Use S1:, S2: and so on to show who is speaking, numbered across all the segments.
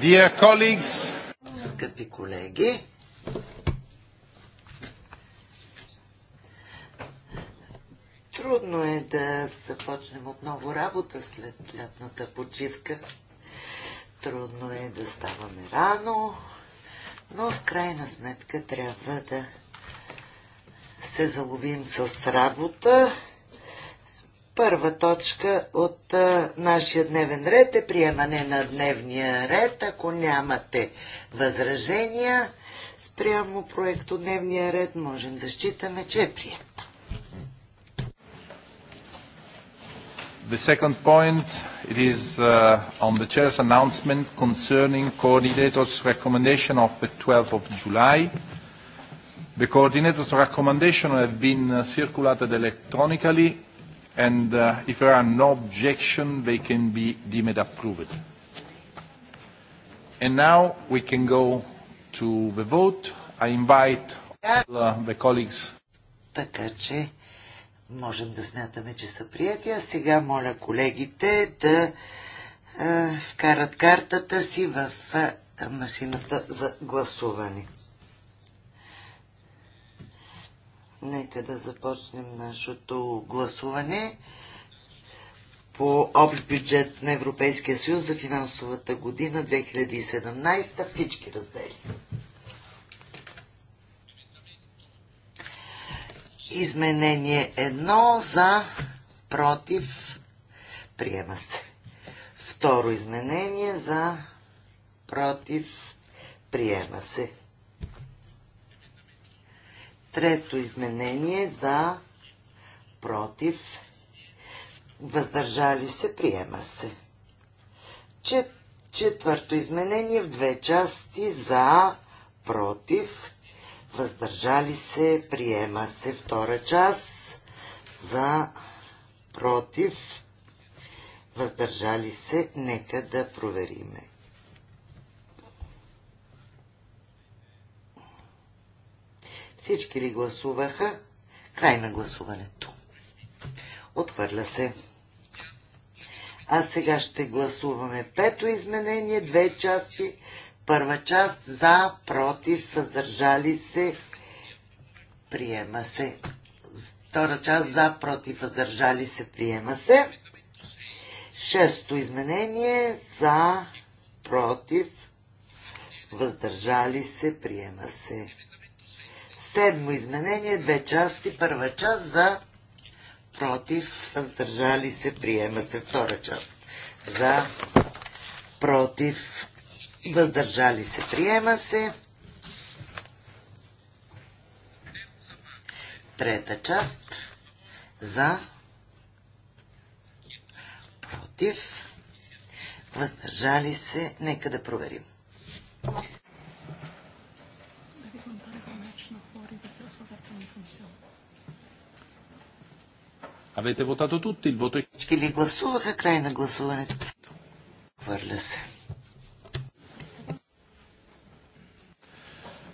S1: Dear colleagues, скъпи колеги,
S2: трудно е да започнем отново работа след лятната почивка. Трудно е да ставаме рано, но в крайна сметка трябва да се заловим с работа Първа точка от а, нашия дневен ред е приемане на дневния ред. Ако нямате възражения спрямо проекто дневния ред, можем да считаме, че е прият.
S1: The second point, it is uh, on the chair's announcement concerning coordinators' recommendation of the 12th of July. The coordinators' recommendation has been uh, circulated electronically and uh, if there are no objection, they can be deemed approved. And now we can go to the vote. I invite all uh, the colleagues. Така че можем да смятаме, че са прияти.
S2: А сега моля колегите да е, вкарат картата си в е, машината за гласуване. Нека да започнем нашето гласуване по общ бюджет на Европейския съюз за финансовата година 2017 всички раздели. Изменение 1 за против приема се. Второ изменение за против приема се. Трето изменение за против. Въздържали се, приема се. Чет, четвърто изменение в две части за против. Въздържали се, приема се. Втора част за против. Въздържали се, нека да провериме. Всички ли гласуваха? Край на гласуването. Отхвърля се. А сега ще гласуваме пето изменение, две части. Първа част за, против, въздържали се, приема се. Втора част за, против, въздържали се, приема се. Шесто изменение за, против, въздържали се, приема се. Седмо изменение, две части. Първа част за против, въздържали се, приема се. Втора част за против, въздържали се, приема се. Трета част за против, въздържали се. Нека да проверим.
S1: Avete votato tutti, il voto è... Всички ли гласуваха край на гласуването? Хвърля се.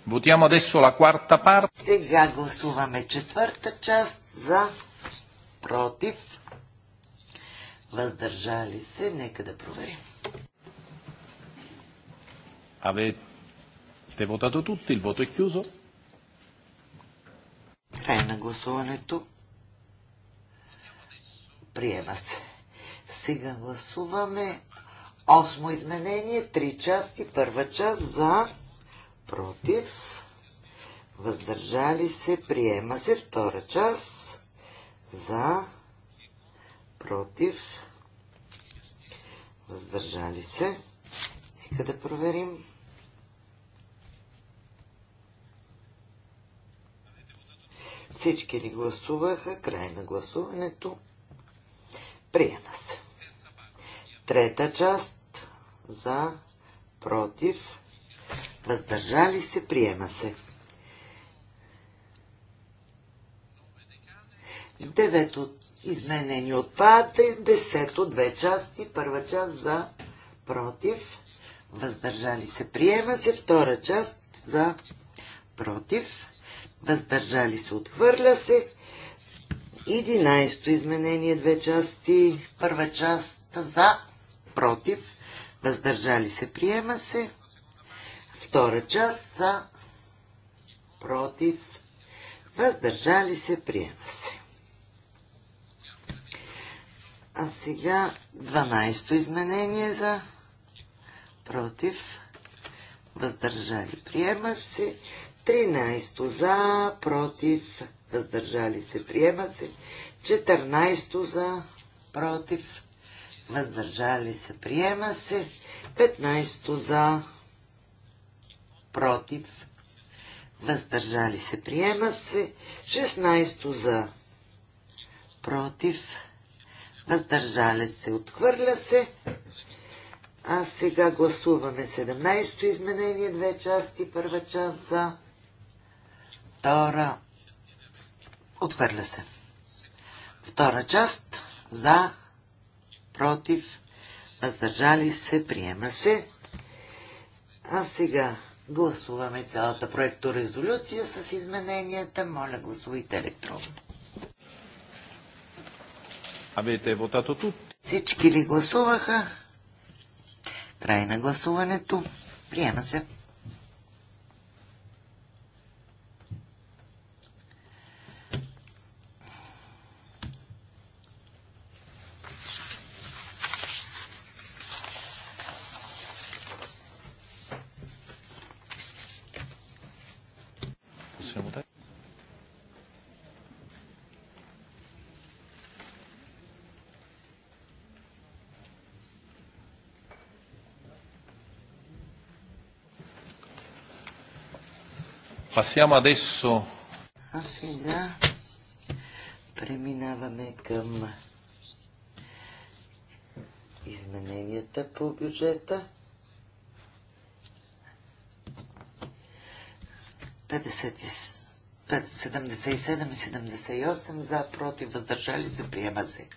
S1: Votiamo adesso la quarta parte.
S2: Сега гласуваме четвърта част за против. Въздържали се, нека да проверим.
S1: Avete votato tutti, il voto è chiuso. Край на гласуването.
S2: Приема се. Сега гласуваме осмо изменение, три части, първа част за, против, въздържали се, приема се, втора част за, против, въздържали се. Нека да проверим. Всички ли гласуваха? Край на гласуването. Приема се. Трета част за, против, въздържали се, приема се. Девето изменени отпада, десето две части, първа част за, против, въздържали се, приема се, втора част за, против, въздържали се, отхвърля се, 11-то изменение, две части, първа част за, против, въздържали се, приема се, втора част за, против, въздържали се, приема се. А сега 12-то изменение за, против, въздържали, приема се, 13-то за, против, въздържали се, приема се. 14 за, против, въздържали се, приема се. 15 за, против, въздържали се, приема се. 16 за, против, въздържали се, отхвърля се. А сега гласуваме 17-то изменение, две части, първа част за, втора Отхвърля се. Втора част. За. Против. Въздържали се. Приема се. А сега гласуваме цялата проекторезолюция с измененията. Моля, гласувайте електронно. Avete votato тут. Всички ли гласуваха? Край на гласуването. Приема се.
S1: Passiamo adesso...
S2: А сега преминаваме към измененията по бюджета. 77 и 78 за, против, въздържали се, приема се.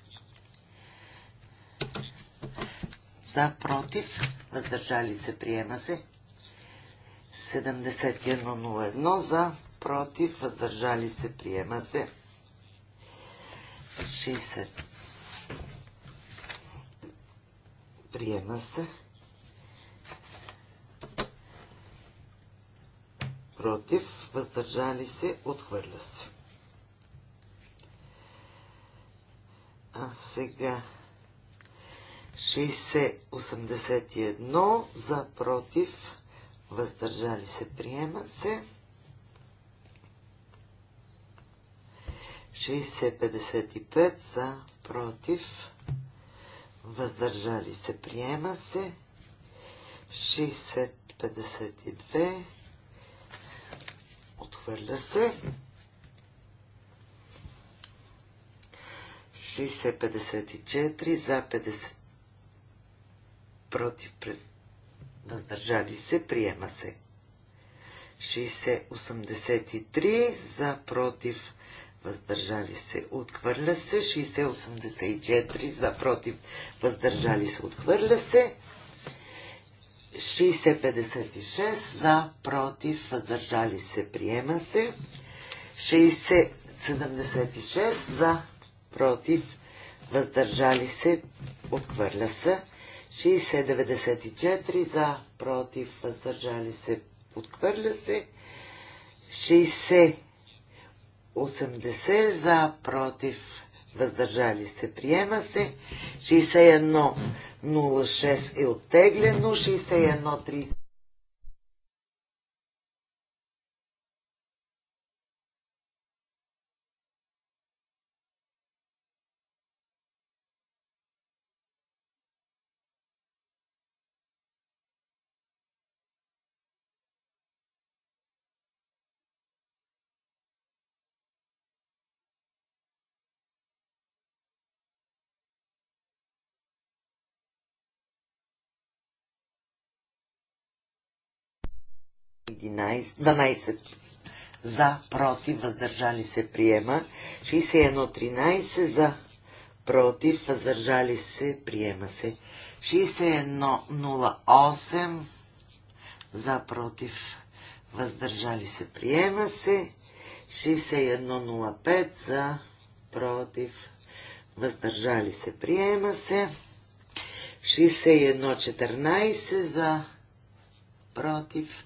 S2: За, против, въздържали се, приема се. 7101 за, против, въздържали се, приема се. 60. Приема се. Против, въздържали се, отхвърля се. А сега 60-81 за против въздържали се, приема се. 60-55 за против, въздържали се, приема се. 60-52 отхвърля се. 60-54 за 50 против пред въздържали се, приема се. 60-83 за против въздържали се, отхвърля се. 60-84 за против въздържали се, отхвърля се. 60-56 за против въздържали се, приема се. 60-76 за против въздържали се, отхвърля се. 60-94 за, против, въздържали се, отхвърля се. 60-80 за, против, въздържали се, приема се. 61-06 е оттеглено. 61-30 11, 12 за, против, въздържали се, приема. 61-13 за, против, въздържали се, приема се. 61-08 за, против, въздържали се, приема се. 61-05 за, против, въздържали се, приема се. 61-14 за, против,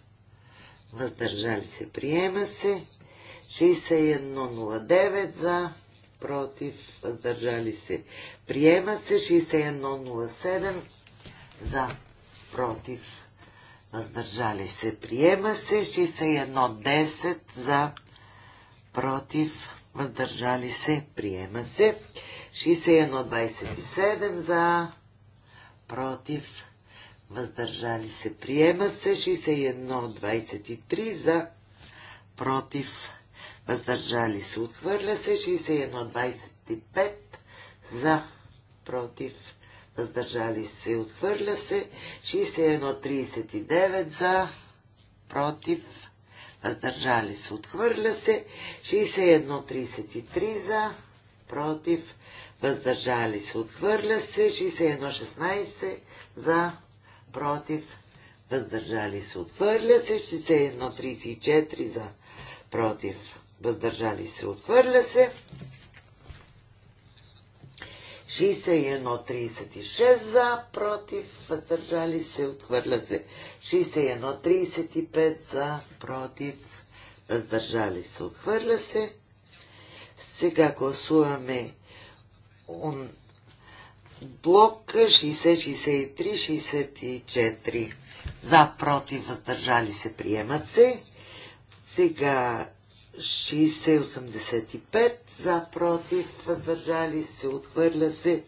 S2: въздържали се, приема се. 6109 за, против, въздържали се, приема се. 6107 за, против, въздържали се, приема се. 6110 за, против, въздържали се, приема се. 6127 за, против, въздържали се, приема се 61-23 за, против, въздържали се, отхвърля се 61-25 за, против, въздържали се, отхвърля се 61-39 за, против, въздържали се, отхвърля се 61-33 за, против, въздържали се, отхвърля се 61-16 за, против, въздържали се, отвърля се, 61-34 за, против, въздържали се, отвърля се, 61-36 за, против, въздържали се, отхвърля се. 61-35 за, против, въздържали се, отхвърля се. Сега гласуваме Блок 60, 63, 64. За, против, въздържали се, приемат се. Сега 60-85. За, против, въздържали се, отхвърля се.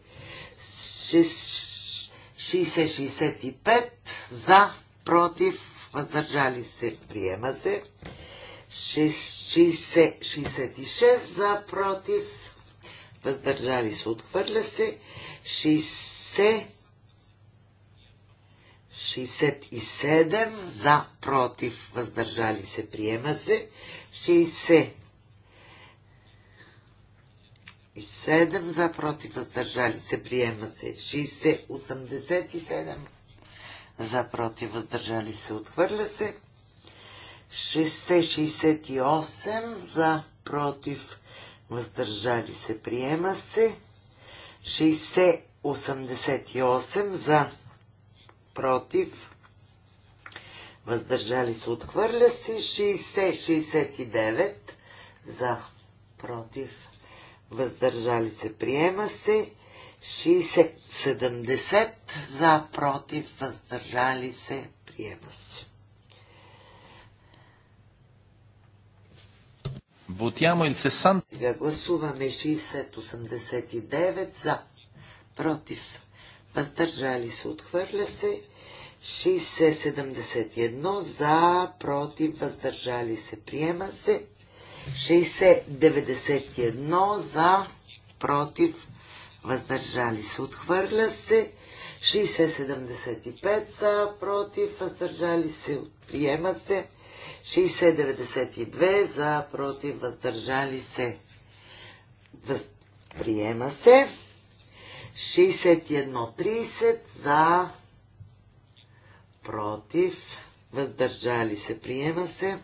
S2: 60-65. За, против, въздържали се, приема се. 60-66. За, против, въздържали се, отхвърля се. 60 65 за против въздържали се приема се 66 за против въздържали се отхвърля се 60 67 за, против, въздържали се, приема се. 67 за, против, въздържали се, приема се. 687 за, против, въздържали се, отхвърля се. 668 за, против, въздържали се, приема се. 60-88 за против. Въздържали се отхвърля се 60-69 за против. Въздържали се приема се 60-70 за против. Въздържали се приема се.
S1: Votiamo il 60.
S2: Сега гласуваме 60-89 за. Против. Въздържали се. Отхвърля се. 60-71 за. Против. Въздържали се. Приема се. 60-91 за. Против. Въздържали се. Отхвърля се. 60-75 за. Против. Въздържали се. Приема се. 6092 за против въздържали се. Въз... Приема се. 6130 за против въздържали се. Приема се.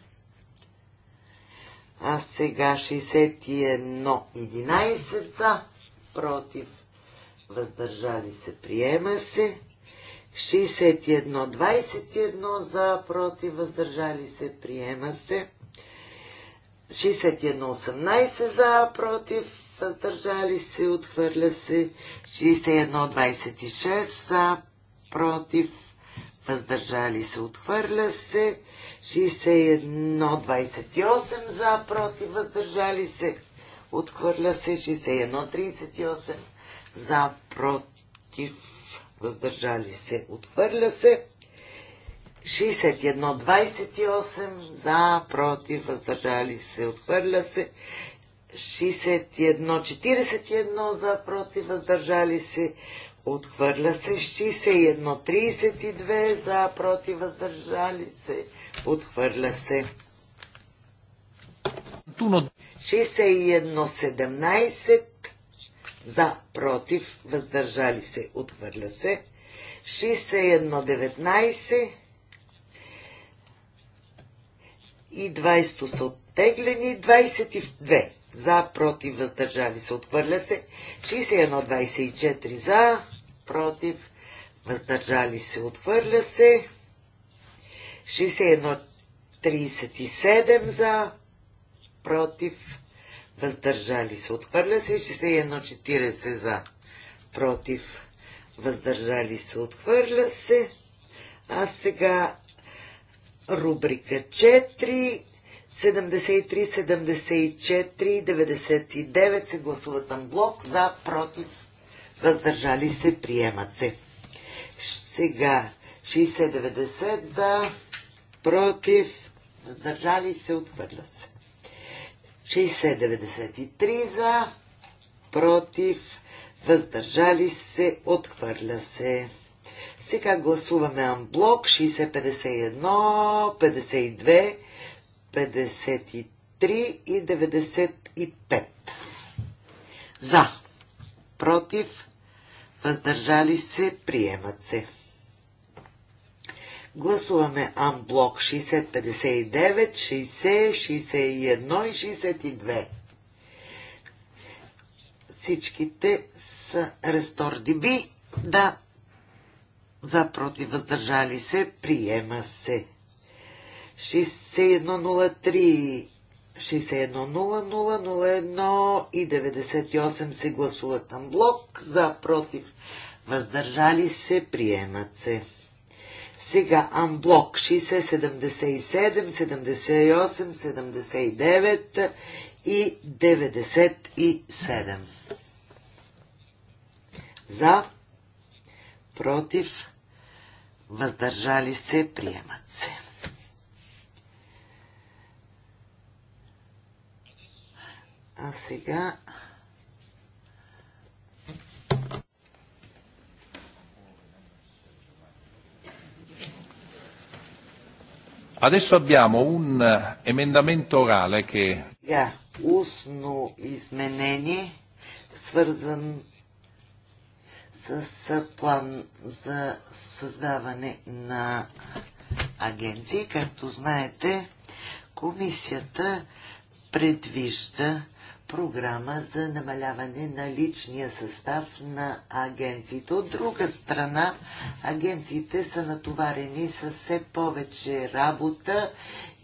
S2: А сега 61, 11 за против въздържали се. Приема се. 61, 21 за, против, въздържали се, приема се. 61, 18 за, против, въздържали се, отхвърля се. 61, 26 за, против, въздържали се, отхвърля се. 61, 28 за, против, въздържали се, отхвърля се. 61, 38 за, против, въздържали се, отхвърля се. 61-28 за, против, въздържали се, отхвърля се. 61-41 за, против, въздържали се, отхвърля се. 61-32 за, против, въздържали се, отхвърля се. 61-17 за, против, въздържали се, отхвърля се. 61-19 и 20 са оттеглени, 22 за, против, въздържали се, отхвърля се. 61-24 за, против, въздържали се, отхвърля се. 61.37 за, против, въздържали се. Отхвърля се 61-40 за, против, въздържали се. Отхвърля се. А сега рубрика 4, 73, 74, 99 се гласуват на блок за, против, въздържали се, приемат се. Сега 60-90 за, против, въздържали се, отхвърля се. 60-93 за, против, въздържали се, отхвърля се. Сега гласуваме анблок 60-51, 52, 53 и 95. За, против, въздържали се, приемат се. Гласуваме Амблок 6059, 60, 61 и 62. Всичките са рестордиби. Да, за против въздържали се, приема се. 6103, 610001 и 98 се гласуват на блок. За против въздържали се, приемат се. Сега амблок 60, 77, 78, 79 и 97. За, против, въздържали се, приемат се. А сега
S1: Adesso abbiamo un eh, emendamento orale che...
S2: Да, устно изменение, свързан с план за създаване на агенции. Както знаете, комисията предвижда програма за намаляване на личния състав на агенциите. От друга страна, агенциите са натоварени с все повече работа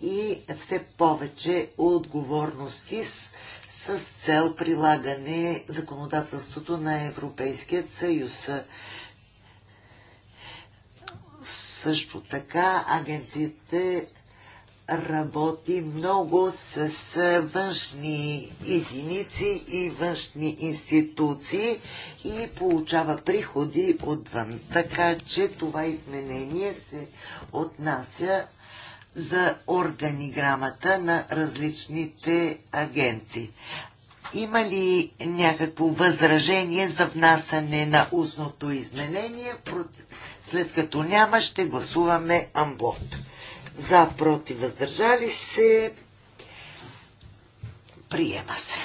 S2: и все повече отговорности с, с цел прилагане законодателството на Европейският съюз. Също така агенциите работи много с външни единици и външни институции и получава приходи отвън. Така че това изменение се отнася за органиграмата на различните агенции. Има ли някакво възражение за внасане на устното изменение? След като няма, ще гласуваме амблок за, против, въздържали се, приема се.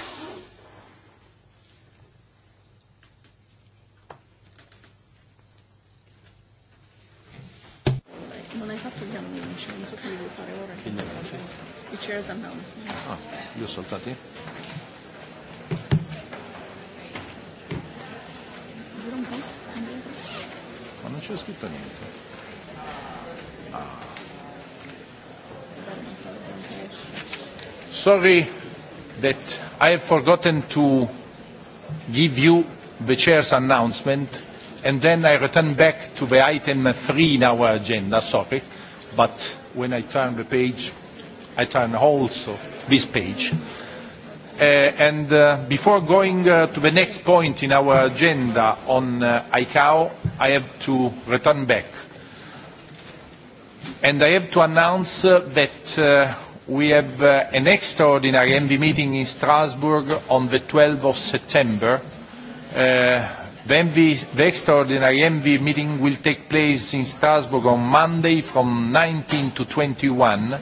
S2: Non hai fatto gli
S1: annunci, non so se li devo fare ora. Ah, li ho saltati? Ma non c'è scritto niente. Ah. Sorry that I have forgotten to give you the chair's announcement, and then I return back to the item three in our agenda, sorry. But when I turn the page, I turn also this page. And before going to the next point in our agenda on ICAO, I have to return back. And I have to announce that we have uh, an extraordinary MV meeting in Strasbourg on the 12th of September. Uh, the, MV, the extraordinary MV meeting will take place in Strasbourg on Monday from 19 to 21,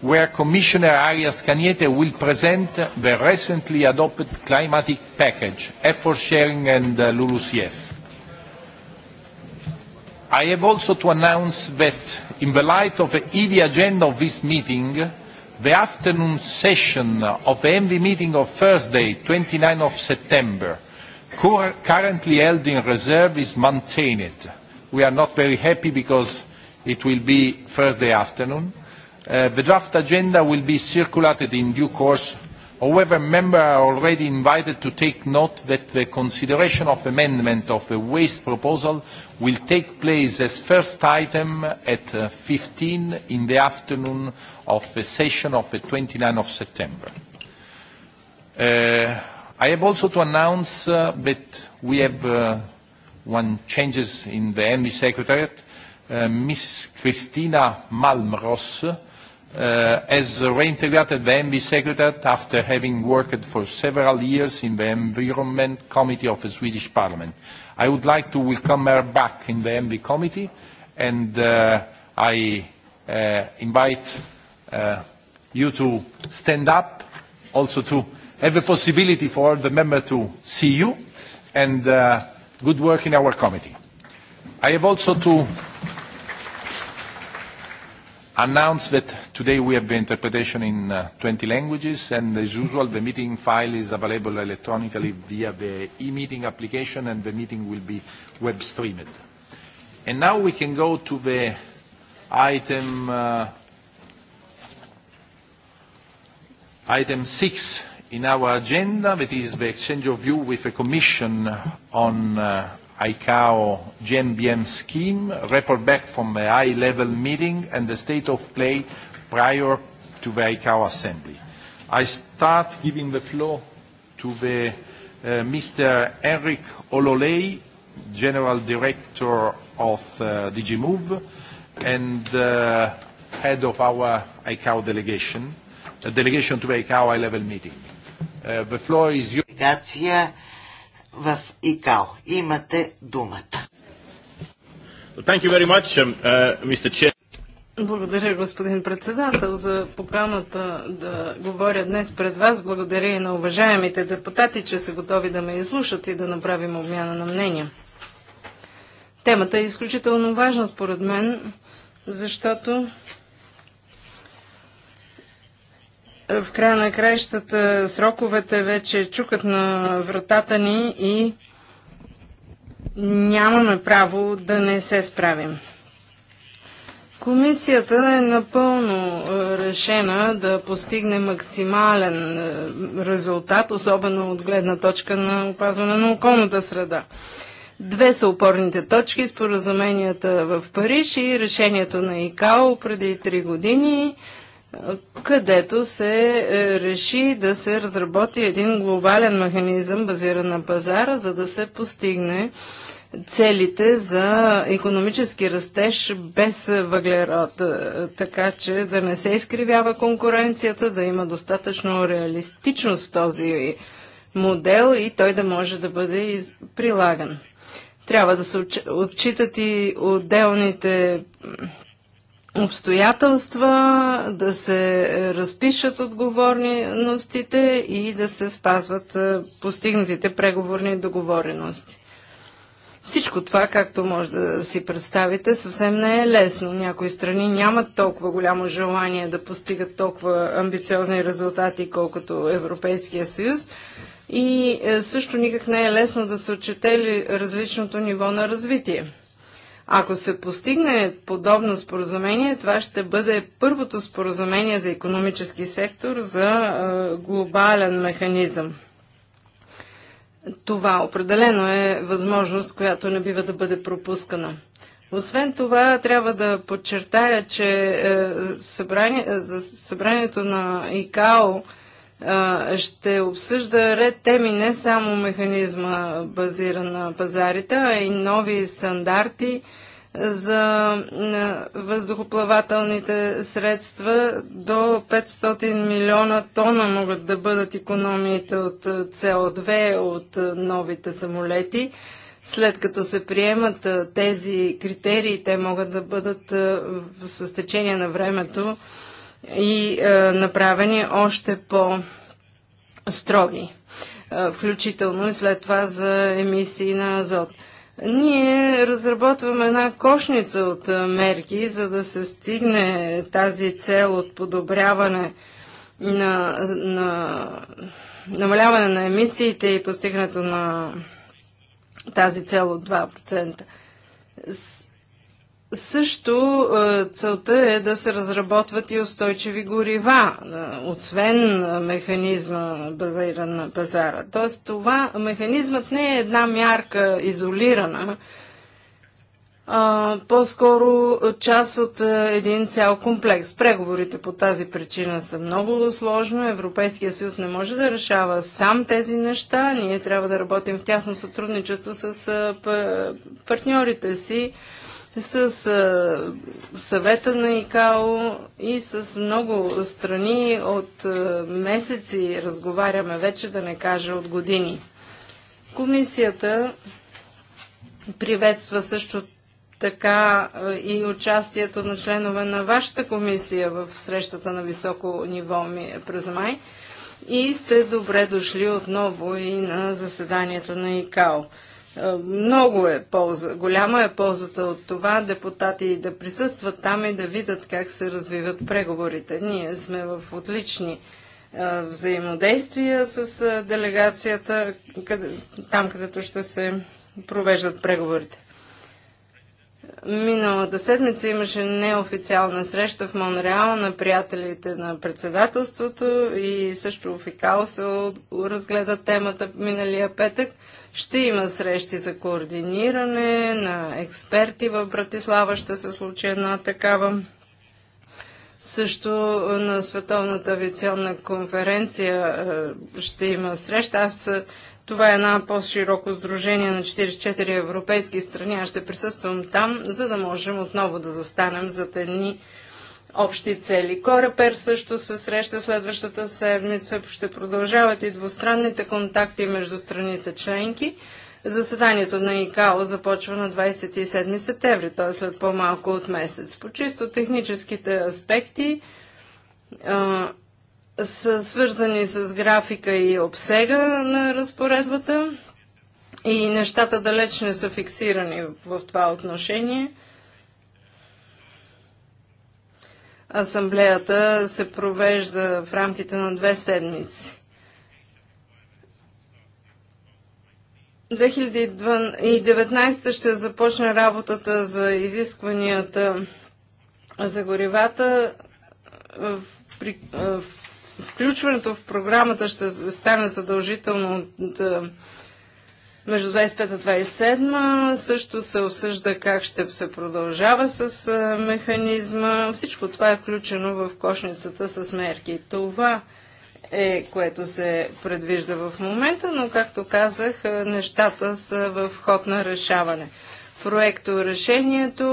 S1: where Commissioner Arias Caniete will present the recently adopted climatic package, effort sharing and uh, LULUCF. I have also to announce that in the light of the EV agenda of this meeting, the afternoon session of the MV meeting of Thursday, 29 of September, currently held in reserve, is maintained. We are not very happy because it will be Thursday afternoon. Uh, the draft agenda will be circulated in due course However, members are already invited to take note that the consideration of amendment of the waste proposal will take place as first item at 15 in the afternoon of the session of the 29th of September. Uh, I have also to announce uh, that we have uh, one changes in the Envy Secretariat. Uh, Ms. Christina Malmros, uh, as reintegrated the MB Secretariat after having worked for several years in the Environment Committee of the Swedish Parliament. I would like to welcome her back in the MB Committee, and uh, I uh, invite uh, you to stand up, also to have a possibility for the member to see you, and uh, good work in our committee. I have also to announce that today we have the interpretation in uh, 20 languages, and as usual, the meeting file is available electronically via the e-meeting application, and the meeting will be web streamed. And now we can go to the item uh, item six in our agenda, that is the exchange of view with the Commission on ICAO GMBM scheme, report back from a high-level meeting and the state of play prior to the ICAO assembly. I start giving the floor to the uh, Mr. Henrik Ololei, General Director of uh, DigiMove and uh, Head of our ICAO delegation, a delegation to the ICAO high-level meeting. Uh, the floor is yours в ИКАО. Имате думата. Um, uh,
S3: Благодаря, господин председател, за поканата да говоря днес пред вас. Благодаря и на уважаемите депутати, че са готови да ме изслушат и да направим обмяна на мнения. Темата е изключително важна според мен, защото в края на краищата сроковете вече чукат на вратата ни и нямаме право да не се справим. Комисията е напълно е, решена да постигне максимален е, резултат, особено от гледна точка на опазване на околната среда. Две са опорните точки, споразуменията в Париж и решението на ИКАО преди три години – където се е, реши да се разработи един глобален механизъм, базиран на пазара, за да се постигне целите за економически растеж без въглерод, е, така че да не се изкривява конкуренцията, да има достатъчно реалистичност в този модел и той да може да бъде прилаган. Трябва да се отчитат и отделните обстоятелства, да се разпишат отговорностите и да се спазват е, постигнатите преговорни договорености. Всичко това, както може да си представите, съвсем не е лесно. Някои страни нямат толкова голямо желание да постигат толкова амбициозни резултати, колкото Европейския съюз. И е, също никак не е лесно да се отчете различното ниво на развитие. Ако се постигне подобно споразумение, това ще бъде първото споразумение за економически сектор за глобален механизъм. Това определено е възможност, която не бива да бъде пропускана. Освен това, трябва да подчертая, че е, събрание, за събранието на ИКАО ще обсъжда ред теми, не само механизма базиран на пазарите, а и нови стандарти за въздухоплавателните средства. До 500 милиона тона могат да бъдат економиите от CO2 от новите самолети. След като се приемат тези критерии, те могат да бъдат в течение на времето и е, направени още по-строги, е, включително и след това за емисии на азот. Ние разработваме една кошница от е, мерки, за да се стигне тази цел от подобряване на, на намаляване на емисиите и постигането на тази цел от 2%. С също е, целта е да се разработват и устойчиви горива, е, освен е, механизма базиран на пазара. Тоест това механизмът не е една мярка изолирана, по-скоро част от един цял комплекс. Преговорите по тази причина са много сложно. Европейския съюз не може да решава сам тези неща. Ние трябва да работим в тясно сътрудничество с партньорите си с а, съвета на ИКАО и с много страни от а, месеци разговаряме вече, да не кажа от години. Комисията приветства също така и участието на членове на вашата комисия в срещата на високо ниво ми през май. И сте добре дошли отново и на заседанието на ИКАО. Е, много е полза, голяма е ползата от това депутати да присъстват там и да видят как се развиват преговорите. Ние сме в отлични е, взаимодействия с е, делегацията, там където ще се провеждат преговорите. Миналата седмица имаше неофициална среща в Монреал на приятелите на председателството и също в ИКАО се разгледа темата миналия петък. Ще има срещи за координиране на експерти в Братислава. Ще се случи една такава. Също на Световната авиационна конференция е, ще има среща. Аз е, това е една по-широко сдружение на 44 европейски страни. Аз ще присъствам там, за да можем отново да застанем за едни общи цели. Корапер също се среща следващата седмица. Ще продължават и двустранните контакти между страните членки. Заседанието на ИКАО започва на 27 септември, т.е. след по-малко от месец. По чисто техническите аспекти а, са свързани с графика и обсега на разпоредбата и нещата далеч не са фиксирани в това отношение – асамблеята се провежда в рамките на две седмици. 2019 ще започне работата за изискванията за горивата. Включването в програмата ще стане задължително от между 25-27 също се обсъжда как ще се продължава с механизма. Всичко това е включено в кошницата с мерки. Това е което се предвижда в момента, но както казах, нещата са в ход на решаване. Проекто решението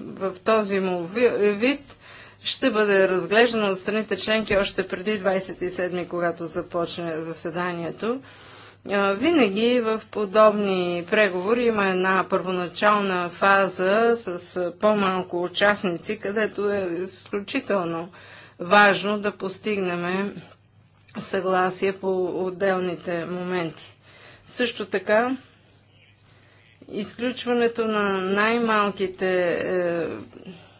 S3: в този му вид ще бъде разглеждано от страните членки още преди 27, когато започне заседанието. Винаги в подобни преговори има една първоначална фаза с по-малко участници, където е изключително важно да постигнем съгласие по отделните моменти. Също така, изключването на най-малките е,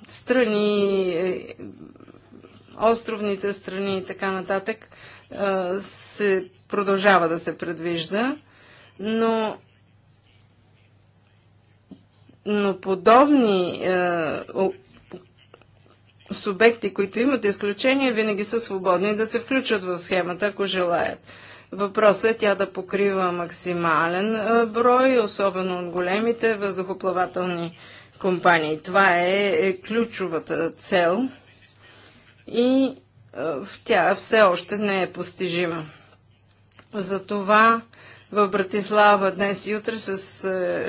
S3: страни, е, островните страни и така нататък се продължава да се предвижда, но, но подобни е, о, субекти, които имат изключение, винаги са свободни да се включат в схемата, ако желаят. Въпросът е тя да покрива максимален брой, особено от големите въздухоплавателни компании. Това е, е ключовата цел – и тя все още не е постижима. Затова в Братислава днес и утре с,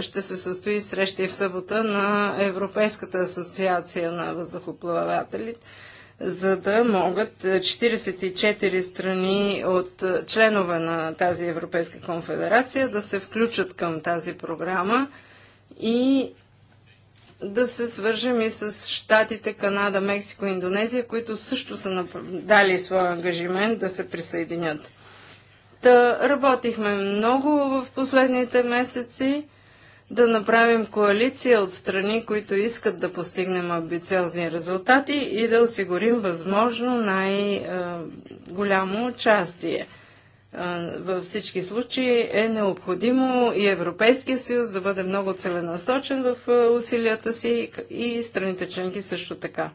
S3: ще се състои среща и в събота на Европейската асоциация на въздухоплавателите, за да могат 44 страни от членове на тази Европейска конфедерация да се включат към тази програма и да се свържем и с Штатите, Канада, Мексико, Индонезия, които също са дали своя ангажимент да се присъединят. Та работихме много в последните месеци да направим коалиция от страни, които искат да постигнем амбициозни резултати и да осигурим възможно най-голямо участие във всички случаи е необходимо и Европейския съюз да бъде много целенасочен в усилията си и страните членки също така.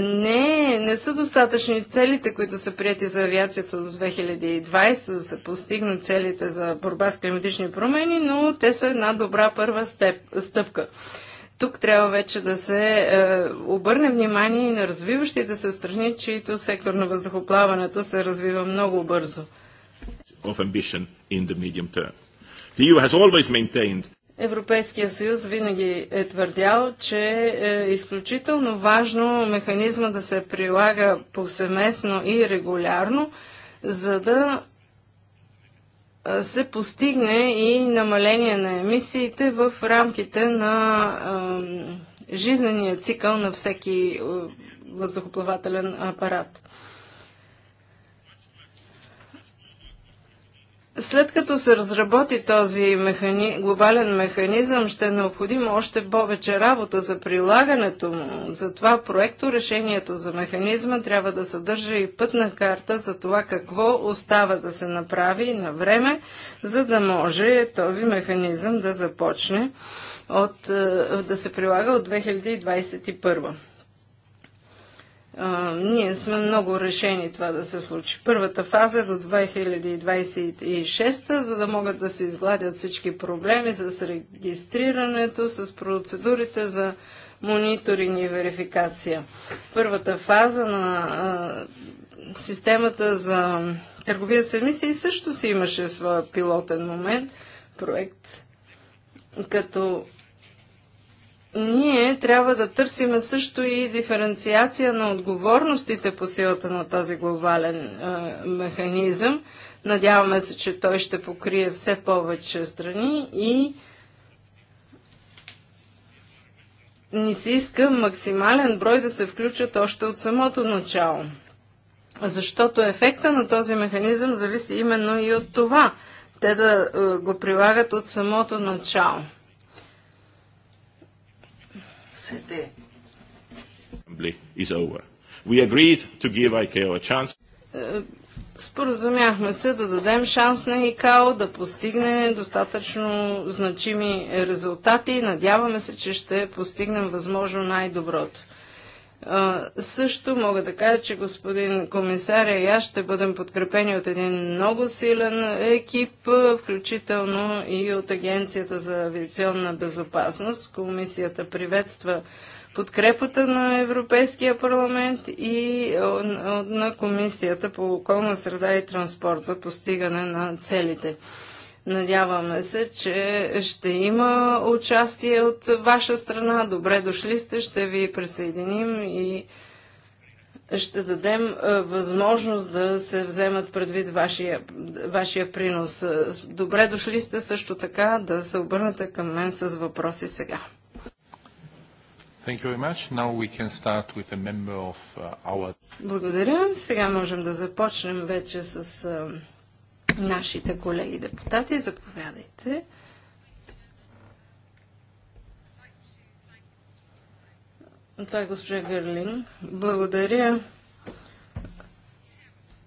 S3: Не, не са достатъчни целите, които са прияти за авиацията до 2020, да се постигнат целите за борба с климатични промени, но те са една добра първа степ, стъпка. Тук трябва вече да се е, обърне внимание и на развиващите се страни, чието сектор на въздухоплаването се развива много бързо
S1: of ambition in the medium term. The EU has always maintained
S3: Европейския съюз винаги е твърдял, че е изключително важно механизма да се прилага повсеместно и регулярно, за да се постигне и намаление на емисиите в рамките на е, жизнения цикъл на всеки въздухоплавателен апарат. След като се разработи този механи... глобален механизъм, ще е необходимо още повече работа за прилагането му. Затова проекто решението за механизма трябва да съдържа и пътна карта за това какво остава да се направи на време, за да може този механизъм да започне от, е, да се прилага от 2021 ние сме много решени това да се случи. Първата фаза е до 2026, за да могат да се изгладят всички проблеми с регистрирането, с процедурите за мониторинг и верификация. Първата фаза на а, системата за търговия с емисии също си имаше своя пилотен момент, проект, като ние трябва да търсим също и диференциация на отговорностите по силата на този глобален а, механизъм. Надяваме се, че той ще покрие все повече страни и ни се иска максимален брой да се включат още от самото начало. Защото ефекта на този механизъм зависи именно и от това. Те да го прилагат от самото начало. Е, споразумяхме се да дадем шанс на ИКАО да постигне достатъчно значими резултати и надяваме се, че ще постигнем възможно най-доброто. Също мога да кажа, че господин комисаря и аз ще бъдем подкрепени от един много силен екип, включително и от Агенцията за авиационна безопасност. Комисията приветства подкрепата на Европейския парламент и на Комисията по околна среда и транспорт за постигане на целите. Надяваме се, че ще има участие от ваша страна. Добре дошли сте, ще ви присъединим и ще дадем е, възможност да се вземат предвид вашия, вашия принос. Добре дошли сте също така да се обърнете към мен с въпроси сега.
S1: Our...
S3: Благодаря. Сега можем да започнем вече с е, нашите колеги депутати. Заповядайте. Това е госпожа Гърлин. Благодаря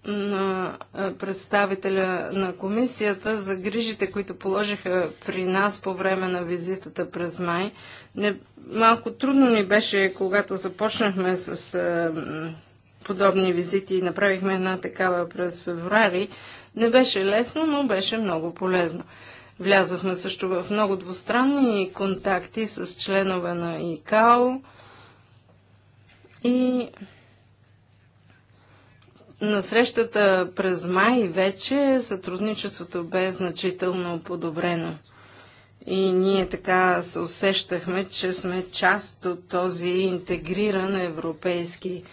S3: на представителя на комисията за грижите, които положиха при нас по време на визитата през май. Не, малко трудно ни беше, когато започнахме с е, подобни визити и направихме една такава през феврари, не беше лесно, но беше много полезно. Влязохме също в много двустранни контакти с членове на ИКАО и на срещата през май вече сътрудничеството бе значително подобрено. И ние така се усещахме, че сме част от този интегриран европейски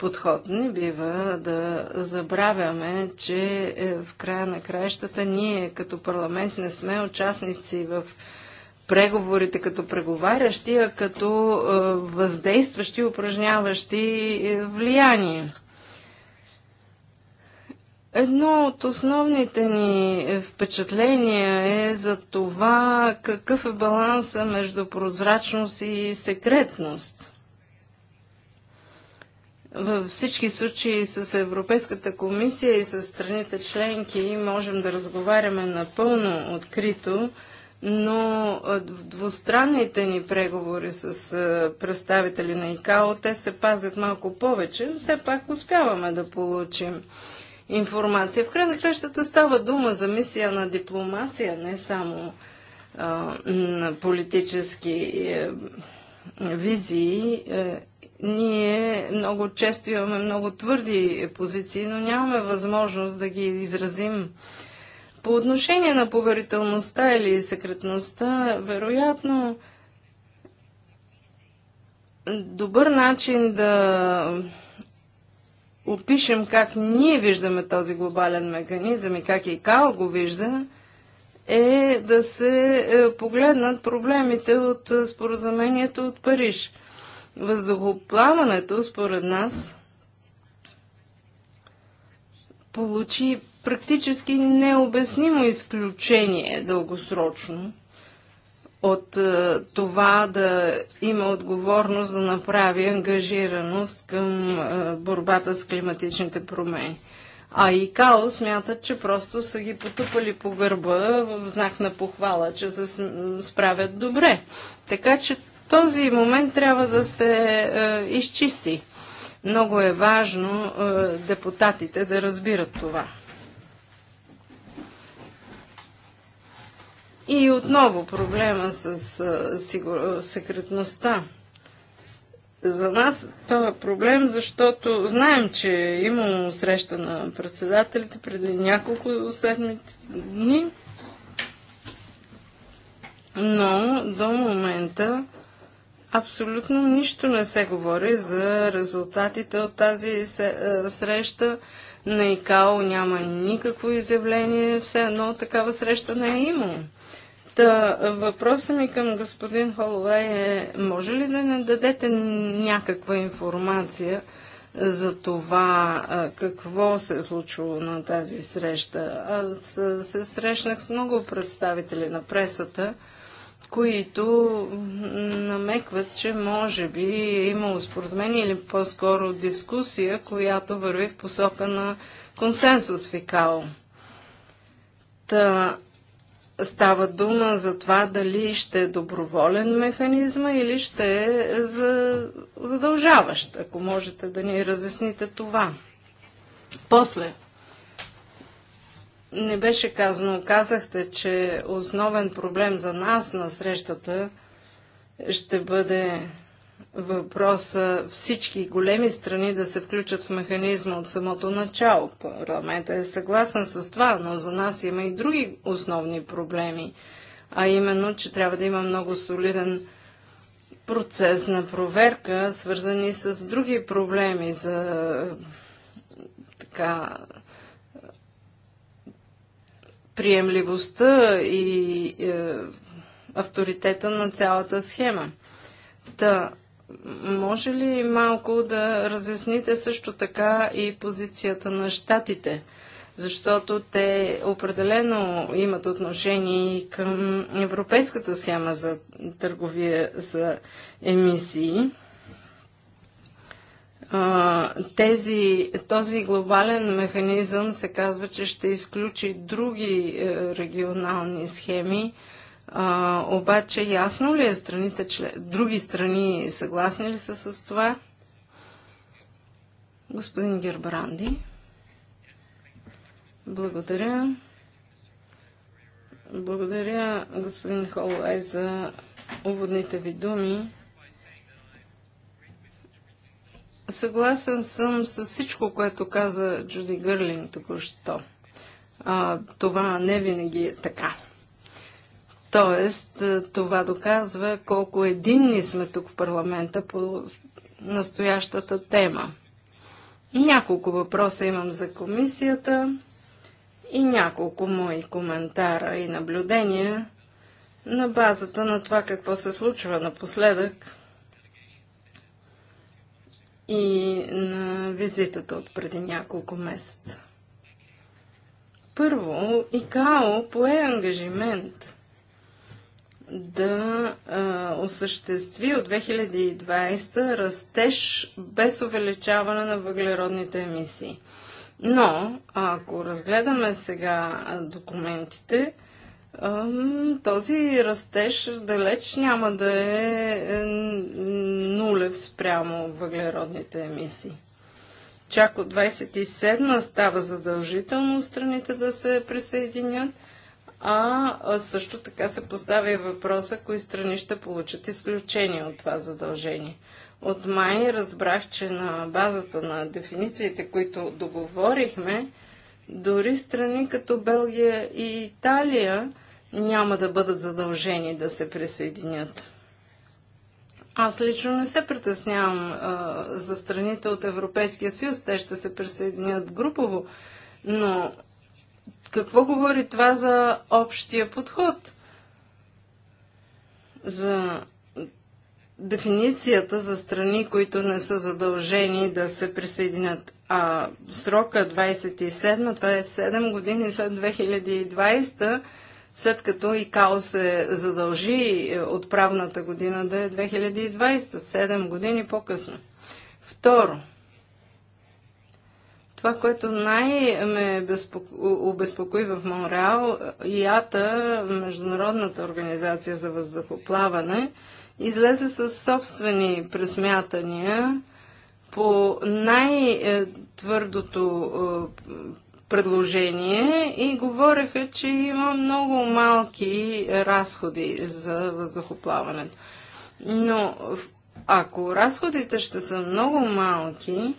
S3: подход. Не бива да забравяме, че е, в края на краищата ние като парламент не сме участници в преговорите като преговарящи, а като е, въздействащи, упражняващи е, влияние. Едно от основните ни впечатления е за това какъв е баланса между прозрачност и секретност – във всички случаи с Европейската комисия и с страните членки можем да разговаряме напълно открито, но в двустранните ни преговори с представители на ИКАО те се пазят малко повече, но все пак успяваме да получим информация. В край на кращата става дума за мисия на дипломация, не само а, на политически е, визии. Е, ние много често имаме много твърди позиции, но нямаме възможност да ги изразим. По отношение на поверителността или секретността, вероятно добър начин да опишем как ние виждаме този глобален механизъм и как и Као го вижда, е да се е, погледнат проблемите от е, споразумението от Париж. Въздухоплаването, според нас, получи практически необяснимо изключение дългосрочно от е, това да има отговорност да направи ангажираност към е, борбата с климатичните промени. А и КАО смятат, че просто са ги потупали по гърба в знак на похвала, че се справят добре. Така че този момент трябва да се е, изчисти. Много е важно е, депутатите да разбират това. И отново проблема с е, сигур... секретността. За нас това е проблем, защото знаем, че е има среща на председателите преди няколко седмици дни, но до момента Абсолютно нищо не се говори за резултатите от тази е, среща. На ИКАО няма никакво изявление, все едно такава среща не е имало. Та, въпросът ми към господин Холовей е, може ли да не дадете някаква информация за това е, какво се е случило на тази среща? Аз е, се срещнах с много представители на пресата, които намекват, че може би е имало споразумение или по-скоро дискусия, която върви в посока на консенсус в ИКАО. Та, става дума за това дали ще е доброволен механизма или ще е за, задължаващ, ако можете да ни разясните това. После, не беше казано. Казахте, че основен проблем за нас на срещата ще бъде въпроса всички големи страни да се включат в механизма от самото начало. Парламентът е съгласен с това, но за нас има и други основни проблеми, а именно, че трябва да има много солиден процес на проверка, свързани с други проблеми за така, приемливостта и е, авторитета на цялата схема. Та, може ли малко да разясните също така и позицията на щатите? Защото те определено имат отношение и към европейската схема за търговия за емисии тези, този глобален механизъм се казва, че ще изключи други е, регионални схеми. А, обаче ясно ли е страните, други страни съгласни ли са с това? Господин Гербранди. Благодаря. Благодаря, господин Холуай, за уводните ви думи. Съгласен съм с всичко, което каза Джуди Гърлин току-що. това не винаги е така. Тоест, това доказва колко единни сме тук в парламента по настоящата тема. Няколко въпроса имам за комисията и няколко мои коментара и наблюдения на базата на това какво се случва напоследък и на визитата от преди няколко месеца. Първо, ИКАО пое ангажимент да а, осъществи от 2020 растеж без увеличаване на въглеродните емисии. Но, ако разгледаме сега документите, този растеж далеч няма да е спрямо въглеродните емисии. Чак от 27 става задължително страните да се присъединят, а също така се поставя и въпроса, кои страни ще получат изключение от това задължение. От май разбрах, че на базата на дефинициите, които договорихме, дори страни като Белгия и Италия няма да бъдат задължени да се присъединят. Аз лично не се притеснявам а, за страните от Европейския съюз. Те ще се присъединят групово. Но какво говори това за общия подход? За дефиницията за страни, които не са задължени да се присъединят. А срока 27, това е 7 години след 2020, след като ИКАО се задължи е, от правната година да е 2020, 7 години по-късно. Второ, това, което най-ме обезпокои в Монреал, е, ИАТА, Международната организация за въздухоплаване, излезе с собствени пресмятания по най-твърдото е, предложение и говореха, че има много малки разходи за въздухоплаването. Но ако разходите ще са много малки,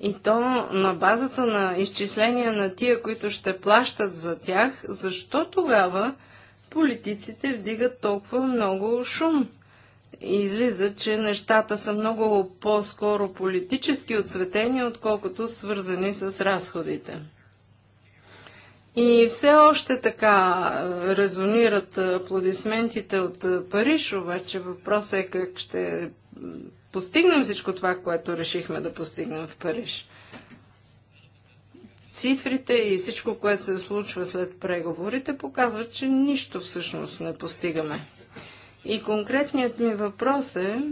S3: и то на базата на изчисления на тия, които ще плащат за тях, защо тогава политиците вдигат толкова много шум? излиза, че нещата са много по-скоро политически отсветени, отколкото свързани с разходите. И все още така резонират аплодисментите от Париж, обаче въпросът е как ще постигнем всичко това, което решихме да постигнем в Париж. Цифрите и всичко, което се случва след преговорите, показват, че нищо всъщност не постигаме. И конкретният ми въпрос е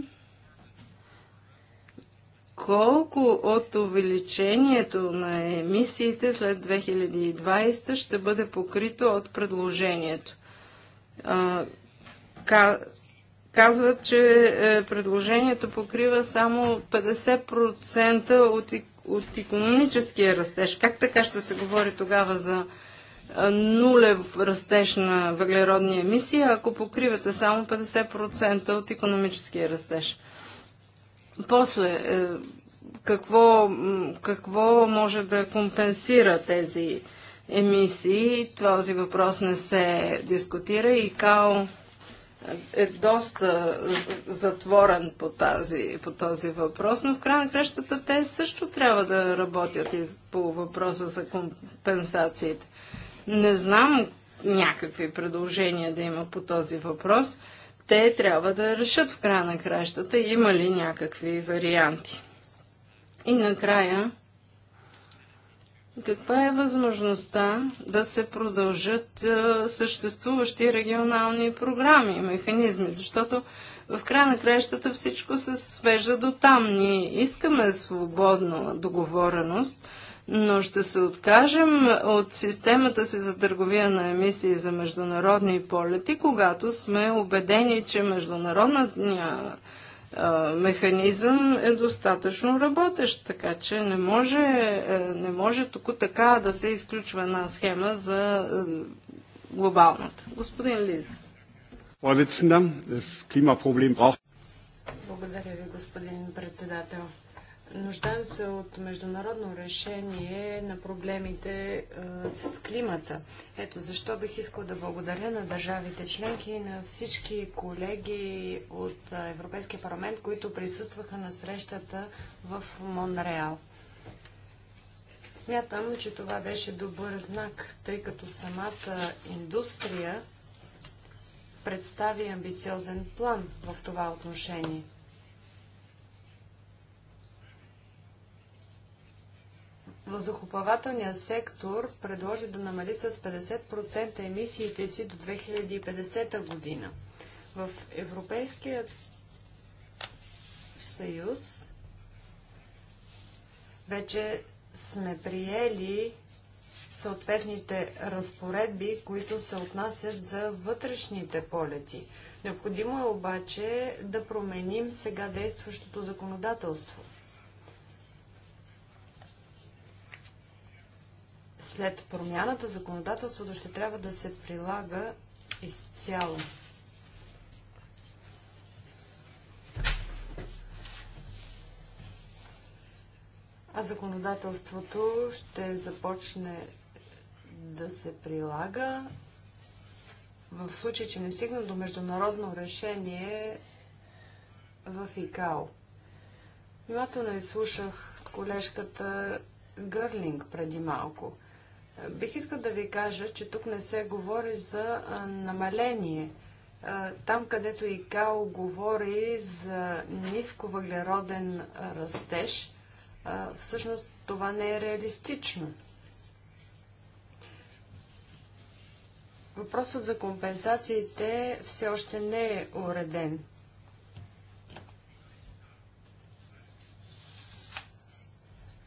S3: колко от увеличението на емисиите след 2020 ще бъде покрито от предложението. казват, че е, предложението покрива само 50% от, от економическия растеж. Как така ще се говори тогава за е, нулев растеж на въглеродни емисии, ако покривате само 50% от економическия растеж. После, е, какво, какво може да компенсира тези емисии? Този въпрос не се дискутира и КАО е доста затворен по, тази, по този въпрос, но в край на те също трябва да работят по въпроса за компенсациите. Не знам някакви предложения да има по този въпрос. Те трябва да решат в края на кращата има ли някакви варианти. И накрая, каква е възможността да се продължат е, съществуващи регионални програми и механизми? Защото в края на кращата всичко се свежда до там. Ние искаме свободна договореност, но ще се откажем от системата си за търговия на емисии за международни полети, когато сме убедени, че международният механизъм е достатъчно работещ, така че не може, е, не може тук така да се изключва една схема за е, глобалната. Господин Лиз. Благодаря ви, господин председател.
S4: Нуждаем се от международно решение на проблемите а, с климата. Ето защо бих искал да благодаря на държавите членки и на всички колеги от Европейския парламент, които присъстваха на срещата в Монреал. Смятам, че това беше добър знак, тъй като самата индустрия представи амбициозен план в това отношение. Въздухоплавателният сектор предложи да намали с 50% емисиите си до 2050 година. В Европейския съюз вече сме приели съответните разпоредби, които се отнасят за вътрешните полети. Необходимо е обаче да променим сега действащото законодателство. след промяната законодателството ще трябва да се прилага изцяло. А законодателството ще започне да се прилага в случай, че не стигна до международно решение в ИКАО. Внимателно изслушах колежката Гърлинг преди малко. Бих искал да ви кажа, че тук не се говори за намаление. Там, където ИКАО говори за ниско въглероден растеж, всъщност това не е реалистично. Въпросът за компенсациите все още не е уреден.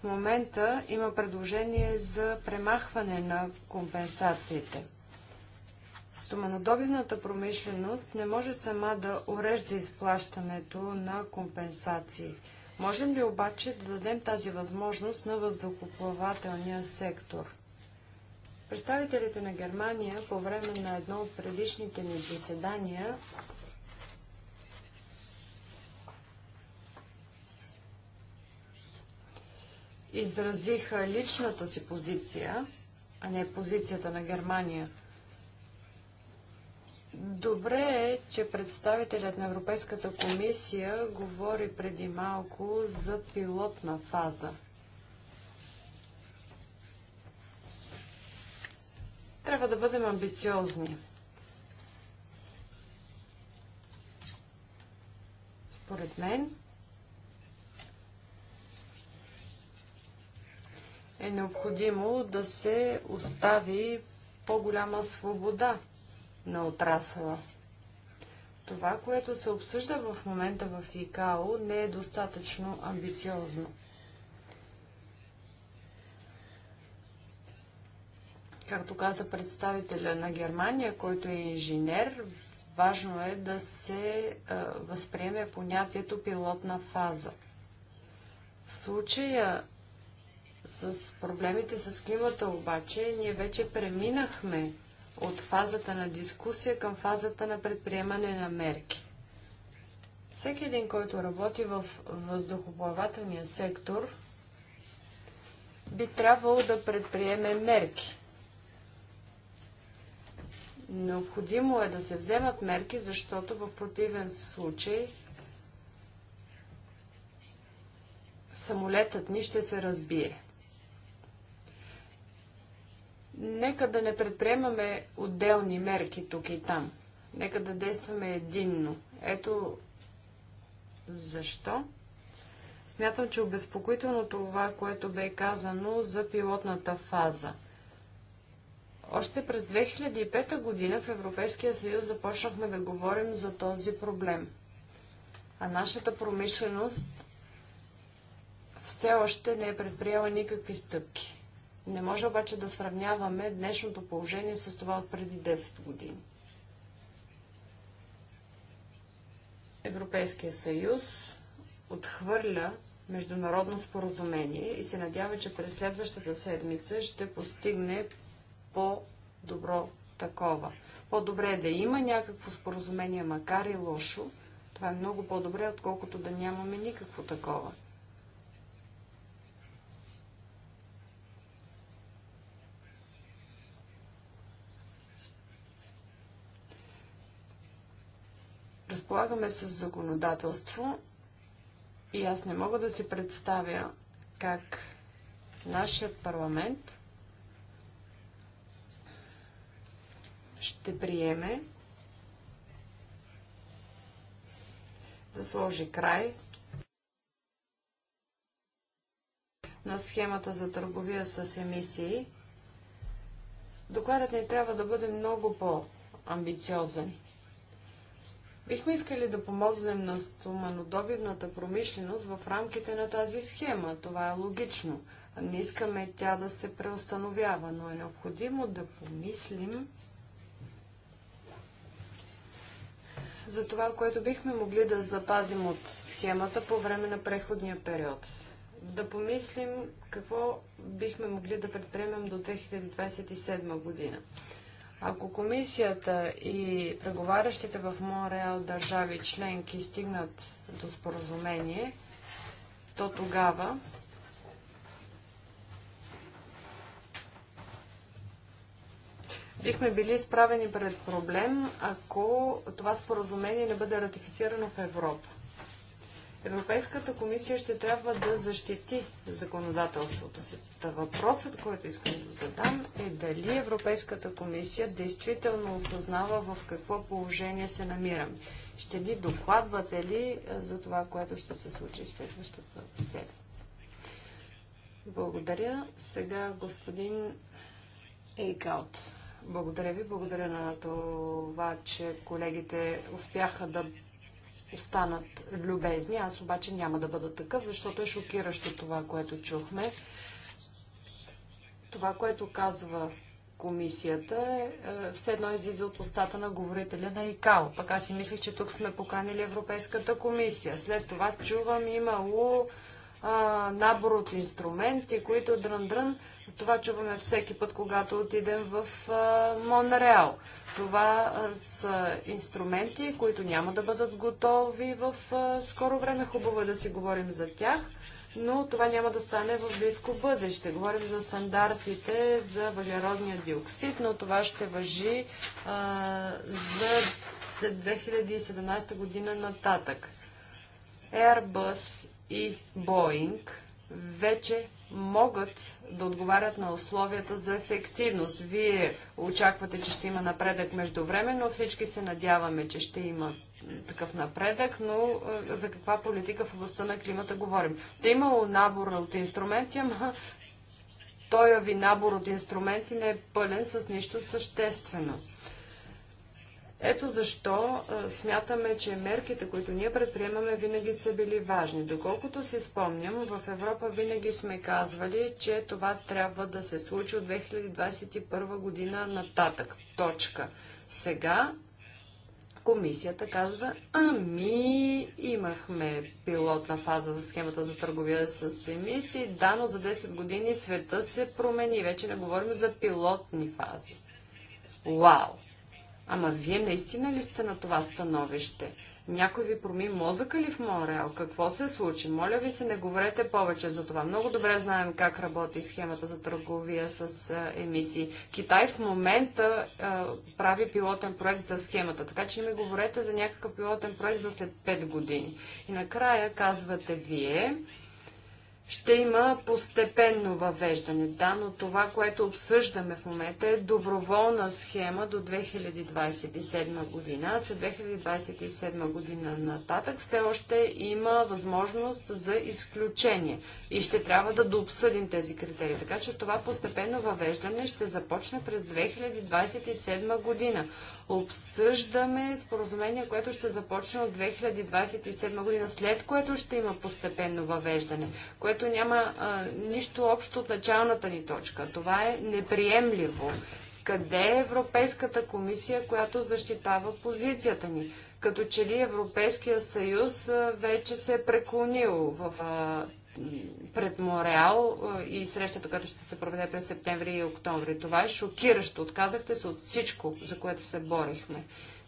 S4: В момента има предложение за премахване на компенсациите. Стоманодобивната промишленост не може сама да урежда изплащането на компенсации. Можем ли обаче да дадем тази възможност на въздухоплавателния сектор? Представителите на Германия по време на едно от предишните ни заседания изразиха личната си позиция, а не позицията на Германия. Добре е, че представителят на Европейската комисия говори преди малко за пилотна фаза. Трябва да бъдем амбициозни. Според мен, е необходимо да се остави по-голяма свобода на отрасъла. Това, което се обсъжда в момента в ИКАО, не е достатъчно амбициозно. Както каза представителя на Германия, който е инженер, важно е да се възприеме понятието пилотна фаза. В случая с проблемите с климата обаче ние вече преминахме от фазата на дискусия към фазата на предприемане на мерки. Всеки един, който работи в въздухоплавателния сектор, би трябвало да предприеме мерки. Необходимо е да се вземат мерки, защото в противен случай самолетът ни ще се разбие. Нека да не предприемаме отделни мерки тук и там. Нека да действаме единно. Ето защо. Смятам, че обезпокоително това, което бе казано за пилотната фаза. Още през 2005 година в Европейския съюз започнахме да говорим за този проблем. А нашата промишленост все още не е предприела никакви стъпки. Не може обаче да сравняваме днешното положение с това от преди 10 години. Европейския съюз отхвърля международно споразумение и се надява, че през следващата седмица ще постигне по-добро такова. По-добре е да има някакво споразумение, макар и лошо. Това е много по-добре, отколкото да нямаме никакво такова. разполагаме с законодателство и аз не мога да си представя как нашият парламент ще приеме да сложи край на схемата за търговия с емисии. Докладът ни трябва да бъде много по-амбициозен. Бихме искали да помогнем на стоманодобивната промишленост в рамките на тази схема. Това е логично. Не искаме тя да се преустановява, но е необходимо да помислим за това, което бихме могли да запазим от схемата по време на преходния период. Да помислим какво бихме могли да предприемем до 2027 година. Ако комисията и преговарящите в Монреал държави членки стигнат до споразумение, то тогава бихме били изправени пред проблем, ако това споразумение не бъде ратифицирано в Европа. Европейската комисия ще трябва да защити законодателството си. Та въпросът, който искам да задам е дали Европейската комисия действително осъзнава в какво положение се намираме. Ще ни докладвате ли е, за това, което ще се случи в следващата седмица? Благодаря. Сега господин Ейкаут. Благодаря ви. Благодаря на това, че колегите успяха да останат любезни. Аз обаче няма да бъда такъв, защото е шокиращо това, което чухме. Това, което казва комисията е, е, все едно излиза от устата на говорителя на ИКАО. Пък аз си мислих, че тук сме поканили Европейската комисия. След това чувам имало набор от инструменти, които дрън-дрън. Това чуваме всеки път, когато отидем в Монреал. Това са инструменти, които няма да бъдат готови в скоро време. Хубаво е да си говорим за тях но това няма да стане в близко бъдеще. Говорим за стандартите за въглеродния диоксид, но това ще въжи за след 2017 година нататък. Airbus и Боинг вече могат да отговарят на условията за ефективност. Вие очаквате, че ще има напредък между време, но всички се надяваме, че ще има такъв напредък, но е, за каква политика в областта на климата говорим. Те е имало набор от инструменти, ама той ви набор от инструменти не е пълен с нищо съществено. Ето защо смятаме, че мерките, които ние предприемаме, винаги са били важни. Доколкото си спомням, в Европа винаги сме казвали, че това трябва да се случи от 2021 година нататък. Точка. Сега комисията казва, ами имахме пилотна фаза за схемата за търговия с емисии, да, но за 10 години света се промени. Вече не говорим за пилотни фази. Вау! Ама вие наистина ли сте на това становище? Някой ви проми мозъка ли в Монреал? Какво се случи? Моля ви се, не говорете повече за това. Много добре знаем как работи схемата за търговия с а, емисии. Китай в момента а, прави пилотен проект за схемата, така че не ми говорете за някакъв пилотен проект за след 5 години. И накрая казвате вие, ще има постепенно въвеждане. Да, но това, което обсъждаме в момента е доброволна схема до 2027 година. След 2027 година нататък все още има възможност за изключение и ще трябва да дообсъдим тези критерии. Така че това постепенно въвеждане ще започне през 2027 година. Обсъждаме споразумение, което ще започне от 2027 година, след което ще има постепенно въвеждане, което което няма а, нищо общо от началната ни точка. Това е неприемливо. Къде е Европейската комисия, която защитава позицията ни? Като че ли Европейския съюз а, вече се е преклонил в а, пред Мореал и срещата, която ще се проведе през септември и октомври. Това е шокиращо. Отказахте се от всичко, за което се борихме.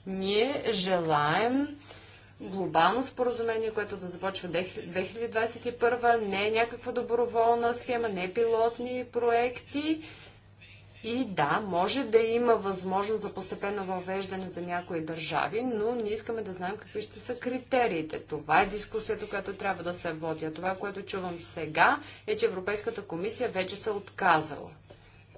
S4: Ние желаем глобално споразумение, което да започва 2021, не е някаква доброволна схема, не е пилотни проекти. И да, може да има възможност за постепенно въвеждане за някои държави, но ние искаме да знаем какви ще са критериите. Това е дискусията, която трябва да се води. А това, което чувам сега, е, че Европейската комисия вече се отказала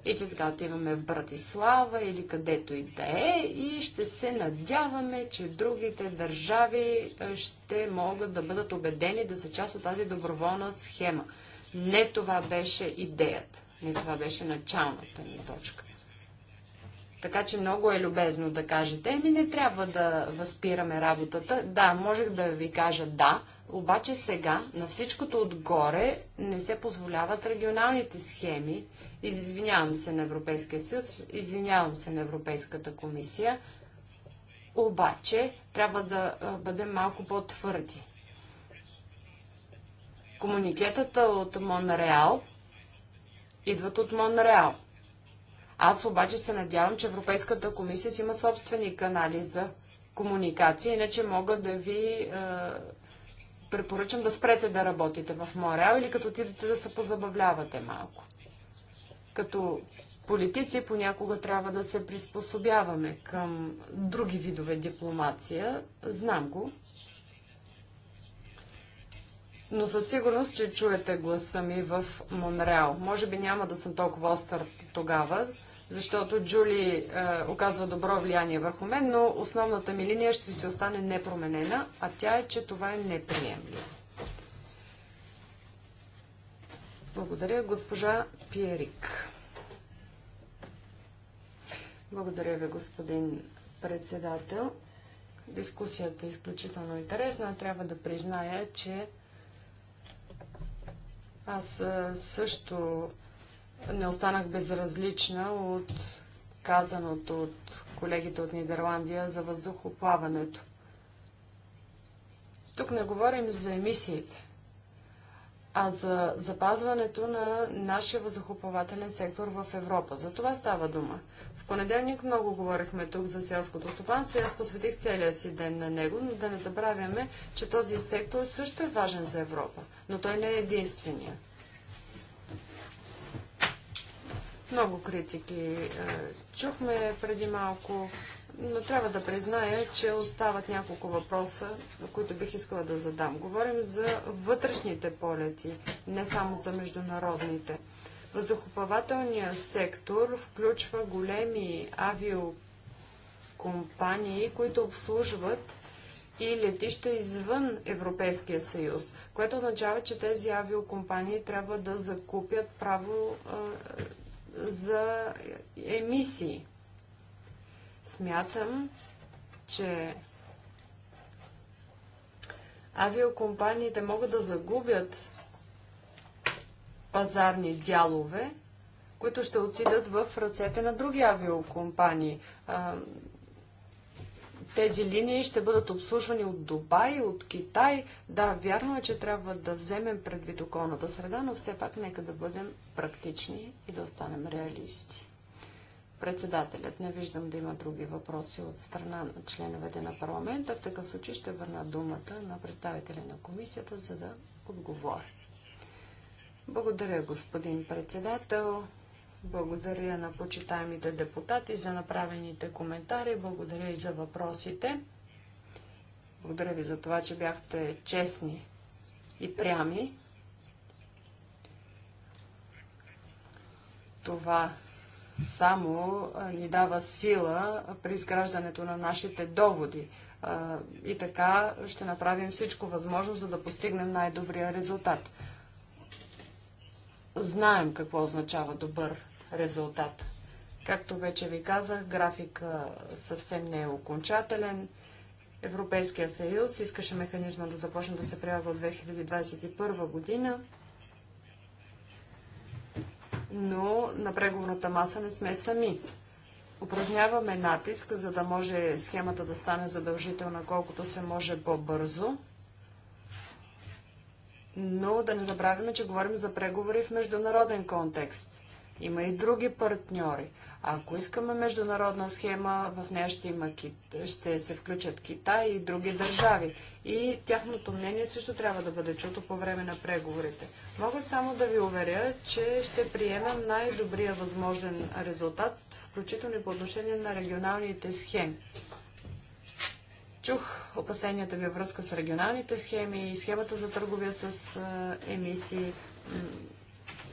S4: и че сега отиваме в Братислава или където и да е и ще се надяваме, че другите държави ще могат да бъдат убедени да са част от тази доброволна схема. Не това беше идеята. Не това беше началната ни точка. Така че много е любезно да кажете, еми не трябва да възпираме работата. Да, можех да ви кажа да, обаче сега на всичкото отгоре не се позволяват регионалните схеми. Извинявам се на Европейския съюз, извинявам се на Европейската комисия. Обаче трябва да бъдем малко по-твърди. Комуникетата от Монреал идват от Монреал. Аз обаче се надявам, че Европейската комисия си има собствени канали за комуникация, иначе мога да ви препоръчам да спрете да работите в Мореал или като отидете да се позабавлявате малко. Като политици понякога трябва да се приспособяваме към други видове дипломация. Знам го. Но със сигурност, че чуете гласа ми в Монреал. Може би няма да съм толкова остър тогава, защото Джули е, оказва добро влияние върху мен, но основната ми линия ще се остане непроменена, а тя е, че това е неприемливо. Благодаря, госпожа Пиерик. Благодаря ви, господин председател. Дискусията е изключително интересна. Трябва да призная, че аз е, също не останах безразлична от казаното от колегите от Нидерландия за въздухоплаването. Тук не говорим за емисиите, а за запазването на нашия въздухоплавателен сектор в Европа. За това става дума. В понеделник много говорихме тук за селското стопанство и аз посветих целия си ден на него, но да не забравяме, че този сектор също е важен за Европа, но той не е единствения. Много критики е, чухме преди малко, но трябва да призная, че остават няколко въпроса, които бих искала да задам. Говорим за вътрешните полети, не само за международните. Въздухоплавателният сектор включва големи авиокомпании, които обслужват и летища извън Европейския съюз, което означава, че тези авиокомпании трябва да закупят право е, за емисии. Смятам, че авиокомпаниите могат да загубят пазарни дялове, които ще отидат в ръцете на други авиокомпании тези линии ще бъдат обслужвани от Дубай, от Китай. Да, вярно е, че трябва да вземем предвид околната среда, но все пак нека да бъдем практични и да останем реалисти. Председателят, не виждам да има други въпроси от страна на членовете на парламента. В такъв случай ще върна думата на представителя на комисията, за да отговори. Благодаря, господин председател. Благодаря на почитаемите депутати за направените коментари. Благодаря и за въпросите. Благодаря ви за това, че бяхте честни и прями. Това само ни дава сила при изграждането на нашите доводи. И така ще направим всичко възможно, за да постигнем най-добрия резултат знаем какво означава добър резултат. Както вече ви казах, график съвсем не е окончателен. Европейския съюз искаше механизма да започне да се прилага от 2021 година, но на преговорната маса не сме сами. Упражняваме натиск, за да може схемата да стане задължителна колкото се може по-бързо но да не забравяме, че говорим за преговори в международен контекст. Има и други партньори. Ако искаме международна схема, в нея ще, има, ще се включат Китай и други държави. И тяхното мнение също трябва да бъде чуто по време на преговорите. Мога само да ви уверя, че ще приемам най-добрия възможен резултат, включително и по отношение на регионалните схеми. Чух опасенията ви връзка с регионалните схеми и схемата за търговия с емисии.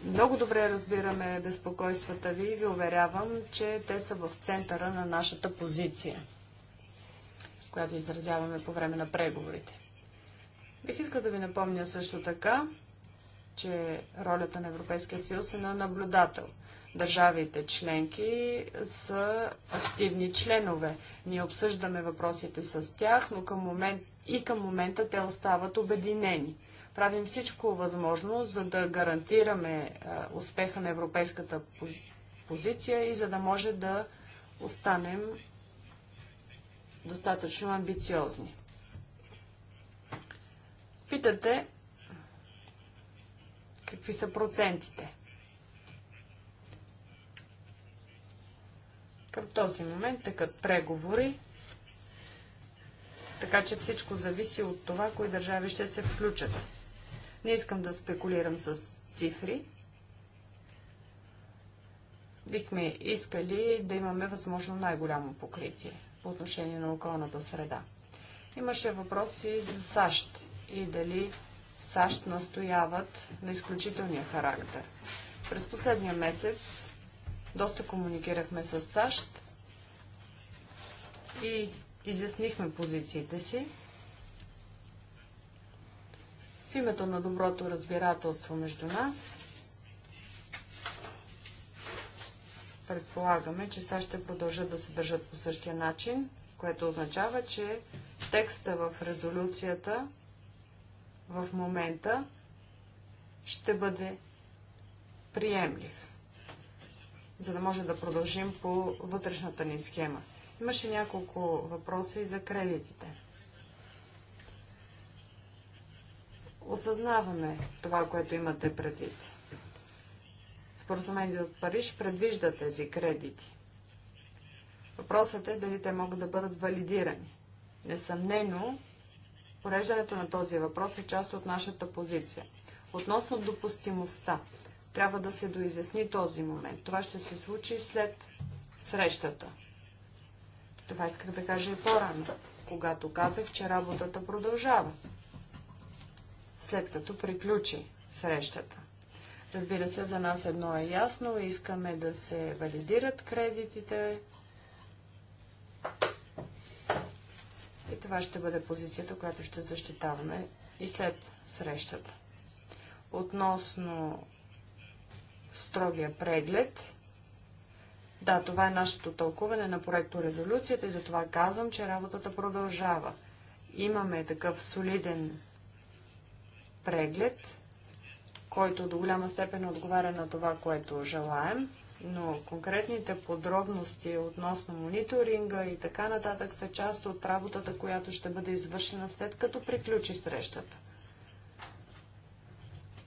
S4: Много добре разбираме безпокойствата ви и ви уверявам, че те са в центъра на нашата позиция, която изразяваме по време на преговорите. Бих искал да ви напомня също така, че ролята на Европейския съюз е на наблюдател – Държавите членки са активни членове. Ние обсъждаме въпросите с тях, но към момент, и към момента те остават обединени. Правим всичко възможно, за да гарантираме е, успеха на европейската позиция и за да може да останем достатъчно амбициозни. Питате какви са процентите. Към този момент тъкат преговори, така че всичко зависи от това, кои държави ще се включат. Не искам да спекулирам с цифри. Бихме искали да имаме възможно най-голямо покритие по отношение на околната среда. Имаше въпроси за САЩ и дали САЩ настояват на изключителния характер. През последния месец доста комуникирахме с САЩ и изяснихме позициите си. В името на доброто разбирателство между нас, предполагаме, че САЩ ще продължат да се държат по същия начин, което означава, че текста в резолюцията в момента ще бъде приемлив за да може да продължим по вътрешната ни схема. Имаше няколко въпроса и за кредитите. Осъзнаваме това, което имате предвид. Споразумението от Париж предвижда тези кредити. Въпросът е дали те могат да бъдат валидирани. Несъмнено, пореждането на този въпрос е част от нашата позиция. Относно допустимостта, трябва да се доизясни този момент. Това ще се случи след срещата. Това исках да кажа и по-рано, когато казах, че работата продължава. След като приключи срещата. Разбира се, за нас едно е ясно. Искаме да се валидират кредитите. И това ще бъде позицията, която ще защитаваме и след срещата. Относно строгия преглед. Да, това е нашето тълкуване на проекто резолюцията и затова казвам, че работата продължава. Имаме такъв солиден преглед, който до голяма степен отговаря на това, което желаем, но конкретните подробности относно мониторинга и така нататък са част от работата, която ще бъде извършена след като приключи срещата.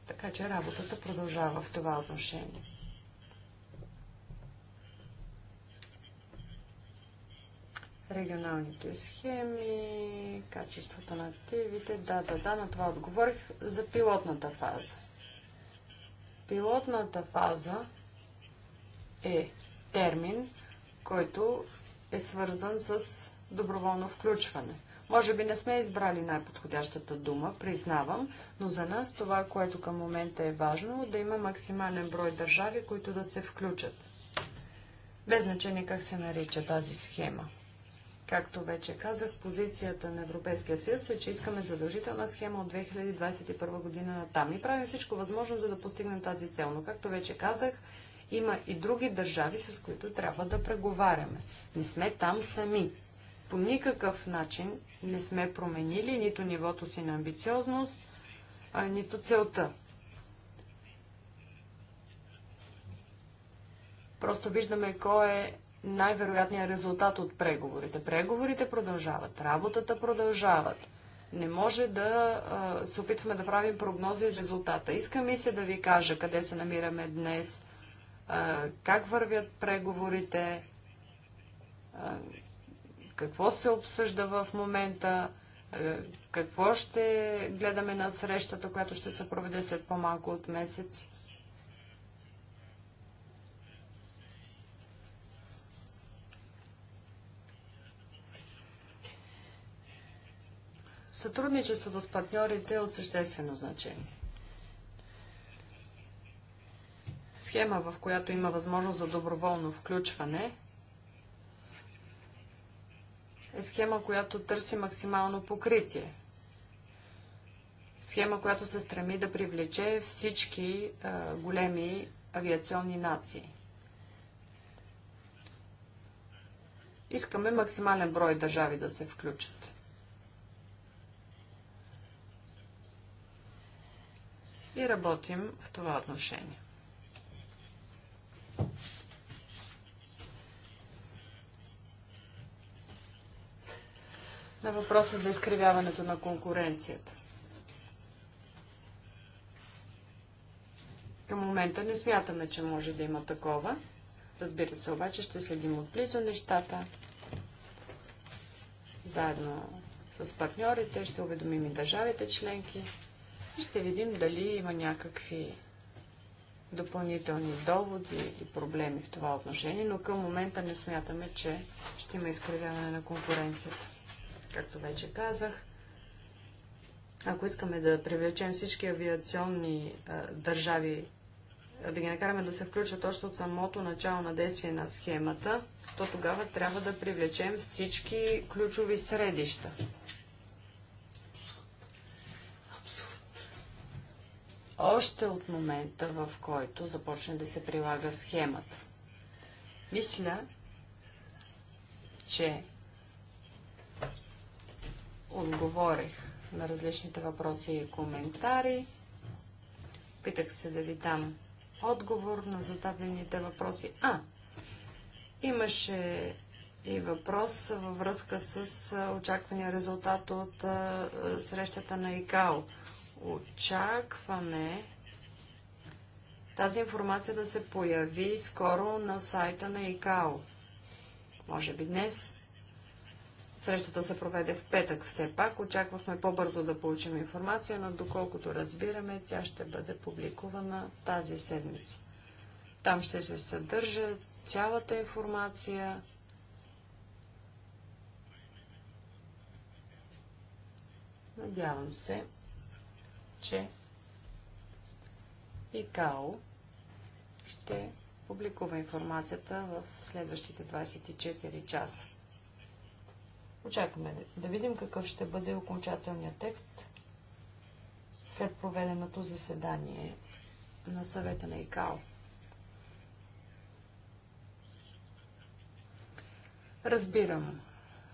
S4: Така че работата продължава в това отношение. регионалните схеми, качеството на активите. Да, да, да, на това отговорих за пилотната фаза. Пилотната фаза е термин, който е свързан с доброволно включване. Може би не сме избрали най-подходящата дума, признавам, но за нас това, което към момента е важно, е да има максимален брой държави, които да се включат. Без значение как се нарича тази схема. Както вече казах, позицията на Европейския съюз е, че искаме задължителна схема от 2021 година на там и правим всичко възможно, за да постигнем тази цел. Но, както вече казах, има и други държави, с които трябва да преговаряме. Не сме там сами. По никакъв начин не сме променили нито нивото си на амбициозност, а нито целта. Просто виждаме кой е най-вероятният резултат от преговорите. Преговорите продължават, работата продължават. Не може да а, се опитваме да правим прогнози за резултата. Искам и се да ви кажа къде се намираме днес, а, как вървят преговорите, а, какво се обсъжда в момента, е, какво ще гледаме на срещата, която ще се проведе след по-малко от месец. Сътрудничеството с партньорите е от съществено значение. Схема, в която има възможност за доброволно включване – е схема, която търси максимално покритие. Схема, която се стреми да привлече всички а, големи авиационни нации. Искаме максимален брой държави да се включат. И работим в това отношение. на въпроса за изкривяването на конкуренцията. Към момента не смятаме, че може да има такова. Разбира се, обаче ще следим отблизо нещата. Заедно с партньорите ще уведомим и държавите членки. и Ще видим дали има някакви допълнителни доводи или проблеми в това отношение, но към момента не смятаме, че ще има изкривяване на конкуренцията. Както вече казах, ако искаме да привлечем всички авиационни а, държави, да ги накараме да се включат още от самото начало на действие на схемата, то тогава трябва да привлечем всички ключови средища. Още от момента, в който започне да се прилага схемата. Мисля, че отговорих на различните въпроси и коментари. Питах се да ви дам отговор на зададените въпроси. А, имаше и въпрос във връзка с очаквания резултат от срещата на ИКАО. Очакваме тази информация да се появи скоро на сайта на ИКАО. Може би днес, Срещата се проведе в петък все пак. Очаквахме по-бързо да получим информация, но доколкото разбираме, тя ще бъде публикувана тази седмица. Там ще се съдържа цялата информация. Надявам се, че ИКАО ще публикува информацията в следващите 24 часа. Очакваме да видим какъв ще бъде окончателният текст след проведеното заседание на съвета на ИКАО. Разбирам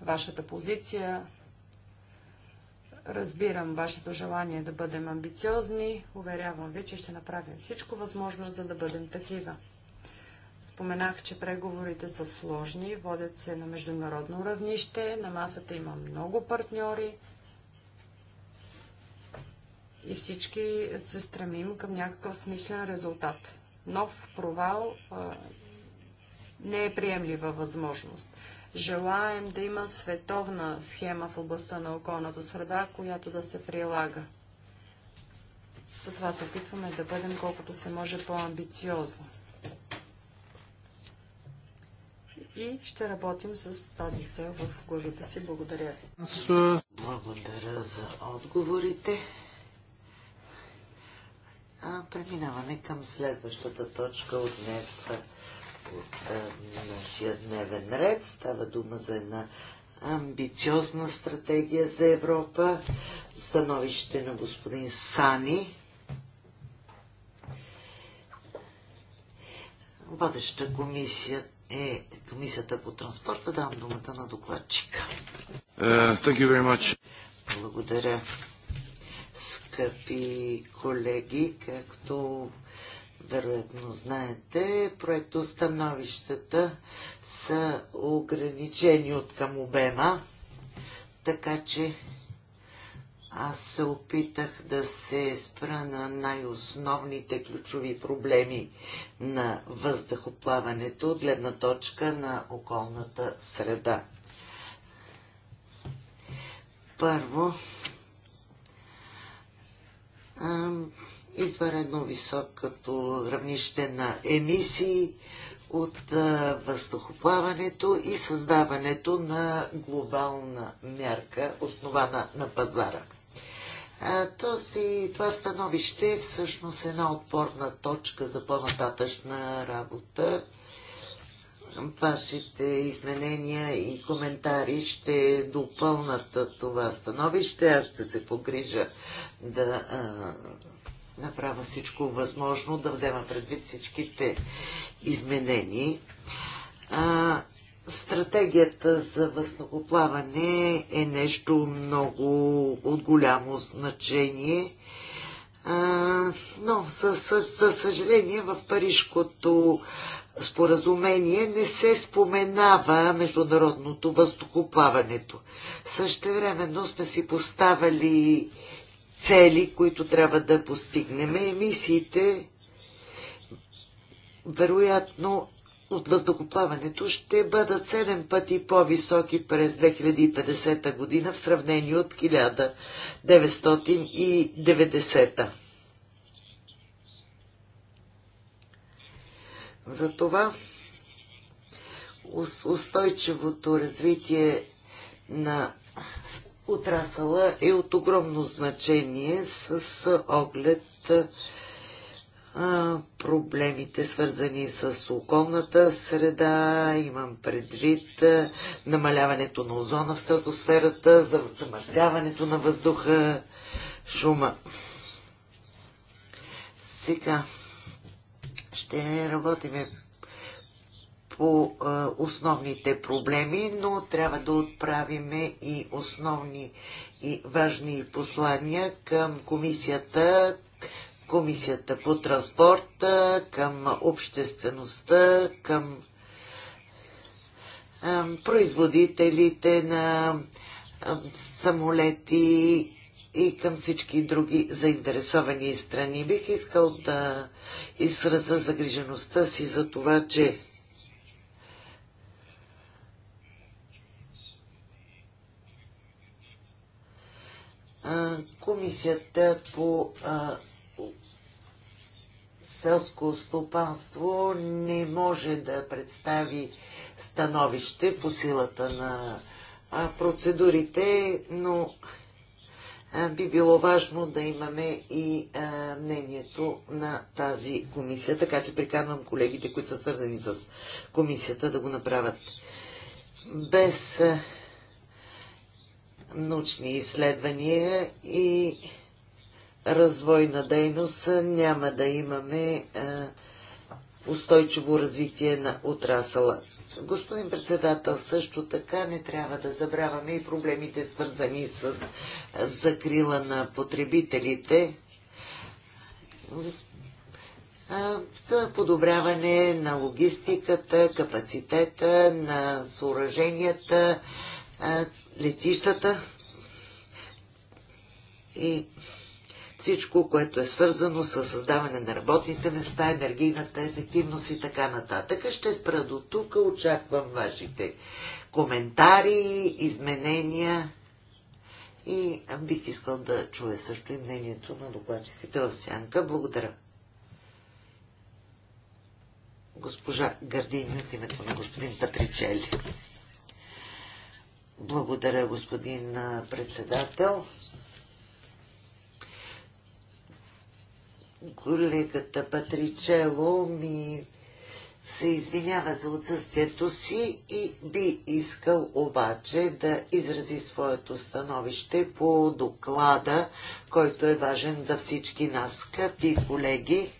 S4: вашата позиция, разбирам вашето желание да бъдем амбициозни, уверявам ви, че ще направим всичко възможно, за да бъдем такива. Споменах, че преговорите са сложни, водят се на международно равнище, на масата има много партньори и всички се стремим към някакъв смислен резултат. Нов провал а, не е приемлива възможност. Желаем да има световна схема в областта на околната среда, която да се прилага. Затова се опитваме да бъдем колкото се може по-амбициозни. и ще работим с тази цел в главите си. Благодаря ви.
S1: Благодаря
S2: за отговорите. А, преминаваме към следващата точка от днев от а, е, нашия дневен ред. Става дума за една амбициозна стратегия за Европа. Становище на господин Сани. Водеща комисията е Комисията по транспорта. Давам думата на докладчика. Uh, thank you very much. Благодаря. Скъпи колеги, както вероятно знаете, проектостановищата са ограничени от към обема, така че аз се опитах да се спра на най-основните ключови проблеми на въздухоплаването от гледна точка на околната среда. Първо, извънредно висок като равнище на емисии от въздухоплаването и създаването на глобална мярка, основана на пазара. Този, това становище е всъщност една отпорна точка за по-нататъчна работа. Вашите изменения и коментари ще допълнат това становище. Аз ще се погрижа да а, направя всичко възможно, да взема предвид всичките изменения. А, Стратегията за въздухоплаване е нещо много от голямо значение. Но, за съжаление, в Парижкото споразумение не се споменава международното въздухоплаването. Същевременно сме си поставили цели, които трябва да постигнем. Емисиите вероятно от въздухоплаването ще бъдат 7 пъти по-високи през 2050 година в сравнение от 1990. Затова устойчивото развитие на отрасъла е от огромно значение с оглед проблемите, свързани с околната среда, имам предвид намаляването на озона в стратосферата, замърсяването на въздуха, шума. Сега ще работиме по основните проблеми, но трябва да отправиме и основни и важни послания към комисията, Комисията по транспорта, към обществеността, към производителите на самолети и към всички други заинтересовани страни. Бих искал да израза загрижеността си за това, че Комисията по селско стопанство не може да представи становище по силата на процедурите, но би било важно да имаме и мнението на тази комисия. Така че приканвам колегите, които са свързани с комисията, да го направят. Без научни изследвания и развойна дейност няма да имаме е, устойчиво развитие на отрасъла. Господин председател, също така не трябва да забравяме и проблемите свързани с е, закрила на потребителите е, за подобряване на логистиката, капацитета, на съоръженията, летищата и всичко, което е свързано с създаване на работните места, енергийната ефективност и така нататък. Ще спра до тук, очаквам вашите коментари, изменения и бих искал да чуя също и мнението на докладчиците в Сянка. Благодаря. Госпожа Гардини от името на господин Патричели. Благодаря, господин председател. колегата Патричело ми се извинява за отсъствието си и би искал обаче да изрази своето становище по доклада, който е важен за всички нас, скъпи колеги.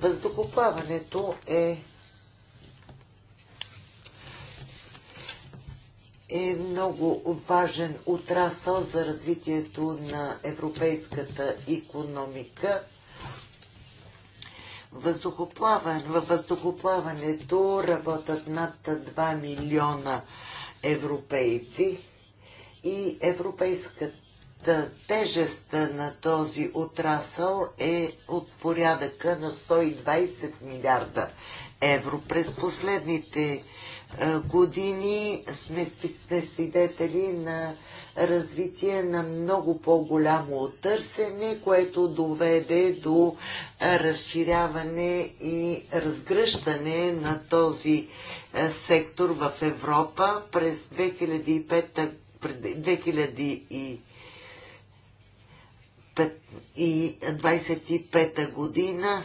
S2: Въздухоплаването е е много важен отрасъл за развитието на европейската економика въздухоплаване, във въздухоплаването работят над 2 милиона европейци и европейската тежест на този отрасъл е от порядъка на 120 милиарда евро. През последните години сме, сме свидетели на развитие на много по-голямо търсене, което доведе до разширяване и разгръщане на този е, сектор в Европа през 2025 година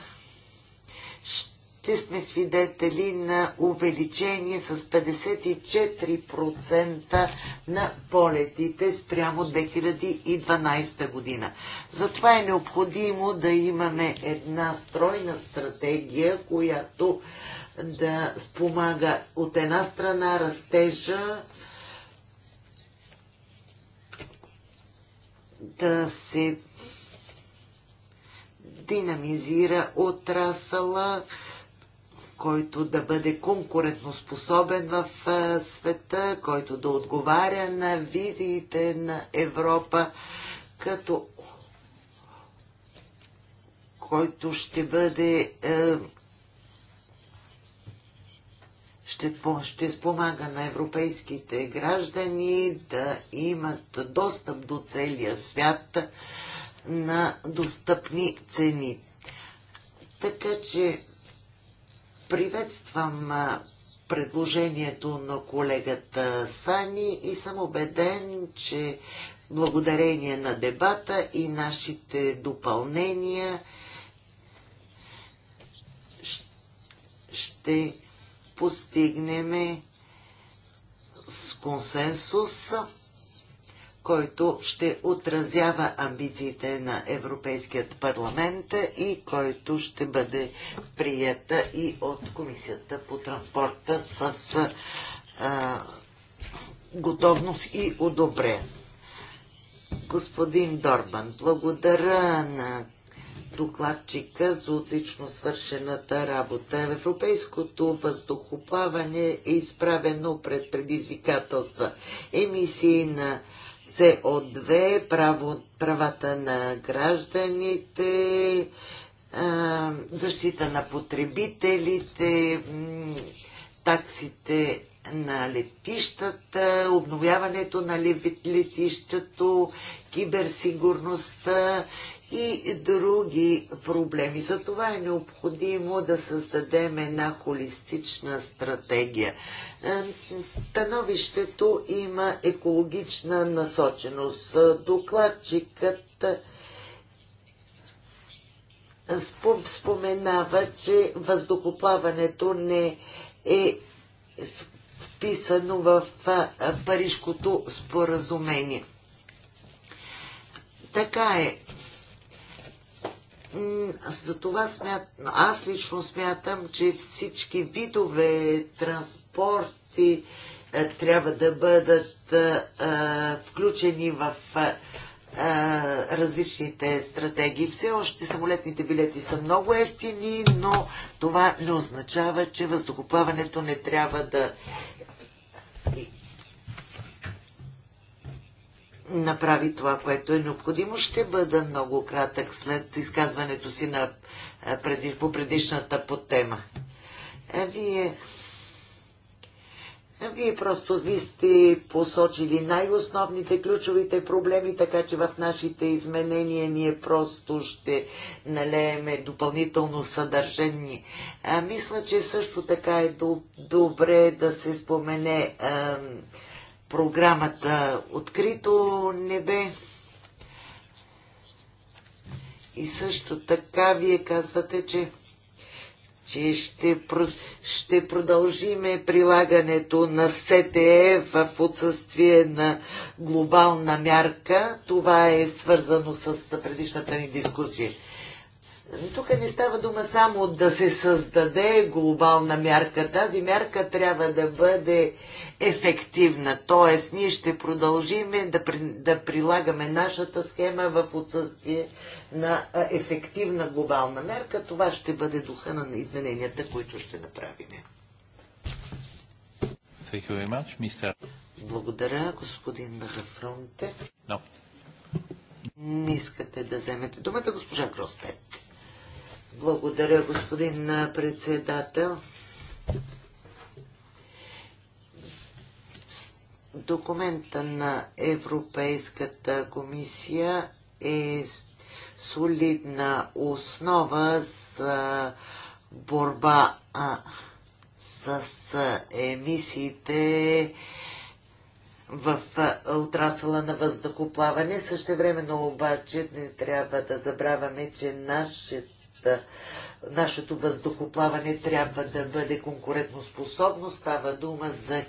S2: ще ще сме свидетели на увеличение с 54% на полетите спрямо 2012 година. Затова е необходимо да имаме една стройна стратегия, която да спомага от една страна растежа, да се динамизира отрасъла, който да бъде конкурентоспособен в света, който да отговаря на визиите на Европа, като който ще бъде е, ще, ще спомага на европейските граждани да имат достъп до целия свят на достъпни цени. Така че Приветствам предложението на колегата Сани и съм убеден, че благодарение на дебата и нашите допълнения ще постигнем с консенсус който ще отразява амбициите на Европейският парламент и който ще бъде прията и от Комисията по транспорта с а, готовност и одобрен. Господин Дорбан, благодаря на докладчика за отлично свършената работа. Европейското въздухоплаване е изправено пред предизвикателства. Емисии на се отве, право, правата на гражданите, защита на потребителите, таксите на летищата, обновяването на летището, киберсигурността и други проблеми. За това е необходимо да създадем една холистична стратегия. Е, становището има екологична насоченост. Докладчикът е, споменава, че въздухоплаването не е вписано в Парижкото споразумение. Така е. За това смят... аз лично смятам, че всички видове транспорти трябва да бъдат включени в различните стратегии. Все още самолетните билети са много ефтини, но това не означава, че въздухоплаването не трябва да направи това, което е необходимо. Ще бъда много кратък след изказването си на, преди, по предишната подтема. Вие вие просто ви сте посочили най-основните, ключовите проблеми, така че в нашите изменения ние просто ще налееме допълнително съдържани. А, мисля, че също така е до, добре да се спомене а, програмата Открито небе. И също така вие казвате, че че ще, ще продължиме прилагането на СТЕ в отсъствие на глобална мярка. Това е свързано с предишната ни дискусия. Тук не става дума само да се създаде глобална мярка. Тази мярка трябва да бъде ефективна. Тоест, ние ще продължим да, при, да прилагаме нашата схема в отсъствие на ефективна глобална мерка. Това ще бъде духа на измененията, които ще направим. Благодаря, господин Бахафронте. No. Не искате да вземете думата, госпожа Гростет. Благодаря, господин председател. Документа на Европейската комисия е солидна основа за борба а, с емисиите в отрасъла на въздухоплаване. Същевременно обаче не трябва да забравяме, че нашата, нашето въздухоплаване трябва да бъде конкурентоспособно. Става дума за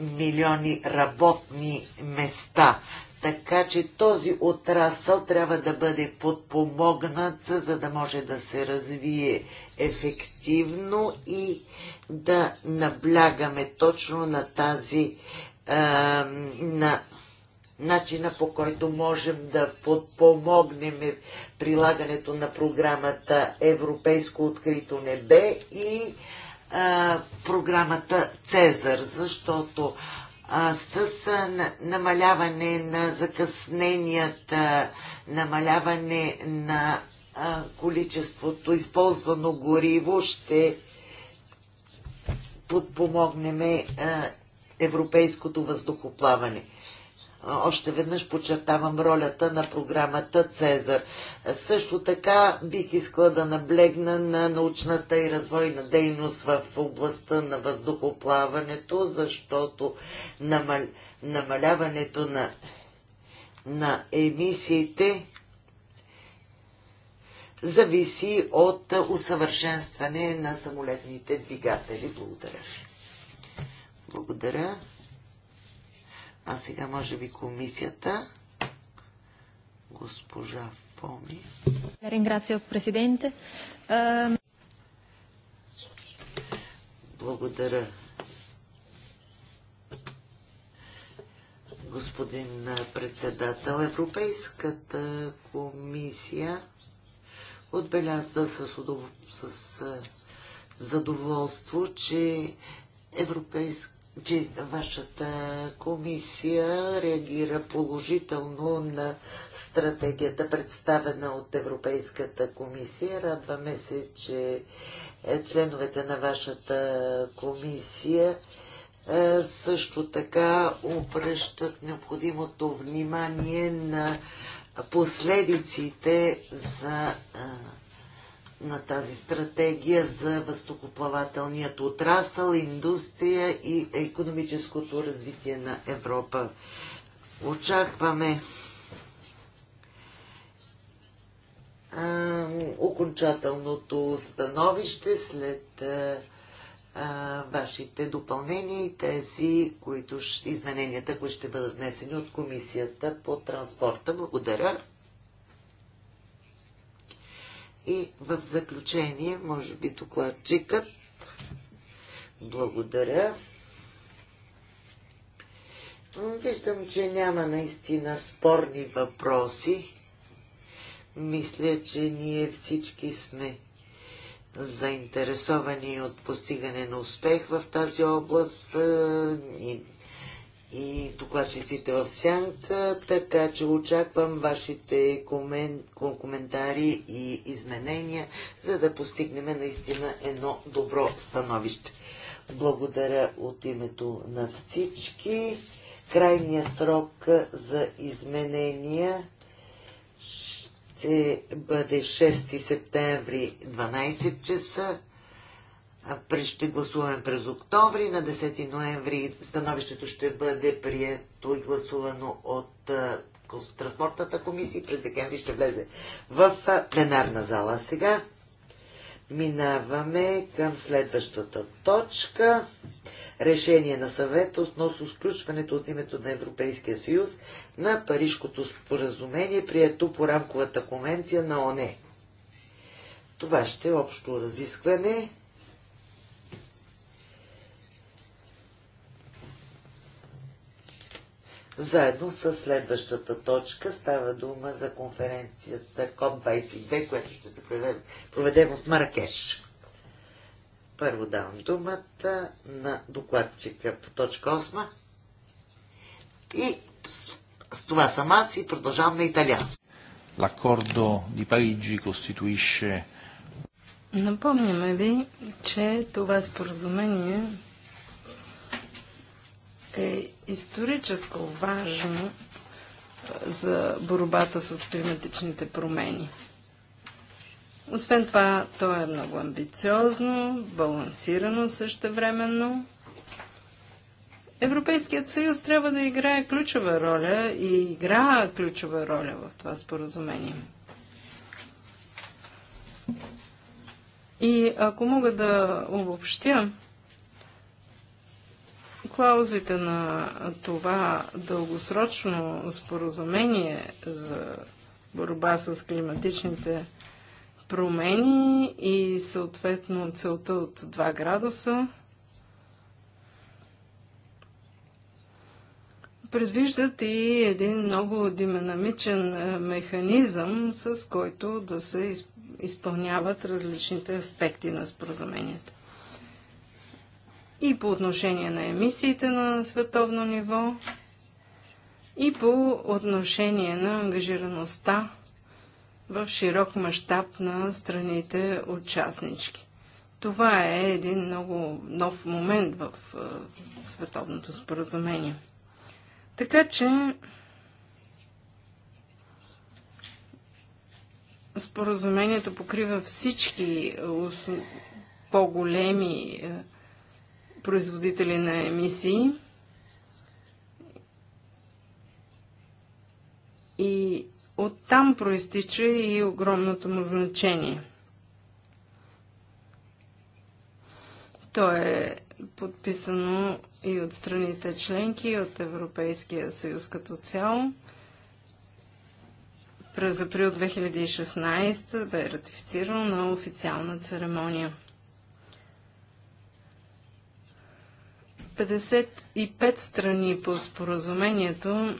S2: милиони работни места. Така че този отрасъл трябва да бъде подпомогнат, за да може да се развие ефективно и да наблягаме точно на тази а, на начина по който можем да подпомогнем прилагането на програмата Европейско открито небе и а, програмата Цезар, защото с а, намаляване на закъсненията, намаляване на а, количеството използвано гориво ще подпомогнем европейското въздухоплаване още веднъж подчертавам ролята на програмата Цезар. Също така бих искала да наблегна на научната и развойна дейност в областта на въздухоплаването, защото намал... намаляването на, на емисиите зависи от усъвършенстване на самолетните двигатели. Благодаря. Благодаря. А сега може би комисията. Госпожа Фоми.
S4: Ренграция, президенте. Ehm,
S2: Благодаря. Господин председател, Европейската комисия отбелязва с, с задоволство, че Европейска че вашата комисия реагира положително на стратегията, представена от Европейската комисия. Радваме се, че е, членовете на вашата комисия е, също така обръщат необходимото внимание на последиците за е, на тази стратегия за въздухоплавателният отрасъл, индустрия и економическото развитие на Европа. Очакваме а, окончателното становище след а, а, вашите допълнения и тези, които измененията, които ще бъдат внесени от Комисията по транспорта. Благодаря. И в заключение, може би докладчикът. Благодаря. Виждам, че няма наистина спорни въпроси. Мисля, че ние всички сме заинтересовани от постигане на успех в тази област е, и и докладчиците в сянка, така че очаквам вашите комен... коментари и изменения, за да постигнем наистина едно добро становище. Благодаря от името на всички. Крайния срок за изменения ще бъде 6 септември 12 часа ще гласуваме през октомври. На 10 ноември становището ще бъде прието и гласувано от Транспортната комисия през декември ще влезе в пленарна зала. Сега минаваме към следващата точка. Решение на съвета относно сключването от името на Европейския съюз на Парижкото споразумение, прието по рамковата конвенция на ОНЕ. Това ще е общо разискване заедно с следващата точка. Става дума за конференцията COP22, която ще се проведе, в Маракеш. Първо давам думата на докладчика по точка 8. И с това съм аз и продължавам на италиански.
S1: L'accordo di Parigi costituisce
S3: Напомняме ви, че това споразумение е историческо важно е, за борбата с климатичните промени. Освен това, то е много амбициозно, балансирано същевременно. Европейският съюз трябва да играе ключова роля и игра ключова роля в това споразумение. И ако мога да обобщя, клаузите на това дългосрочно споразумение за борба с климатичните промени и съответно целта от 2 градуса предвиждат и един много динамичен е, механизъм, с който да се изпълняват различните аспекти на споразумението и по отношение на емисиите на световно ниво, и по отношение на ангажираността в широк мащаб на страните участнички. Това е един много нов момент в световното споразумение. Така че споразумението покрива всички по-големи е, производители на емисии. И оттам проистича и огромното му значение. То е подписано и от страните членки, и от Европейския съюз като цяло. През април 2016 бе ратифицирано на официална церемония. 55 страни по споразумението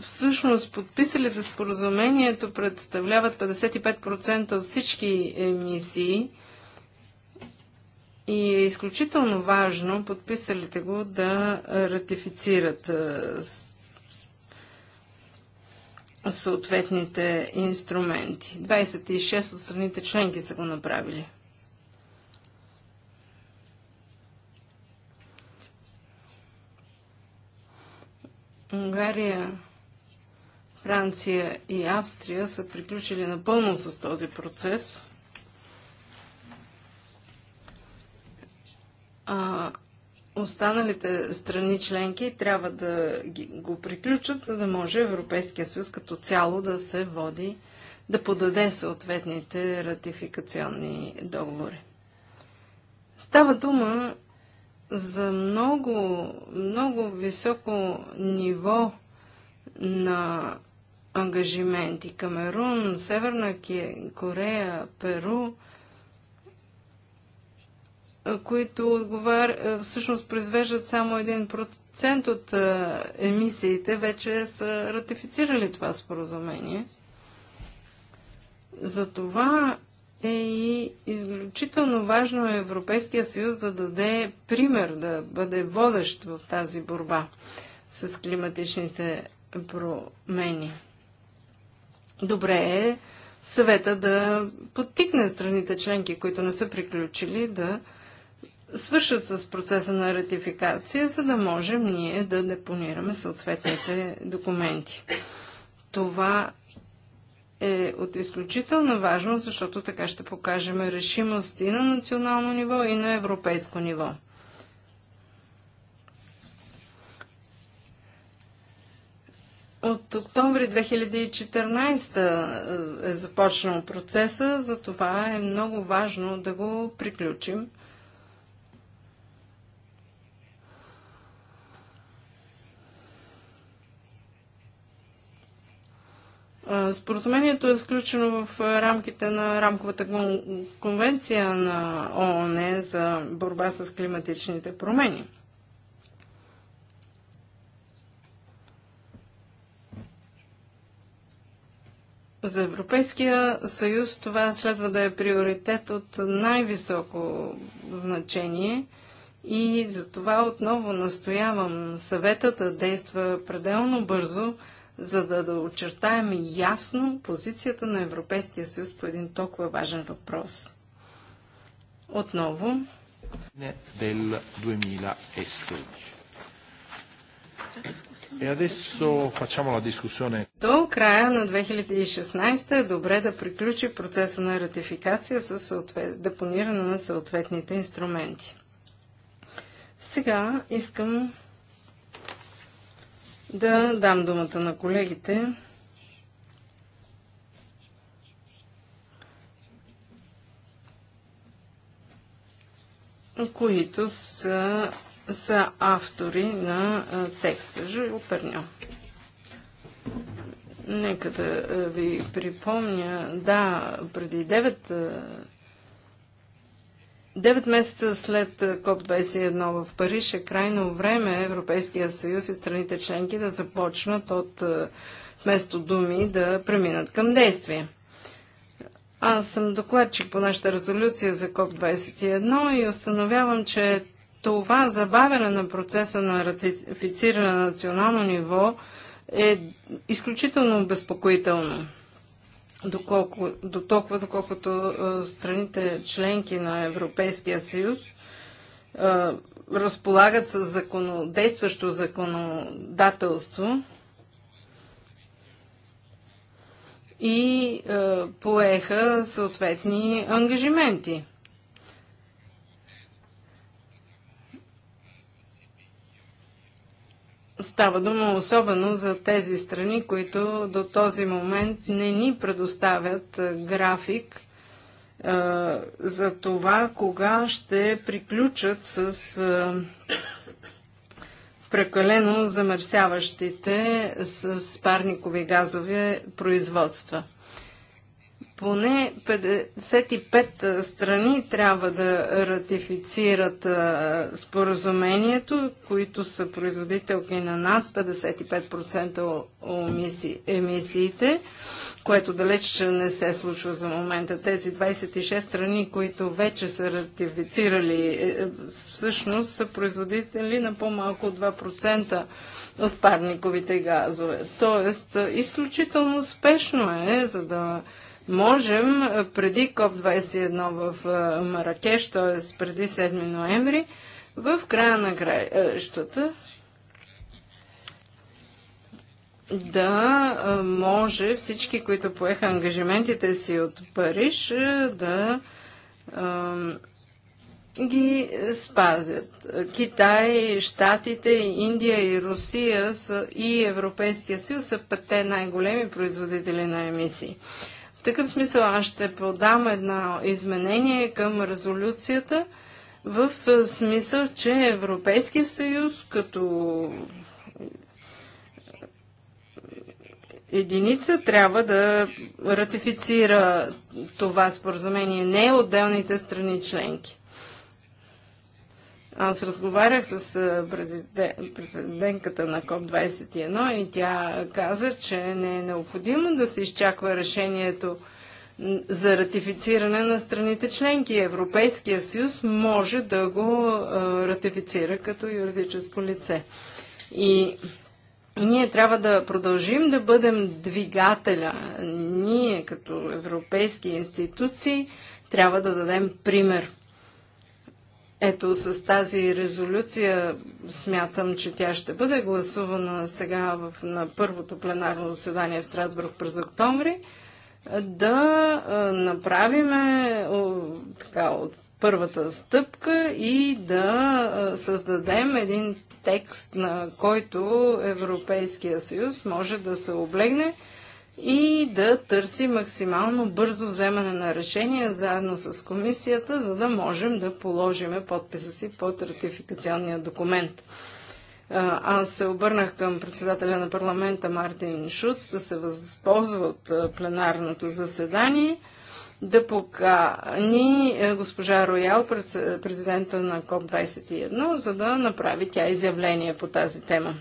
S3: всъщност подписалите споразумението представляват 55% от всички емисии и е изключително важно подписалите го да ратифицират съответните инструменти. 26 от страните членки са го направили. Унгария, Франция и Австрия са приключили напълно с този процес. А останалите страни членки трябва да го приключат, за да може Европейския съюз като цяло да се води, да подаде съответните ратификационни договори. Става дума за много, много високо ниво на ангажименти. Камерун, Северна Корея, Перу – които отговар... Е, всъщност произвеждат само 1% от е, емисиите, вече са ратифицирали това споразумение. Затова е и изключително важно Европейския съюз да даде пример, да бъде водещ в тази борба с климатичните промени. Добре е съвета да подтикне страните членки, които не са приключили, да свършат с процеса на ратификация, за да можем ние да депонираме съответните документи. Това е от изключителна важност, защото така ще покажем решимост и на национално ниво, и на европейско ниво. От октомври 2014 е, е започнал процеса, за това е много важно да го приключим Споразумението е включено в рамките на рамковата конвенция на ООН за борба с климатичните промени. За Европейския съюз това следва да е приоритет от най-високо значение и за това отново настоявам съветът да действа пределно бързо, за да, да очертаем ясно позицията на Европейския съюз по един толкова важен въпрос. Отново.
S1: Del 2016. E adesso facciamo la discussione.
S3: До края на 2016 е добре да приключи процеса на ратификация с съответ... депониране на съответните инструменти. Сега искам да дам думата на колегите. които са, са автори на а, текста. Жил Перньо. Нека да ви припомня, да, преди 9 Девет месеца след е, КОП-21 в Париж е крайно време Европейския съюз и страните членки да започнат от е, вместо думи да преминат към действие. Аз съм докладчик по нашата резолюция за КОП-21 и установявам, че това забавяне на процеса на ратифициране на национално ниво е изключително обезпокоително доколко, до толкова, доколкото страните членки на Европейския съюз разполагат с законо, действащо законодателство и поеха съответни ангажименти. Става дума особено за тези страни, които до този момент не ни предоставят график за това кога ще приключат с прекалено замърсяващите с парникови газове производства поне 55 страни трябва да ратифицират споразумението, които са производителки на над 55% емисиите, което далеч не се случва за момента. Тези 26 страни, които вече са ратифицирали, е, е, всъщност са производители на по-малко от 2% от парниковите газове. Тоест, изключително спешно е, за да можем преди КОП-21 в Маракеш, т.е. преди 7 ноември, в края на краищата да може всички, които поеха ангажиментите си от Париж, да ги спазят. Китай, Штатите, Индия и Русия са, и Европейския съюз са петте най-големи производители на емисии такъв смисъл аз ще продам едно изменение към резолюцията в е, смисъл, че Европейския съюз като единица трябва да ратифицира това споразумение, не отделните страни членки. Аз разговарях с президентката на КОП-21 и тя каза, че не е необходимо да се изчаква решението за ратифициране на страните членки. Европейския съюз може да го ратифицира като юридическо лице. И ние трябва да продължим да бъдем двигателя. Ние като европейски институции трябва да дадем пример. Ето с тази резолюция смятам, че тя ще бъде гласувана сега в, на първото пленарно заседание в Страсбург през октомври, да направиме така, от първата стъпка и да създадем един текст, на който Европейския съюз може да се облегне и да търси максимално бързо вземане на решение заедно с комисията, за да можем да положиме подписа си под ратификационния документ. Аз се обърнах към председателя на парламента Мартин Шуц да се възползва от пленарното заседание да покани госпожа Роял, президента на КОП-21, за да направи тя изявление по тази тема.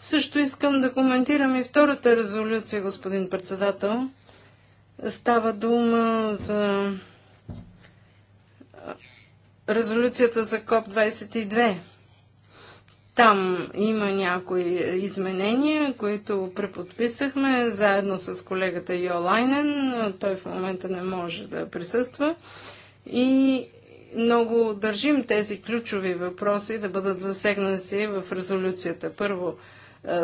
S3: Също искам да коментирам и втората резолюция, господин председател. Става дума за резолюцията за КОП-22. Там има някои изменения, които преподписахме заедно с колегата Йолайнен. Той в момента не може да присъства. И много държим тези ключови въпроси да бъдат засегнати в резолюцията. Първо,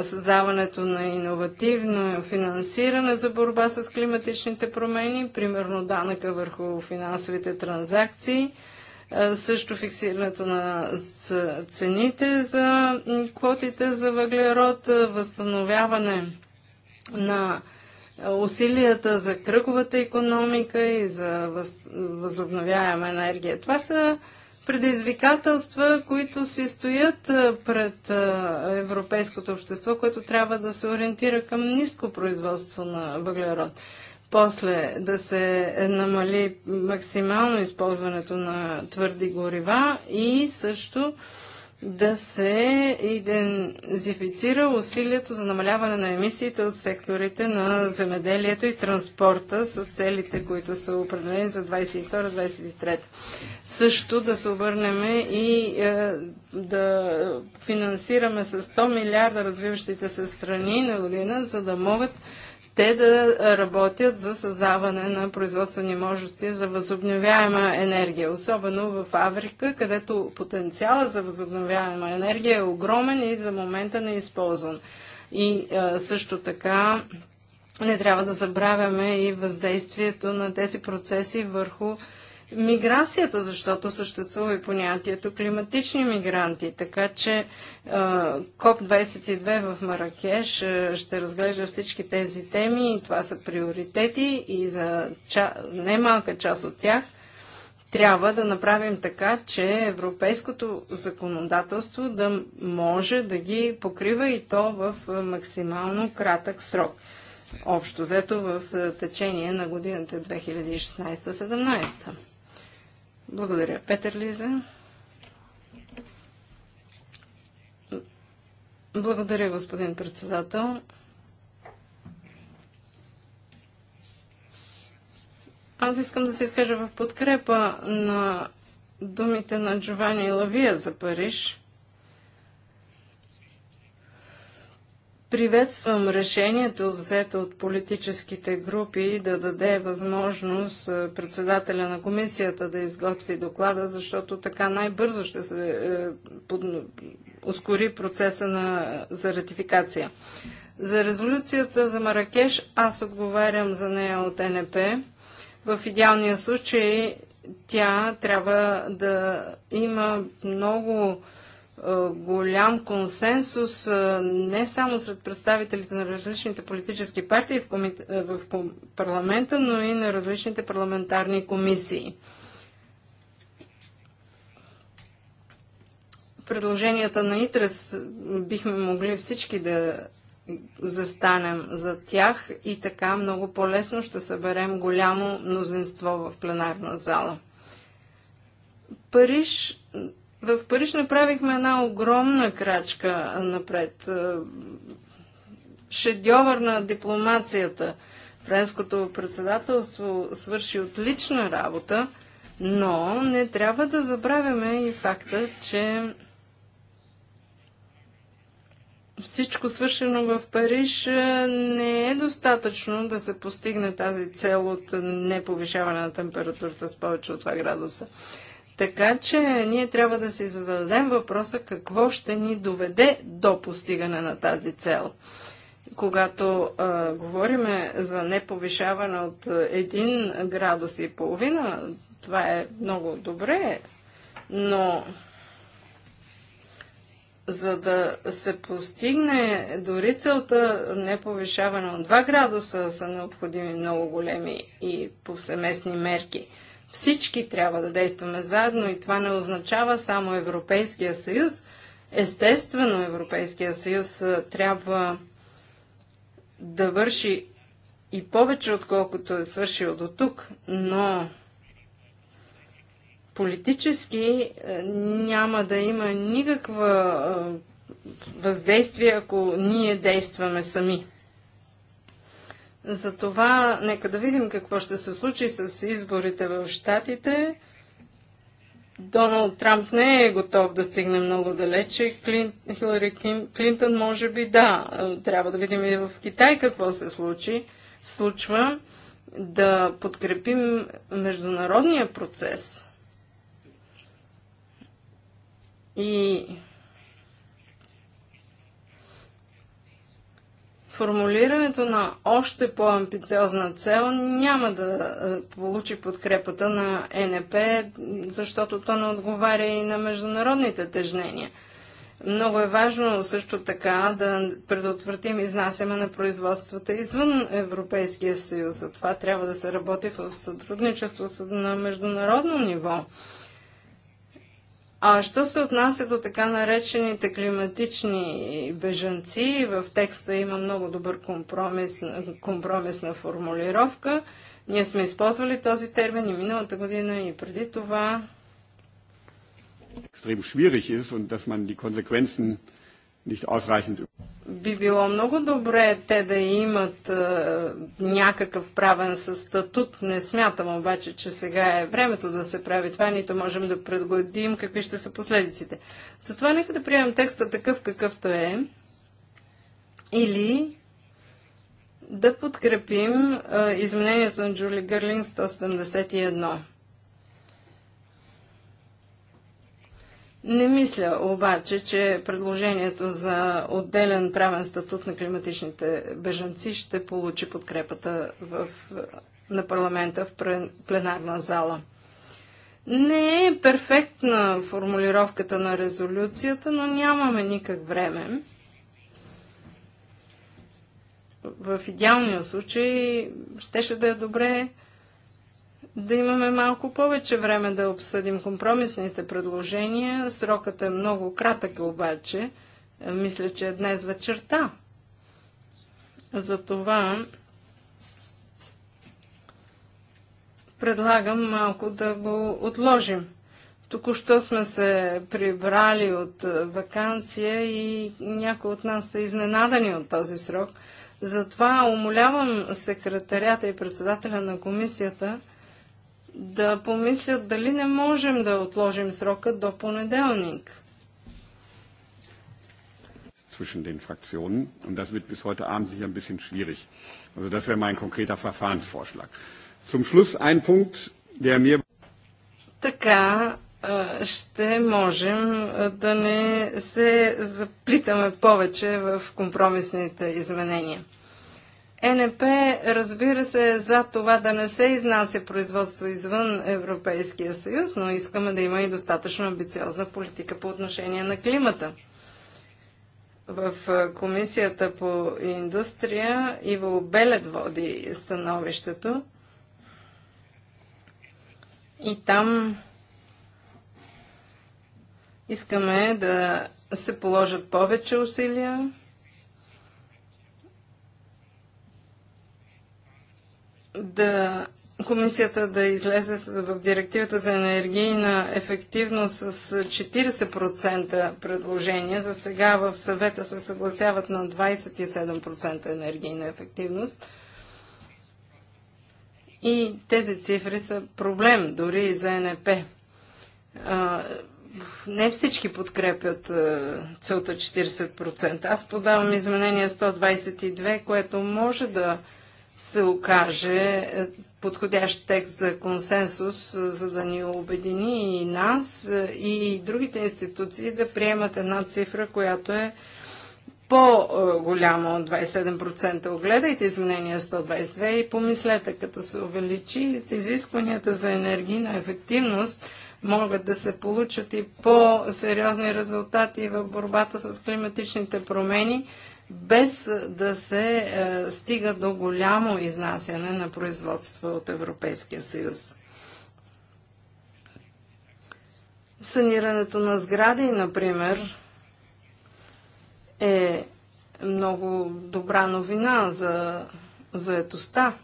S3: създаването на иновативно финансиране за борба с климатичните промени, примерно данъка върху финансовите транзакции, също фиксирането на цените за квотите за въглерод, възстановяване на усилията за кръговата економика и за възобновяема енергия. Това са предизвикателства, които си стоят пред европейското общество, което трябва да се ориентира към ниско производство на въглерод. После да се намали максимално използването на твърди горива и също да се идентифицира усилието за намаляване на емисиите от секторите на земеделието и транспорта с целите, които са определени за 2022-2023. Също да се обърнем и е, да финансираме с 100 милиарда развиващите се страни на година, за да могат те да работят за създаване на производствени можности за възобновяема енергия, особено в Африка, където потенциалът за възобновяема енергия е огромен и за момента не е използван. И също така не трябва да забравяме и въздействието на тези процеси върху миграцията, защото съществува и понятието климатични мигранти. Така че КОП-22 в Маракеш ще разглежда всички тези теми и това са приоритети и за ча... немалка част от тях трябва да направим така, че европейското законодателство да може да ги покрива и то в максимално кратък срок. Общо взето в течение на годината 2016-17. Благодаря. Петър Лиза. Благодаря, господин председател. Аз искам да се изкажа в подкрепа на думите на Джовани Лавия за Париж. Приветствам решението, взето от политическите групи, да даде възможност е, председателя на комисията да изготви доклада, защото така най-бързо ще се е, ускори процеса на, за ратификация. За резолюцията за Маракеш аз отговарям за нея от НП. В идеалния случай тя трябва да има много голям консенсус не само сред представителите на различните политически партии в, комит... в парламента, но и на различните парламентарни комисии. Предложенията на ИТРЕС бихме могли всички да застанем за тях и така много по-лесно ще съберем голямо мнозинство в пленарна зала. Париж в Париж направихме една огромна крачка напред. Е, шедьовър на дипломацията. Френското председателство свърши отлична работа, но не трябва да забравяме и факта, че всичко свършено в Париж е, не е достатъчно да се постигне тази цел от неповишаване на температурата с повече от 2 градуса. Така че ние трябва да си зададем въпроса какво ще ни доведе до постигане на тази цел. Когато а, говориме за неповишаване от 1 градус и половина, това е много добре, но за да се постигне дори целта неповишаване от 2 градуса, са необходими много големи и повсеместни мерки – всички трябва да действаме заедно и това не означава само Европейския съюз. Естествено, Европейския съюз трябва да върши и повече, отколкото е свършил до тук, но политически няма да има никаква въздействие, ако ние действаме сами. Затова нека да видим какво ще се случи с изборите в Штатите. Доналд Трамп не е готов да стигне много далече. Клин, Хилари Клин, Клинтън може би да. Трябва да видим и в Китай какво се случи. Случва да подкрепим международния процес. И формулирането на още по-амбициозна цел няма да е, получи подкрепата на НП, защото то не отговаря и на международните тежнения. Много е важно също така да предотвратим изнасяме на производствата извън Европейския съюз. За това трябва да се работи в сътрудничество на международно ниво. А що се отнася до така наречените климатични бежанци, в текста има много добър компромис, компромисна формулировка. Ние сме използвали този термин и миналата година, и преди това.
S1: Extrem schwierig ist und dass man die Konsequenzen nicht ausreichend.
S3: Би било много добре те да имат а, някакъв правен статут. Не смятам обаче, че сега е времето да се прави това, нито можем да предгодим какви ще са последиците. Затова нека да приемем текста такъв какъвто е или да подкрепим а, изменението на Джули Гърлин 171. Не мисля обаче, че предложението за отделен правен статут на климатичните бежанци ще получи подкрепата в, на парламента в пленарна зала. Не е перфектна формулировката на резолюцията, но нямаме никак време. В идеалния случай щеше да е добре да имаме малко повече време да обсъдим компромисните предложения. Срокът е много кратък обаче. Е, мисля, че е днес вечерта. Затова предлагам малко да го отложим. Току-що сме се прибрали от е, вакансия и някои от нас са изненадани от този срок. Затова умолявам секретарята и председателя на комисията – да помислят дали не можем да отложим срока до понеделник.
S1: zwischen den Fraktionen. Und das wird bis heute Abend sicher ein bisschen schwierig. Also das wäre mein konkreter Verfahrensvorschlag. Zum Schluss ein Punkt, der mir...
S3: Така, ще можем да не се заплитаме повече в компромисните изменения. НП, разбира се, е за това да не се изнася производство извън Европейския съюз, но искаме да има и достатъчно амбициозна политика по отношение на климата. В Комисията по индустрия Иво Белед води становището. И там искаме да се положат повече усилия да комисията да излезе в директивата за енергийна ефективност с 40% предложения. За сега в съвета се съгласяват на 27% енергийна ефективност. И тези цифри са проблем дори и за НП. Не всички подкрепят целта 40%. Аз подавам изменение 122, което може да се окаже е, подходящ текст за консенсус, е, за да ни обедини и нас, е, и другите институции да приемат една цифра, която е по-голяма от 27%. Огледайте изменения 122 и помислете, като се увеличи изискванията за енергийна ефективност, могат да се получат и по-сериозни резултати в борбата с климатичните промени без да се е, стига до голямо изнасяне на производства от Европейския съюз. Санирането на сгради, например, е много добра новина за заетостта.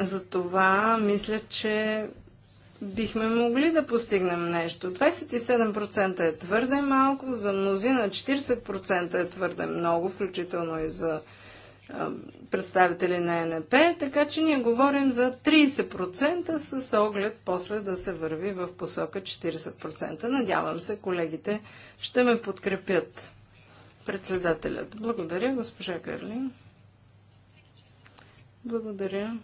S3: Затова мисля, че бихме могли да постигнем нещо. 27% е твърде малко, за мнозина 40% е твърде много, включително и за а, представители на НП, така че ние говорим за 30% с оглед после да се върви в посока 40%. Надявам се, колегите ще ме подкрепят. Председателят. Благодаря, госпожа Карлин. Благодаря.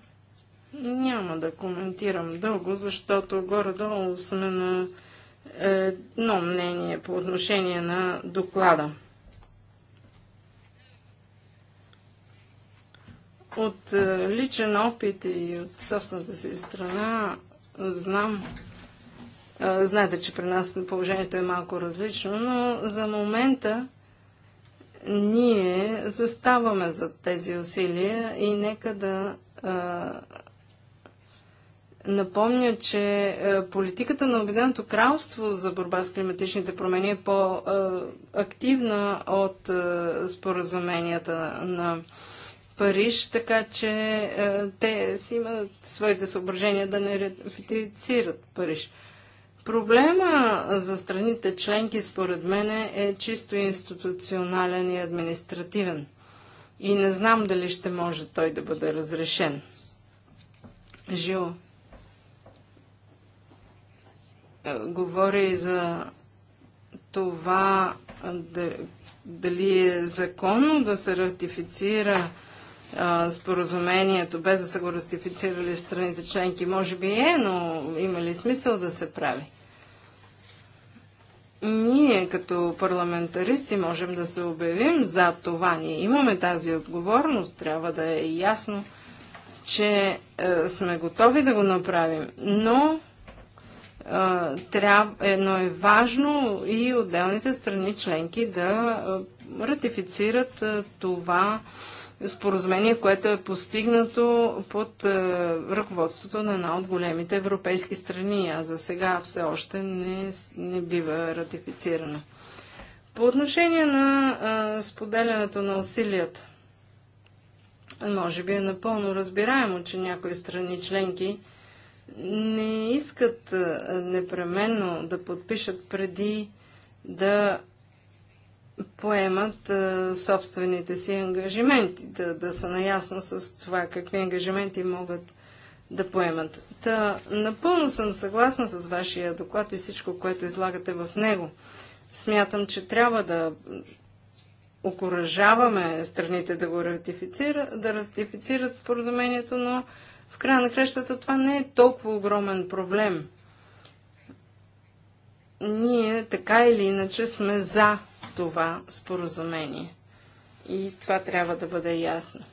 S3: Няма да коментирам дълго, защото горе-долу сме на едно мнение по отношение на доклада. От е, личен опит и от собствената си страна знам, е, знаете, че при нас положението е малко различно, но за момента ние заставаме за тези усилия и нека да е, напомня, че е, политиката на Обеденото кралство за борба с климатичните промени е по-активна от е, споразуменията на Париж, така че е, те си имат своите съображения да не ратифицират Париж. Проблема за страните членки, според мен, е чисто институционален и административен. И не знам дали ще може той да бъде разрешен. Жил, е, говори за това дали е законно да се ратифицира е, споразумението, без да са го ратифицирали страните членки. Може би е, но има ли смисъл да се прави? Ние като парламентаристи можем да се обявим за това. Ние имаме тази отговорност. Трябва да е ясно, че е, сме готови да го направим. Но но е важно и отделните страни членки да ратифицират това споразумение, което е постигнато под ръководството на една от големите европейски страни, а за сега все още не, не бива ратифицирано. По отношение на споделянето на усилията, може би е напълно разбираемо, че някои страни членки не искат непременно да подпишат преди да поемат а, собствените си ангажименти, да, да са наясно с това какви ангажименти могат да поемат. Та, напълно съм съгласна с вашия доклад и всичко, което излагате в него. Смятам, че трябва да окоръжаваме страните да го ратифицират, да ратифицират споразумението, но края на кращата това не е толкова огромен проблем. Ние така или иначе сме за това споразумение. И това трябва да бъде ясно.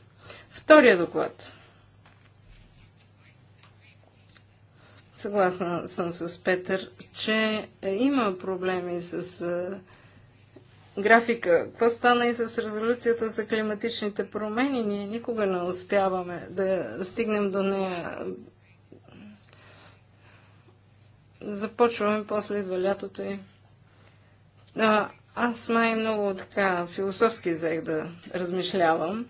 S3: Втория доклад. Съгласна съм с Петър, че е, има проблеми с е, графика. Какво стана и с резолюцията за климатичните промени? Ние никога не успяваме да стигнем до нея. Започваме после идва лятото и... А, аз май много така философски взех да размишлявам.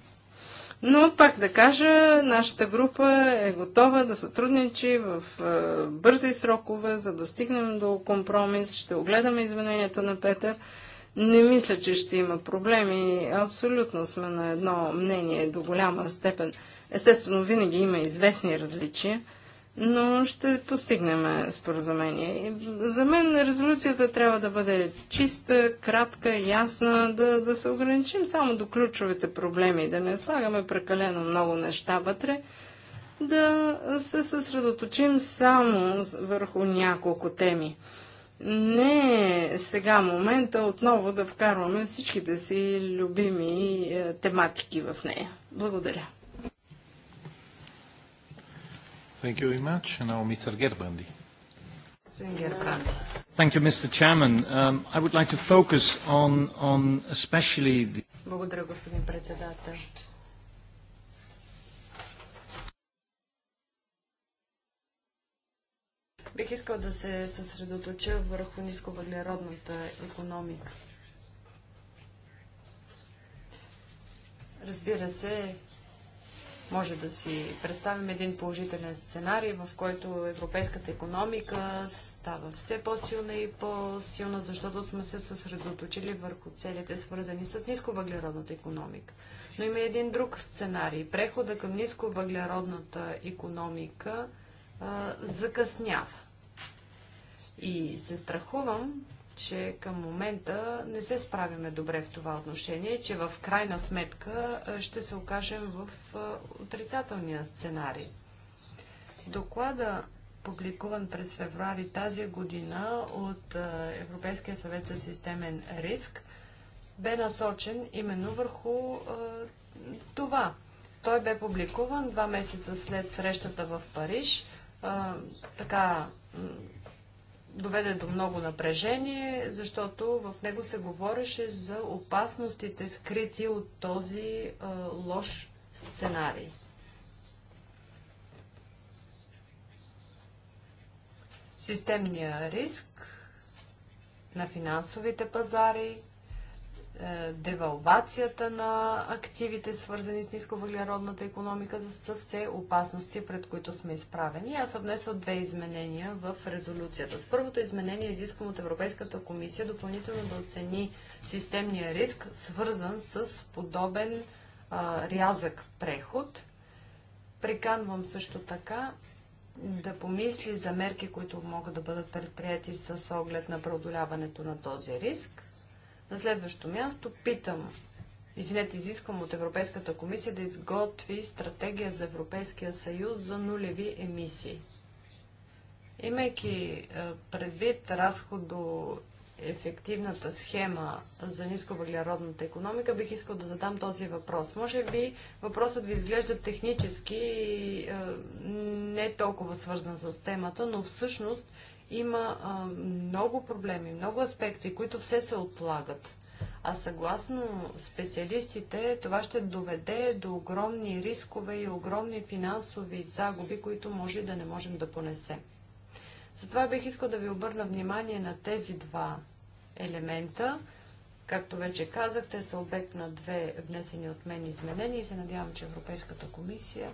S3: Но пак да кажа, нашата група е готова да сътрудничи в бързи срокове, за да стигнем до компромис. Ще огледаме изменението на Петър. Не мисля, че ще има проблеми. Абсолютно сме на едно мнение до голяма степен. Естествено, винаги има известни различия, но ще постигнем споразумение. За мен резолюцията трябва да бъде чиста, кратка, ясна, да, да се ограничим само до ключовите проблеми, да не слагаме прекалено много неща вътре, да се съсредоточим само върху няколко теми не е сега момента отново да вкарваме всичките си любими е, тематики в нея. Благодаря.
S1: Thank you very much. Now, Mr. Gerbrandi. Thank you, Mr. Chairman. Um, I would like to focus on, on especially... The...
S4: Благодаря, господин председател. Бих искал да се съсредоточа върху нисковъглеродната економика. Разбира се, може да си представим един положителен сценарий, в който европейската економика става все по-силна и по-силна, защото сме се съсредоточили върху целите, свързани с нисковъглеродната економика. Но има един друг сценарий. Прехода към нисковъглеродната економика а, закъснява. И се страхувам, че към момента не се справяме добре в това отношение, че в крайна сметка ще се окажем в отрицателния сценарий. Доклада, публикуван през февруари тази година от Европейския съвет за системен риск, бе насочен именно върху това. Той бе публикуван два месеца след срещата в Париж. Така доведе до много напрежение, защото в него се говореше за опасностите скрити от този а, лош сценарий. Системния риск на финансовите пазари – е, девалвацията на активите, свързани с нисковъглеродната економика, са все опасности, пред които сме изправени. Аз съм внесла две изменения в резолюцията. С първото изменение е изисквам от Европейската комисия допълнително да оцени системния риск, свързан с подобен а, рязък преход. Приканвам също така да помисли за мерки, които могат да бъдат предприяти с оглед на преодоляването на този риск на следващо място питам, извинете, изисквам от Европейската комисия да изготви стратегия за Европейския съюз за нулеви емисии. Имайки е, предвид разходо ефективната схема за нисковъглеродната економика, бих искал да задам този въпрос. Може би въпросът ви изглежда технически и е, не толкова свързан с темата, но всъщност има а, много проблеми, много аспекти, които все се отлагат. А съгласно специалистите, това ще доведе до огромни рискове и огромни финансови загуби, които може и да не можем да понесем. Затова бих искал да ви обърна внимание на тези два елемента. Както вече казах, те са обект на две внесени от мен изменения и се надявам, че Европейската комисия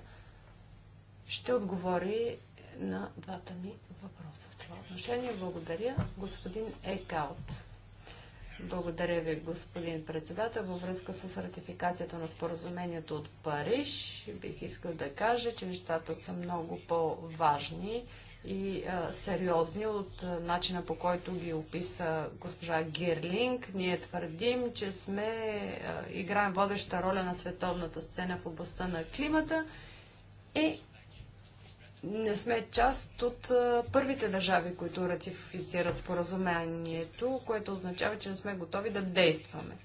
S4: ще отговори на двата ми въпроса това отношение. Благодаря. Господин Екаут. Благодаря ви, господин председател. Във връзка с ратификацията на споразумението от Париж, бих искал да кажа, че нещата са много по-важни и а, сериозни от а, начина по който ги описа госпожа Гирлинг. Ние твърдим, че сме а, играем водеща роля на световната сцена в областта на климата и е, не сме част от първите държави, които ратифицират споразумението, което означава, че не сме готови да действаме.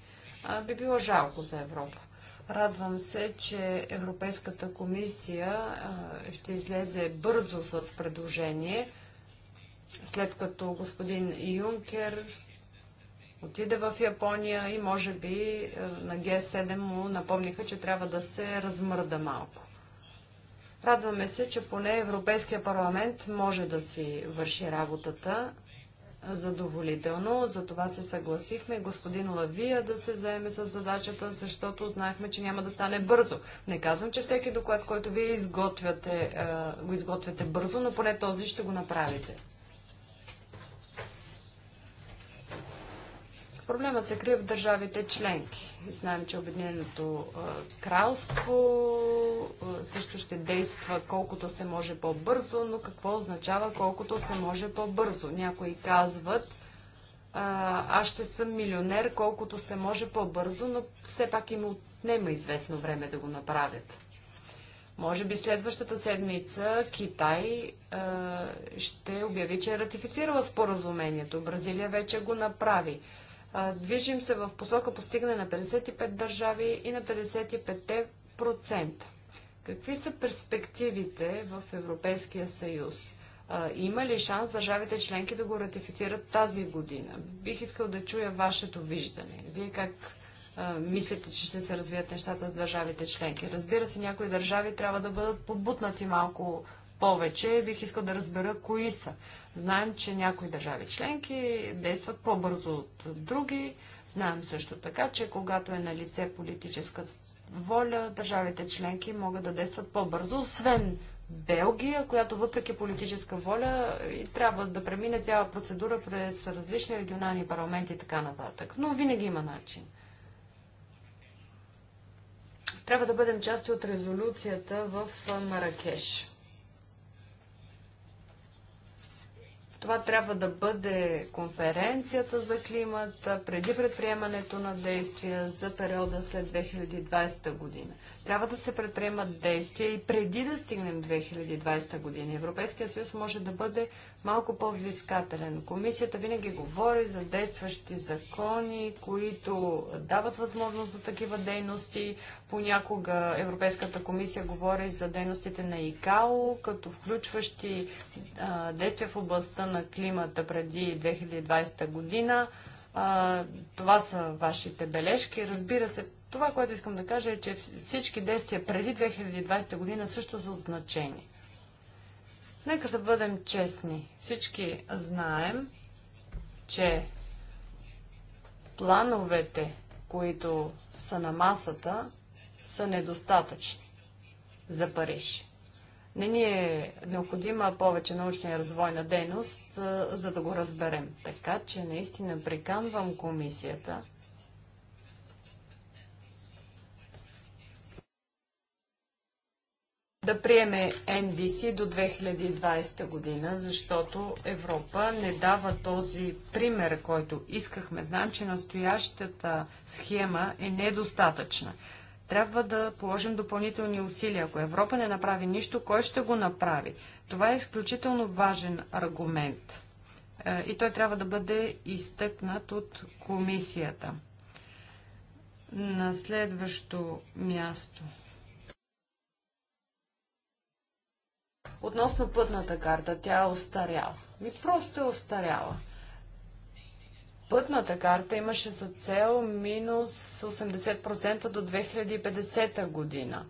S4: би било жалко за Европа. Радвам се, че Европейската комисия ще излезе бързо с предложение, след като господин Юнкер отиде в Япония и може би на Г7 му напомниха, че трябва да се размърда малко. Радваме се, че поне Европейския парламент може да си върши работата задоволително. За това се съгласихме господин Лавия да се заеме с задачата, защото знаехме, че няма да стане бързо. Не казвам, че всеки доклад, който вие изготвяте, го изготвяте бързо, но поне този ще го направите. Проблемът се крие в държавите членки. Знаем, че Обединеното кралство също ще действа колкото се може по-бързо, но какво означава колкото се може по-бързо? Някои казват, аз ще съм милионер колкото се може по-бързо, но все пак им отнема известно време да го направят. Може би следващата седмица Китай а, ще обяви, че е ратифицирала споразумението. Бразилия вече го направи. Движим се в посока постигане на 55 държави и на 55%. Какви са перспективите в Европейския съюз? Има ли шанс държавите членки да го ратифицират тази година? Бих искал да чуя вашето виждане. Вие как мислите, че ще се развият нещата с държавите членки? Разбира се, някои държави трябва да бъдат побутнати малко повече. Бих искал да разбера кои са. Знаем, че някои държави членки действат по-бързо от други. Знаем също така, че когато е на лице политическа воля, държавите членки могат да действат по-бързо, освен Белгия, която въпреки политическа воля и трябва да премине цяла процедура през различни регионални парламенти и така нататък. Но винаги има начин. Трябва да бъдем части от резолюцията в Маракеш. Това трябва да бъде конференцията за климата преди предприемането на действия за периода след 2020 година. Трябва да се предприемат действия и преди да стигнем 2020 година. Европейския съюз може да бъде малко по-взискателен. Комисията винаги говори за действащи закони, които дават възможност за такива дейности. Понякога Европейската комисия говори за дейностите на ИКАО, като включващи а, действия в областта на климата преди 2020 година. А, това са вашите бележки. Разбира се, това, което искам да кажа е, че всички действия преди 2020 година също са от значение. Нека да бъдем честни. Всички знаем, че плановете, които са на масата, са недостатъчни за Париж. Не ни е необходима повече научна и развойна дейност, за да го разберем. Така че наистина приканвам комисията – да приеме NDC до 2020 година, защото Европа не дава този пример, който искахме. Знам, че настоящата схема е недостатъчна. Трябва да положим допълнителни усилия. Ако Европа не направи нищо, кой ще го направи? Това е изключително важен аргумент. Е, и той трябва да бъде изтъкнат от комисията. На следващо място – Относно пътната карта, тя е остаряла. Ми просто е остаряла. Пътната карта имаше за цел минус 80% до 2050 година.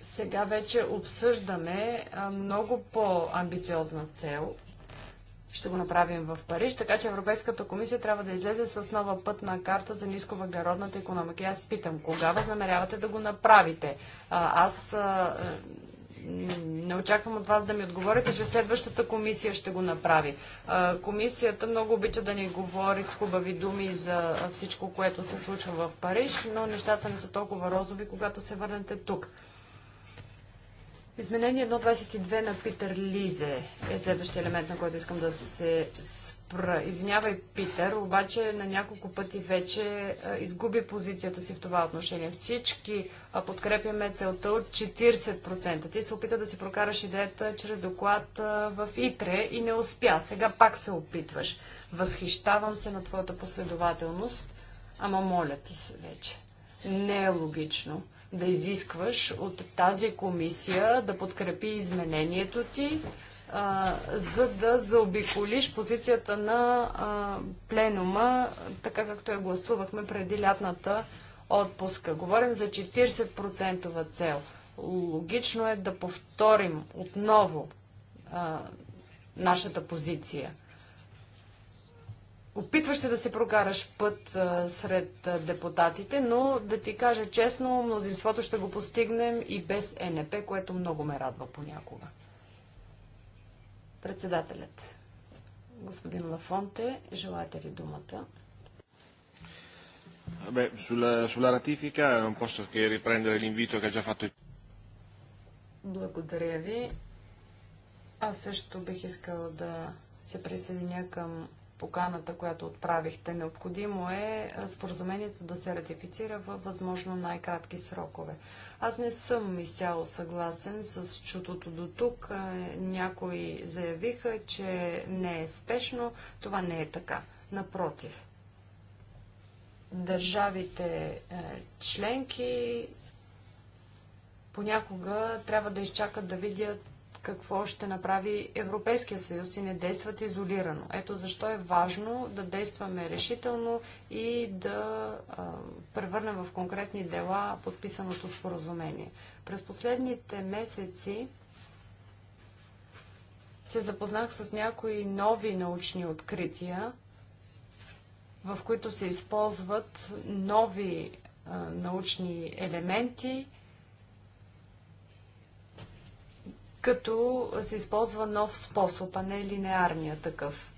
S4: Сега вече обсъждаме много по-амбициозна цел. Ще го направим в Париж, така че Европейската комисия трябва да излезе с нова пътна карта за нисковъглеродната економика. И аз питам, кога възнамерявате да го направите? аз не очаквам от вас да ми отговорите, че следващата комисия ще го направи. Комисията много обича да ни говори с хубави думи за всичко, което се случва в Париж, но нещата не са толкова розови, когато се върнете тук. Изменение 1.22 на Питър Лизе е следващия елемент, на който искам да се Извинявай, Питер, обаче на няколко пъти вече а, изгуби позицията си в това отношение. Всички а, подкрепяме целта от 40%. Ти се опита да си прокараш идеята чрез доклад а, в ИТРЕ и не успя. Сега пак се опитваш. Възхищавам се на твоята последователност, ама моля ти се вече. Не е логично да изискваш от тази комисия да подкрепи изменението ти, за да заобиколиш позицията на а, пленума, така както я гласувахме преди лятната отпуска. Говорим за 40% цел. Логично е да повторим отново а, нашата позиция. Опитваш се да се прокараш път а, сред а, депутатите, но да ти кажа честно, мнозинството ще го постигнем и без НП, което много ме радва понякога. Председателят. Господин Лафонте, желаете ли думата?
S1: Beh, sulla, sulla ratifica non posso che riprendere l'invito che ha già fatto il...
S4: Благодаря ви. Аз също бих искал да се присъединя към поканата, която отправихте. Необходимо е, е споразумението да се ратифицира във възможно най-кратки срокове. Аз не съм изцяло съгласен с чутото до тук. Е, някои заявиха, че не е спешно. Това не е така. Напротив, държавите е, членки понякога трябва да изчакат да видят какво ще направи Европейския съюз и не действат изолирано. Ето защо е важно да действаме решително и да а, превърнем в конкретни дела подписаното споразумение. През последните месеци се запознах с някои нови научни открития, в които се използват нови а, научни елементи – като се използва нов способ, а не линеарния такъв.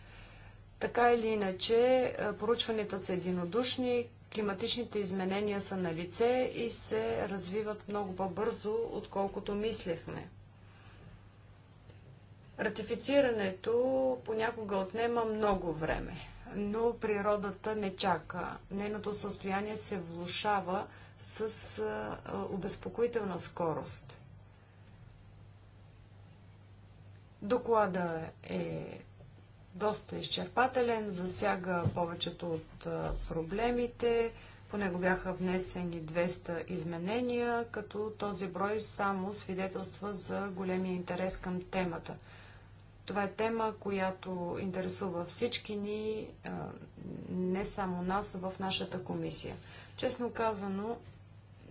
S4: Така или иначе, поручванията са единодушни, климатичните изменения са на лице и се развиват много по-бързо, отколкото мислехме. Ратифицирането понякога отнема много време, но природата не чака. Нейното състояние се влушава с обезпокоителна скорост – Доклада е доста изчерпателен, засяга повечето от проблемите. По него бяха внесени 200 изменения, като този брой само свидетелства за големия интерес към темата. Това е тема, която интересува всички ни, не само нас, в нашата комисия. Честно казано,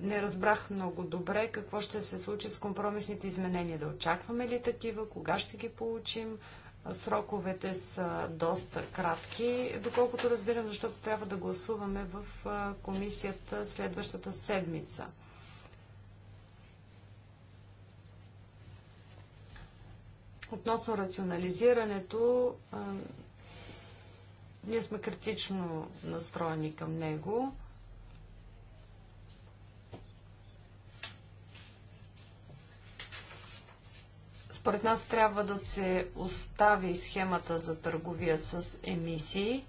S4: не разбрах много добре какво ще се случи с компромисните изменения. Да очакваме ли такива, кога ще ги получим? Сроковете са доста кратки, доколкото разбирам, защото трябва да гласуваме в комисията следващата седмица. Относно рационализирането, ние сме критично настроени към него. Според нас трябва да се остави схемата за търговия с емисии.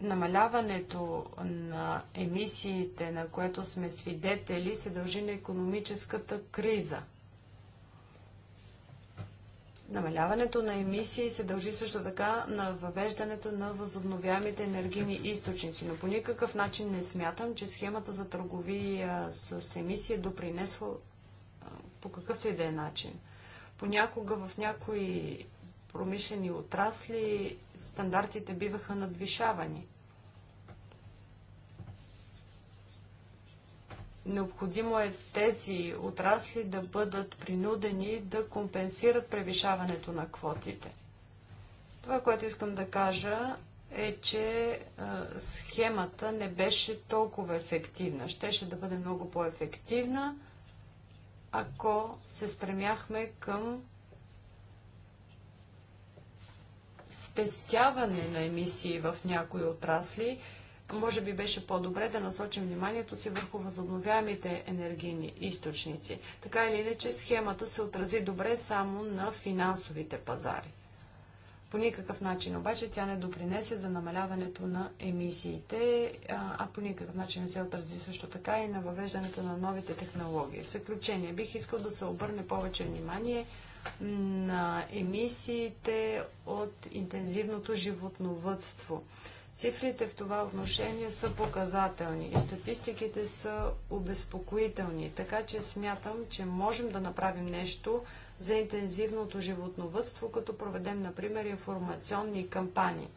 S4: Намаляването на емисиите, на което сме свидетели, се дължи на економическата криза. Намаляването на емисии се дължи също така на въвеждането на възобновяемите енергийни източници, но по никакъв начин не смятам, че схемата за търговия с емисии е допринесла по какъвто и да е начин. Понякога в някои промишлени отрасли стандартите биваха надвишавани. Необходимо е тези отрасли да бъдат принудени да компенсират превишаването на квотите. Това, което искам да кажа, е, че схемата не беше толкова ефективна. Щеше да бъде много по-ефективна, ако се стремяхме към спестяване на емисии в някои отрасли, може би беше по-добре да насочим вниманието си върху възобновяемите енергийни източници. Така или иначе, схемата се отрази добре само на финансовите пазари. По никакъв начин обаче тя не допринесе за намаляването на емисиите, а по никакъв начин не се отрази също така и на въвеждането на новите технологии. В заключение, бих искал да се обърне повече внимание на емисиите от интензивното животновътство. Цифрите в това отношение са показателни и статистиките са обезпокоителни, така че смятам, че можем да направим нещо за интензивното животновътство, като проведем, например, информационни кампании.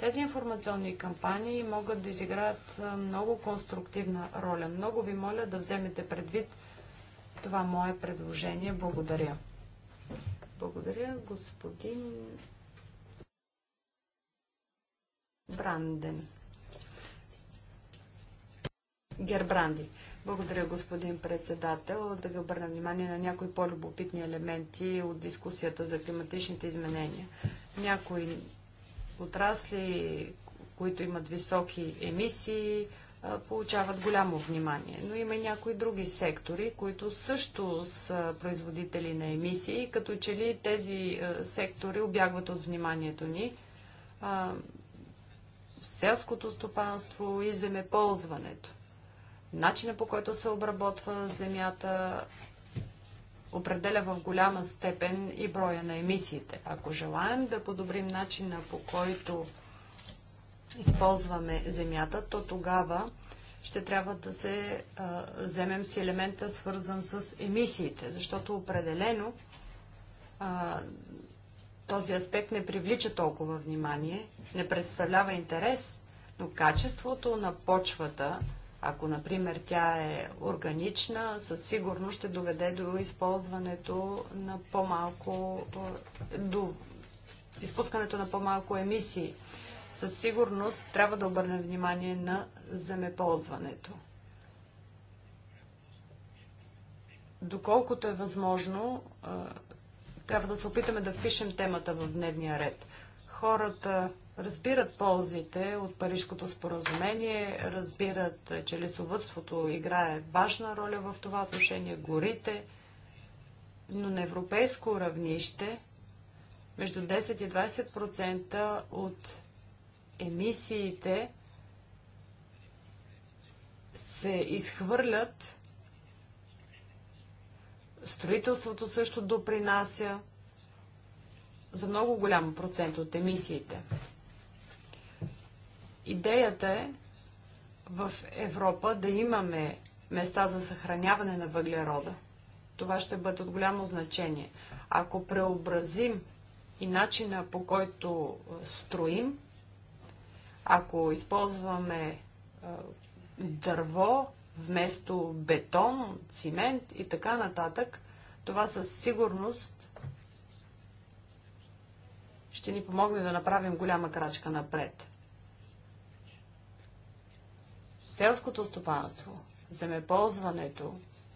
S4: Тези информационни кампании могат да изиграят много конструктивна роля. Много ви моля да вземете предвид това мое предложение. Благодаря. Благодаря, господин Бранден. Гербранди. Благодаря, господин председател. Да ви обърна внимание на някои по-любопитни елементи от дискусията за климатичните изменения. Някои отрасли, които имат високи емисии, получават голямо внимание. Но има и някои други сектори, които също са производители на емисии, като че ли тези сектори обягват от вниманието ни. Селското стопанство и земеползването начина по който се обработва земята, определя в голяма степен и броя на емисиите. Ако желаем да подобрим начина по който използваме земята, то тогава ще трябва да се а, вземем с елемента свързан с емисиите, защото определено а, този аспект не привлича толкова внимание, не представлява интерес, но качеството на почвата ако, например, тя е органична, със сигурност ще доведе до използването на по-малко, е, до изпускането на по-малко емисии. Със сигурност трябва да обърнем внимание на земеползването. Доколкото е възможно, е, трябва да се опитаме да впишем темата в дневния ред. Хората разбират ползите от Парижкото споразумение, разбират, че лесовътството играе важна роля в това отношение, горите, но на европейско равнище между 10 и 20% от емисиите се изхвърлят. Строителството също допринася за много голям процент от емисиите. Идеята е в Европа да имаме места за съхраняване на въглерода. Това ще бъде от голямо значение. Ако преобразим и начина по който строим, ако използваме дърво вместо бетон, цимент и така нататък, това със сигурност ще ни помогне да направим голяма крачка напред селското стопанство, земеползването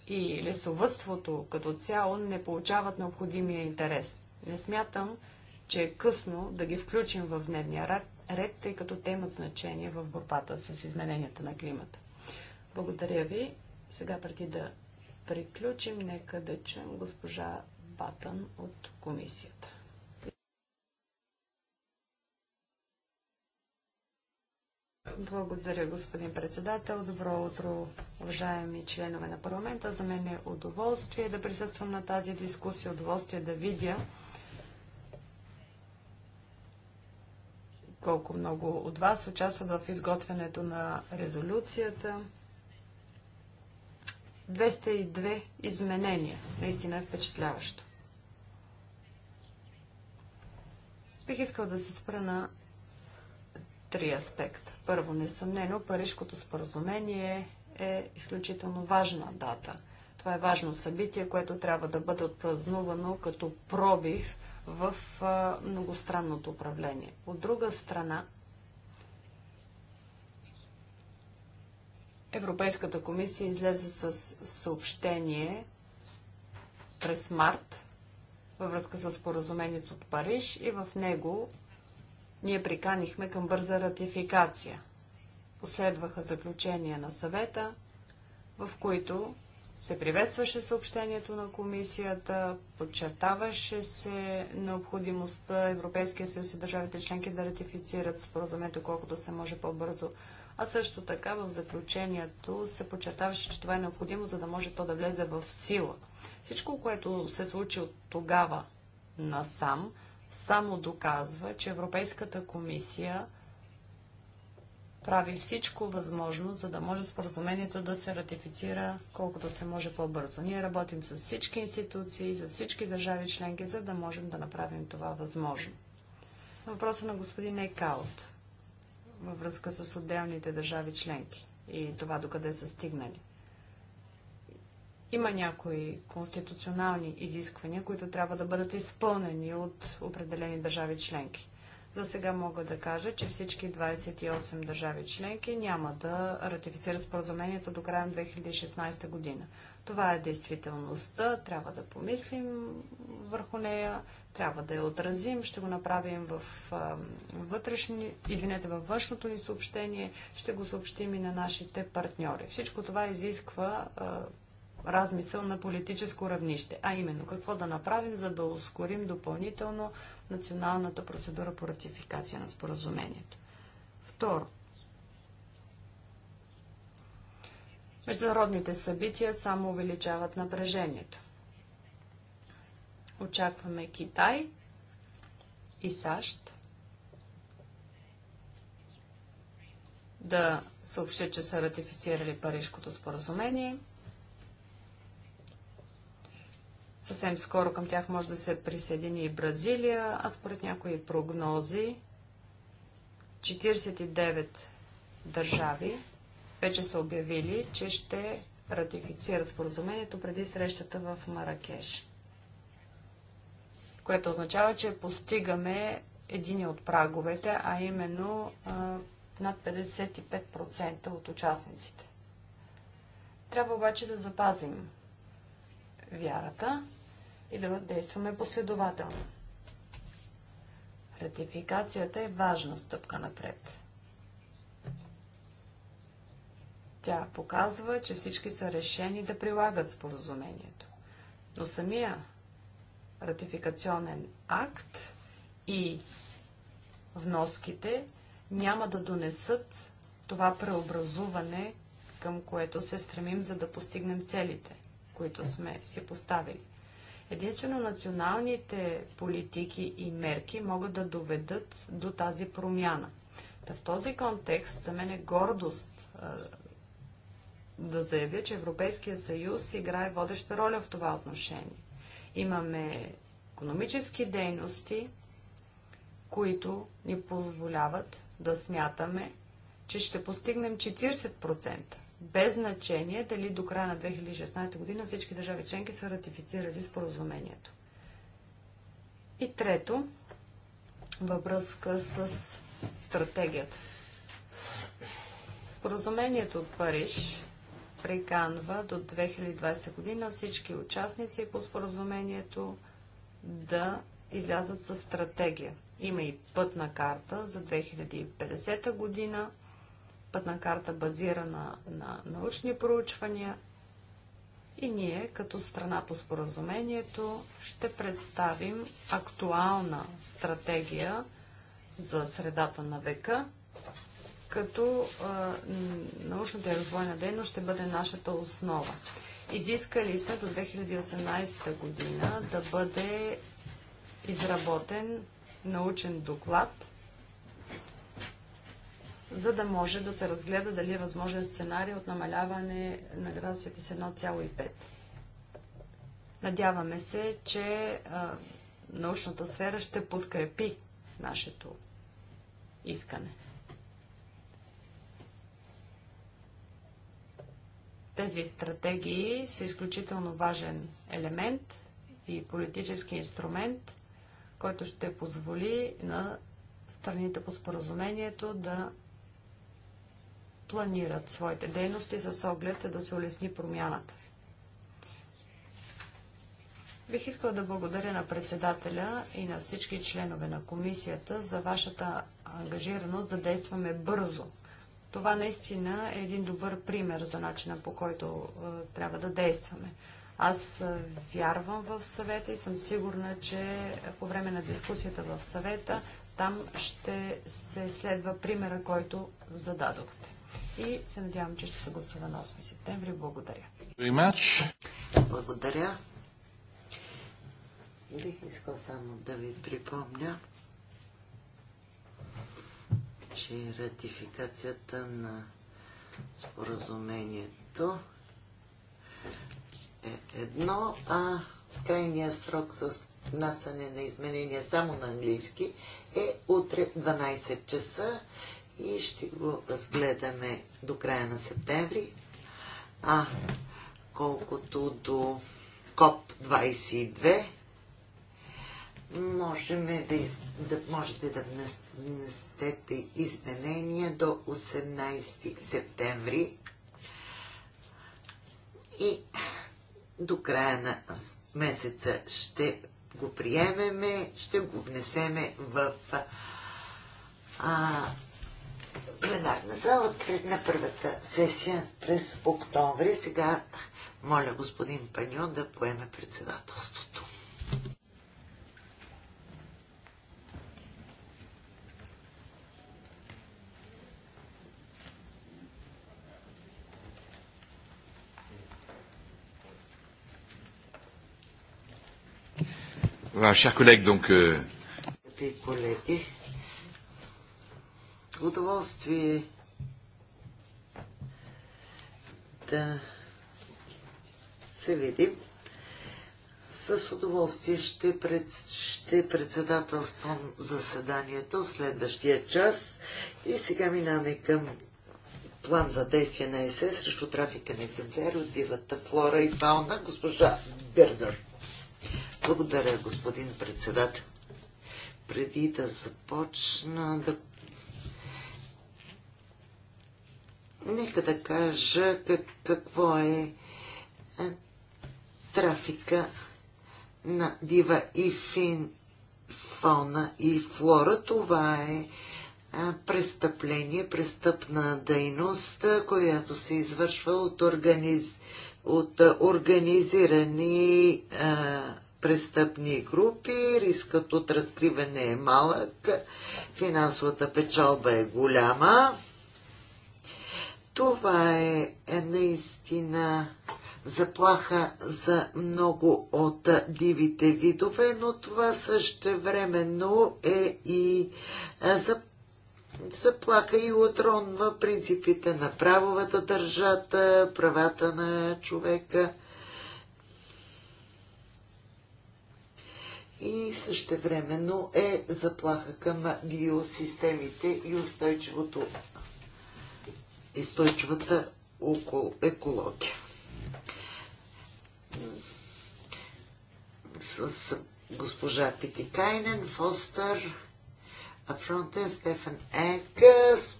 S4: и лесовътството като цяло не получават необходимия интерес. Не смятам, че е късно да ги включим в дневния ред, тъй като те имат значение в борбата с измененията на климата. Благодаря ви. Сега преди да приключим, нека да чуем госпожа Батън от комисията. Благодаря, господин председател. Добро утро, уважаеми членове на парламента. За мен е удоволствие да присъствам на тази дискусия, удоволствие да видя колко много от вас участват в изготвянето на резолюцията. 202 изменения. Наистина е впечатляващо. Бих искал да се спра на три аспекта. Първо, несъмнено, Парижкото споразумение е изключително важна дата. Това е важно събитие, което трябва да бъде отпразнувано като пробив в многостранното управление. От друга страна, Европейската комисия излезе с съобщение през март във връзка с поразумението от Париж и в него ние приканихме към бърза ратификация. Последваха заключения на съвета, в които се приветстваше съобщението на комисията, подчертаваше се необходимостта Европейския съюз и държавите членки да ратифицират споразумението колкото се може по-бързо. А също така в заключението се подчертаваше, че това е необходимо, за да може то да влезе в сила. Всичко, което се случи от тогава насам, само доказва, че Европейската комисия прави всичко възможно, за да може споразумението да се ратифицира колкото се може по-бързо. Ние работим с всички институции, с всички държави членки, за да можем да направим това възможно. Въпросът на господин Екаут във връзка с отделните държави членки и това докъде са стигнали. Има някои конституционални изисквания, които трябва да бъдат изпълнени от определени държави членки. За сега мога да кажа, че всички 28 държави членки няма да ратифицират споразумението до края на 2016 година. Това е действителността, трябва да помислим върху нея, трябва да я отразим, ще го направим в, вътрешни, извинете, във външното ни съобщение, ще го съобщим и на нашите партньори. Всичко това изисква размисъл на политическо равнище, а именно какво да направим, за да ускорим допълнително националната процедура по ратификация на споразумението. Второ, международните събития само увеличават напрежението. Очакваме Китай и САЩ да съобщат, че са ратифицирали Парижкото споразумение – Съвсем скоро към тях може да се присъедини и Бразилия, а според някои прогнози 49 държави вече са обявили, че ще ратифицират споразумението преди срещата в Маракеш. Което означава, че постигаме един от праговете, а именно над 55% от участниците. Трябва обаче да запазим вярата и да действаме последователно. Ратификацията е важна стъпка напред. Тя показва, че всички са решени да прилагат споразумението. Но самия ратификационен акт и вноските няма да донесат това преобразуване, към което се стремим, за да постигнем целите, които сме си поставили. Единствено националните политики и мерки могат да доведат до тази промяна. Та в този контекст за мен е гордост да заявя, че Европейския съюз играе водеща роля в това отношение. Имаме економически дейности, които ни позволяват да смятаме, че ще постигнем 40% без значение дали до края на 2016 година всички държави членки са ратифицирали споразумението. И трето, във връзка с стратегията. Споразумението от Париж приканва до 2020 година всички участници по споразумението да излязат с стратегия. Има и пътна карта за 2050 година, пътна карта базирана на научни проучвания и ние, като страна по споразумението, ще представим актуална стратегия за средата на века, като е, научната и развойна дейност ще бъде нашата основа. Изискали сме до 2018 година да бъде изработен научен доклад – за да може да се разгледа дали е възможен сценарий от намаляване на градусите с 1,5. Надяваме се, че а, научната сфера ще подкрепи нашето искане. Тези стратегии са изключително важен елемент и политически инструмент, който ще позволи на страните по споразумението да планират своите дейности с оглед да се улесни промяната. Бих искала да благодаря на председателя и на всички членове на комисията за вашата ангажираност да действаме бързо. Това наистина е един добър пример за начина по който е, трябва да действаме. Аз е, вярвам в съвета и съм сигурна, че по време на дискусията в съвета там ще се следва примера, който зададохте и се надявам, че ще се гласува на 8 септември. Благодаря.
S2: Благодаря. Бих искал само да ви припомня, че ратификацията на споразумението е едно, а крайния срок с внасяне на изменения само на английски е утре 12 часа и ще го разгледаме до края на септември. А колкото до КОП-22, можем да, да, можете да внесете изменения до 18 септември и до края на месеца ще го приемеме, ще го внесеме в а, пленарна зала на първата сесия през октомври. Сега моля господин Паньо да поеме председателството.
S1: Chers collègues, donc. Euh...
S2: Колеги, удоволствие да се видим. С удоволствие ще, пред, ще председателствам заседанието в следващия час. И сега минаваме към план за действие на ЕСЕ срещу трафика на екземпляри от дивата флора и фауна, госпожа Бергер. Благодаря, господин председател. Преди да започна да Нека да кажа как, какво е, е трафика на дива и фин, фона и флора. Това е, е престъпление, престъпна дейност, е, която се извършва от, организ... от организирани а, престъпни групи. Рискът от разкриване е малък, финансовата печалба е голяма. Това е, е наистина заплаха за много от дивите видове, но това същевременно е и е, заплаха и отронва принципите на правовата държата, правата на човека. и също времено е заплаха към биосистемите и устойчивото изстойчивата екология. С госпожа Питикайнен, Фостър, Афронтен, Стефан Екъс.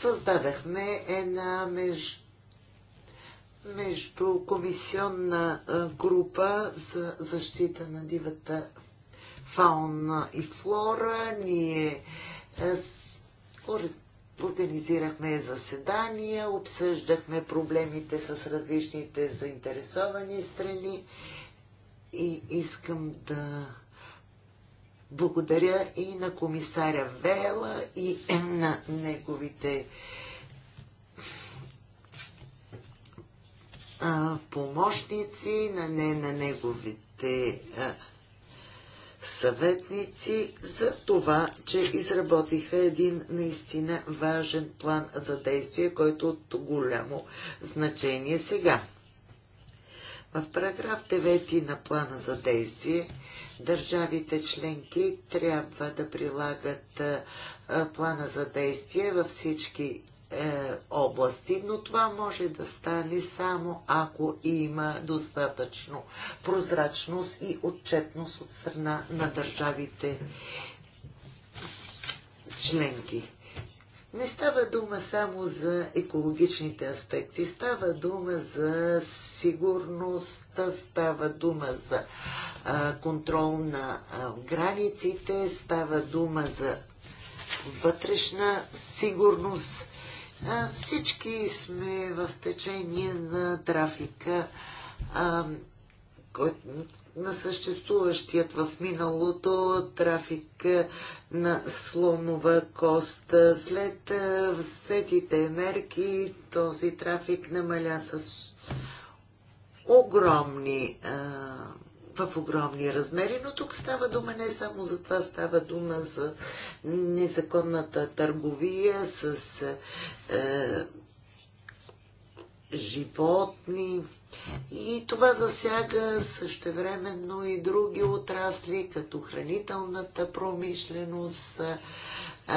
S2: създадахме една между между комисионна група за защита на дивата фауна и флора. Ние Организирахме заседания, обсъждахме проблемите с различните заинтересовани страни и искам да благодаря и на комисаря Вела и на неговите помощници, на, не, на неговите съветници за това, че изработиха един наистина важен план за действие, който е от голямо значение сега. В параграф 9 на плана за действие държавите членки трябва да прилагат плана за действие във всички е, области, но това може да стане само ако има достатъчно прозрачност и отчетност от страна на държавите членки. Не става дума само за екологичните аспекти, става дума за сигурността, става дума за а, контрол на а, границите, става дума за вътрешна сигурност. Всички сме в течение на трафика на съществуващият в миналото трафик на слонова кост. След всетите мерки този трафик намаля с огромни а, в огромни размери, но тук става дума не само за това, става дума за незаконната търговия с е, животни. И това засяга същевременно и други отрасли, като хранителната промишленост, е, е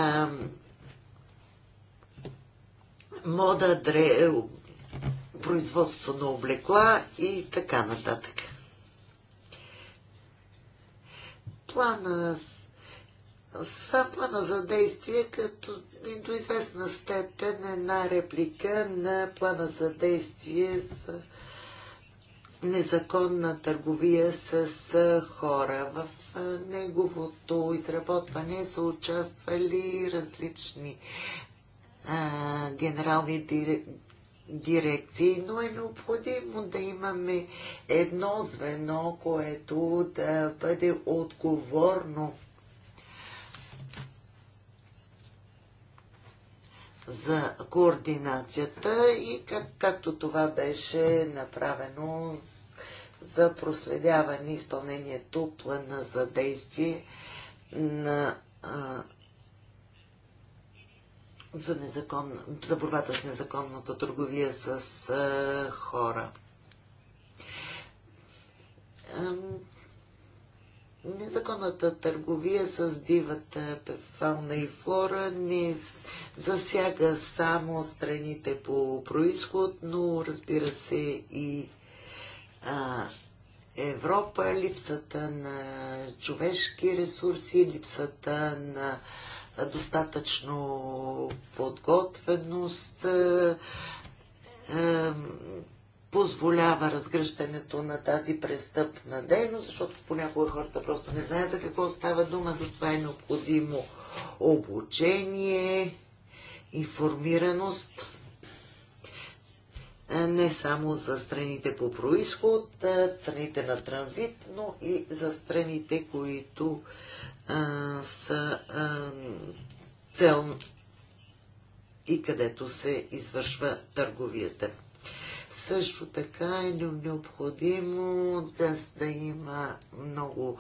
S2: мода, дре, производство на облекла и така нататък. плана сва плана за действие като до известна степен една реплика на плана за действие за незаконна търговия с хора. В неговото изработване са участвали различни а, генерални дирекции, но е необходимо да имаме едно звено, което да бъде отговорно за координацията и как, както това беше направено за проследяване изпълнението плана за действие на а, за, незакон... за борбата с незаконната търговия с а, хора. незаконната търговия с дивата фауна и флора не засяга само страните по происход, но разбира се и а, Европа, липсата на човешки ресурси, липсата на а, достатъчно подготвеност, е, е, позволява разгръщането на тази престъпна дейност, защото понякога хората просто не знаят за какво става дума, затова е необходимо обучение, информираност е, не само за страните по происход, страните на транзит, но и за страните, които а, а, цел и където се извършва търговията. Също така е необходимо да, да има много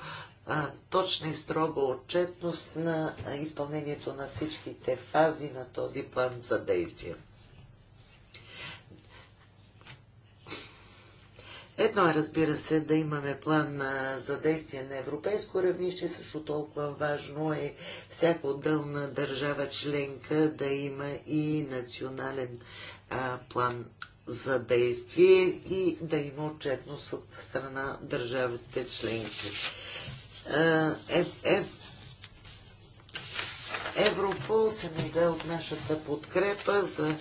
S2: а, точна и строга отчетност на изпълнението на всичките фази на този план за действие. Едно е, разбира се, да имаме план за действие на европейско равнище, също толкова важно е всяка отделна държава членка да има и национален а, план за действие и да има отчетност от страна държавите членки. е, е, Европол се нуждае от нашата подкрепа за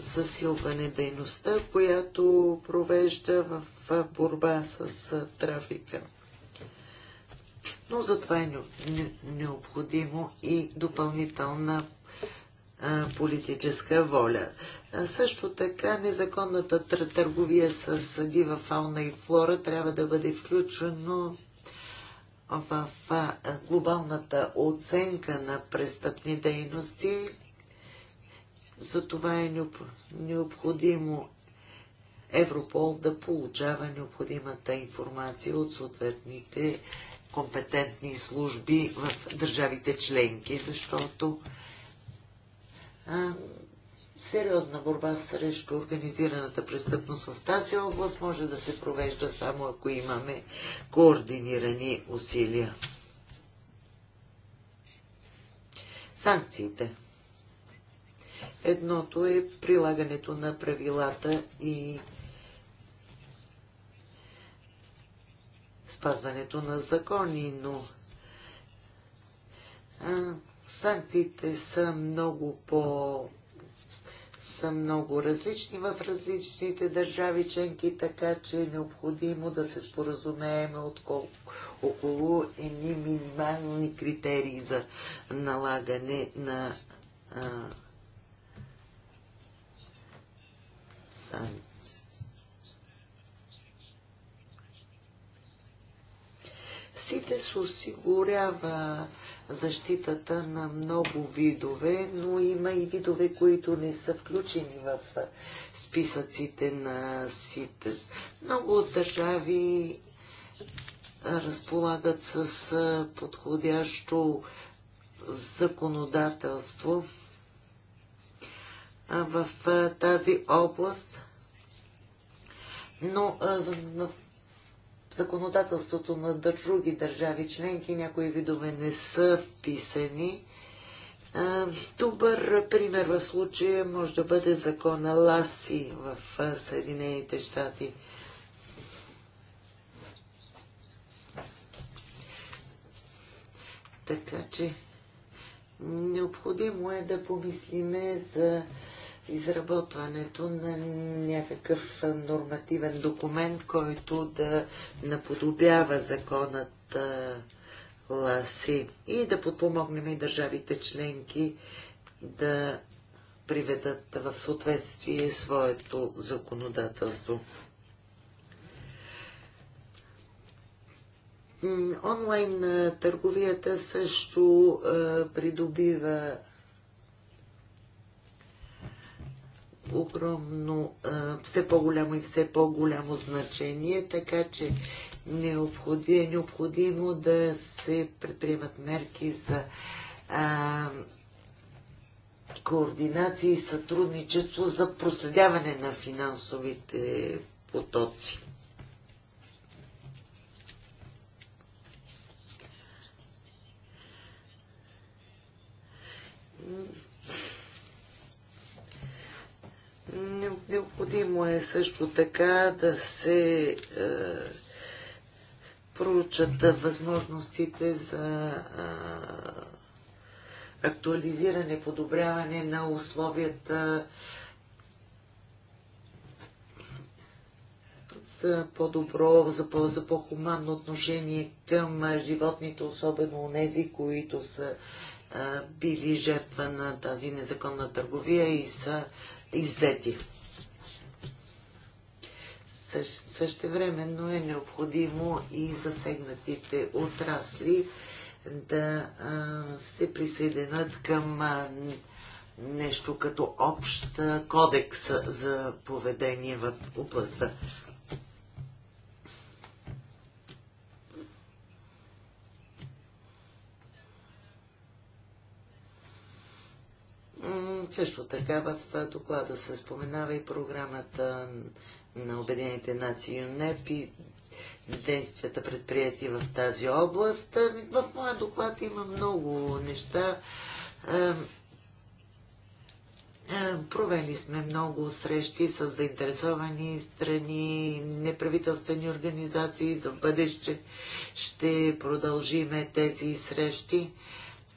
S2: засилване дейността, която провежда в борба с трафика. Но затова е необходимо и допълнителна политическа воля. Също така незаконната търговия с дива фауна и флора трябва да бъде включено в глобалната оценка на престъпни дейности, за това е необходимо Европол да получава необходимата информация от съответните компетентни служби в държавите членки, защото а, сериозна борба срещу организираната престъпност в тази област може да се провежда само ако имаме координирани усилия. Санкциите – Едното е прилагането на правилата и спазването на закони, но санкциите са много по са много различни в различните държави членки, така че е необходимо да се споразумееме отколко, около едни минимални критерии за налагане на а, Сите се осигурява защитата на много видове, но има и видове, които не са включени в списъците на СИТЕС. Много от държави разполагат с подходящо законодателство в тази област, но в законодателството на други държави членки някои видове не са вписани. Добър пример в случая може да бъде закона Ласи в Съединените щати. Така че необходимо е да помислиме за изработването на някакъв нормативен документ, който да наподобява законът Ласи и да подпомогнем и държавите членки да приведат в съответствие своето законодателство. Онлайн търговията също придобива огромно, все по-голямо и все по-голямо значение, така че е необходимо да се предприемат мерки за а, координация и сътрудничество за проследяване на финансовите потоци. Необходимо е също така да се е, проучат възможностите за е, актуализиране, подобряване на условията за по-добро, за, по- за по-хуманно отношение към животните, особено у нези, които са е, били жертва на тази незаконна търговия и са иззети. Също, същевременно е необходимо и засегнатите отрасли да а, се присъединят към а, нещо като общ кодекс за поведение в областта. Също така в доклада се споменава и програмата на Обединените нации ЮНЕП и действията предприяти в тази област. Ами, в моя доклад има много неща. Провели сме много срещи с заинтересовани страни, неправителствени организации за бъдеще. Ще продължиме тези срещи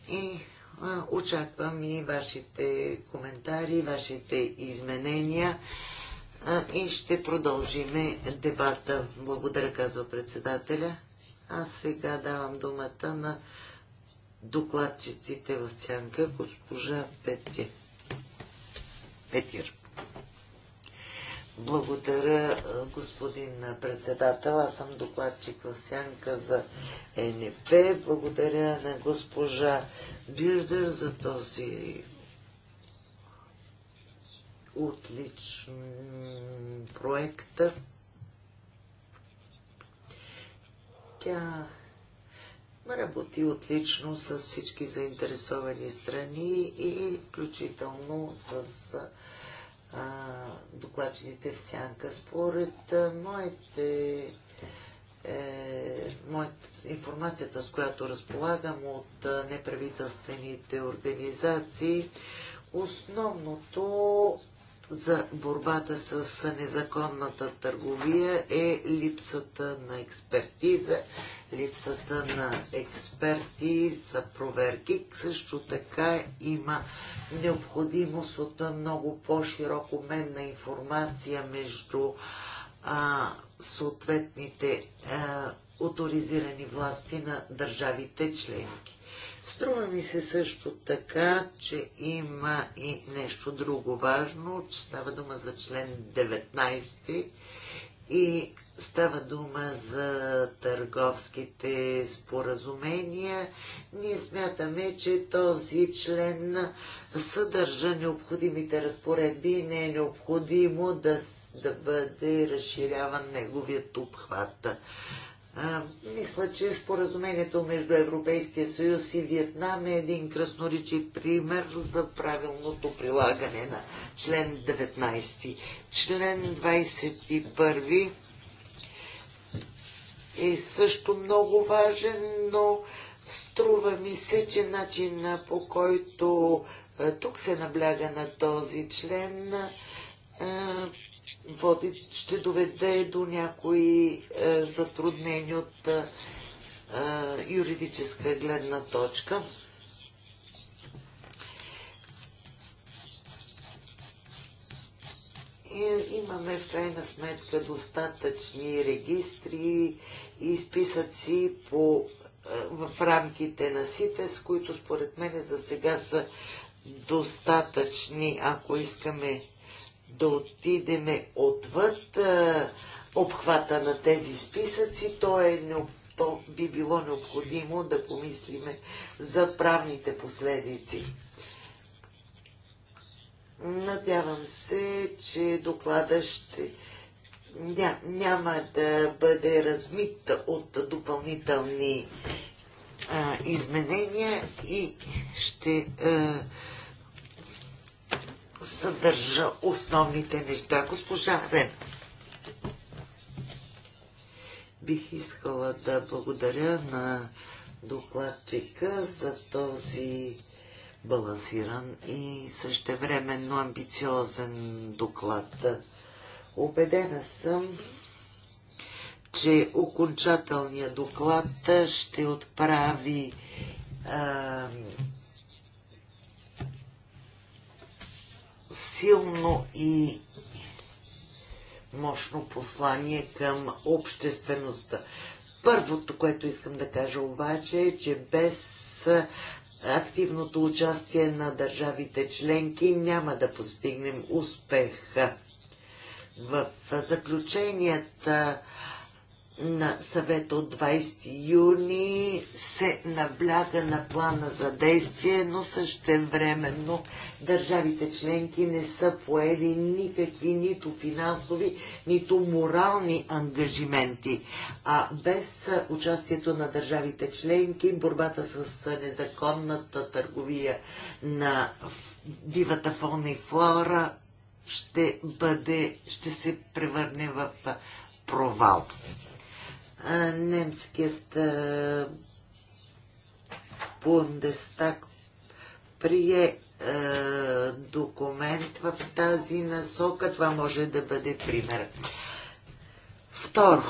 S2: и е, очаквам и вашите коментари, вашите изменения и ще продължиме дебата. Благодаря, казва председателя. Аз сега давам думата на докладчиците в сянка, госпожа Петя. Петир. Благодаря, господин председател. Аз съм докладчик в сянка за НП. Благодаря на госпожа Бирдер за този отличен проект. Тя работи отлично с всички заинтересовани страни и включително с а, докладчите в сянка. Според а, моите, е, моят, информацията, с която разполагам от неправителствените организации, основното за борбата с незаконната търговия е липсата на експертиза, липсата на експерти за проверки. Също така има необходимост от много по-широк обмен на информация между а, съответните а, авторизирани власти на държавите членки. Струва ми се също така, че има и нещо друго важно, че става дума за член 19 и става дума за търговските споразумения. Ние смятаме, че този член съдържа необходимите разпоредби и не е необходимо да, да бъде разширяван неговият обхват мисля, че споразумението между Европейския съюз и Виетнам е един красноречив пример за правилното прилагане на член 19. Член 21 е също много важен, но струва ми се, че начина по който тук се набляга на този член води, ще доведе до някои е, затруднения от е, е, юридическа гледна точка. имаме в крайна сметка достатъчни регистри и списъци по, в рамките на СИТЕС, които според мен за сега са достатъчни, ако искаме да отидеме отвъд обхвата на тези списъци, то, е, то би било необходимо да помислиме за правните последици. Надявам се, че доклада ще ня, няма да бъде размит от допълнителни а, изменения и ще а, съдържа основните неща. Госпожа Рен. Бих искала да благодаря на докладчика за този балансиран и същевременно амбициозен доклад. Обедена съм, че окончателният доклад ще отправи а, силно и мощно послание към обществеността. Първото, което искам да кажа обаче е, че без активното участие на държавите членки няма да постигнем успеха. В заключенията на съвета от 20 юни се набляга на плана за действие, но същевременно държавите членки не са поели никакви нито финансови, нито морални ангажименти. А без участието на държавите членки, борбата с незаконната търговия на дивата фона и флора ще бъде, ще се превърне в провал немският Бундестаг прие документ в тази насока. Това може да бъде пример. Второ.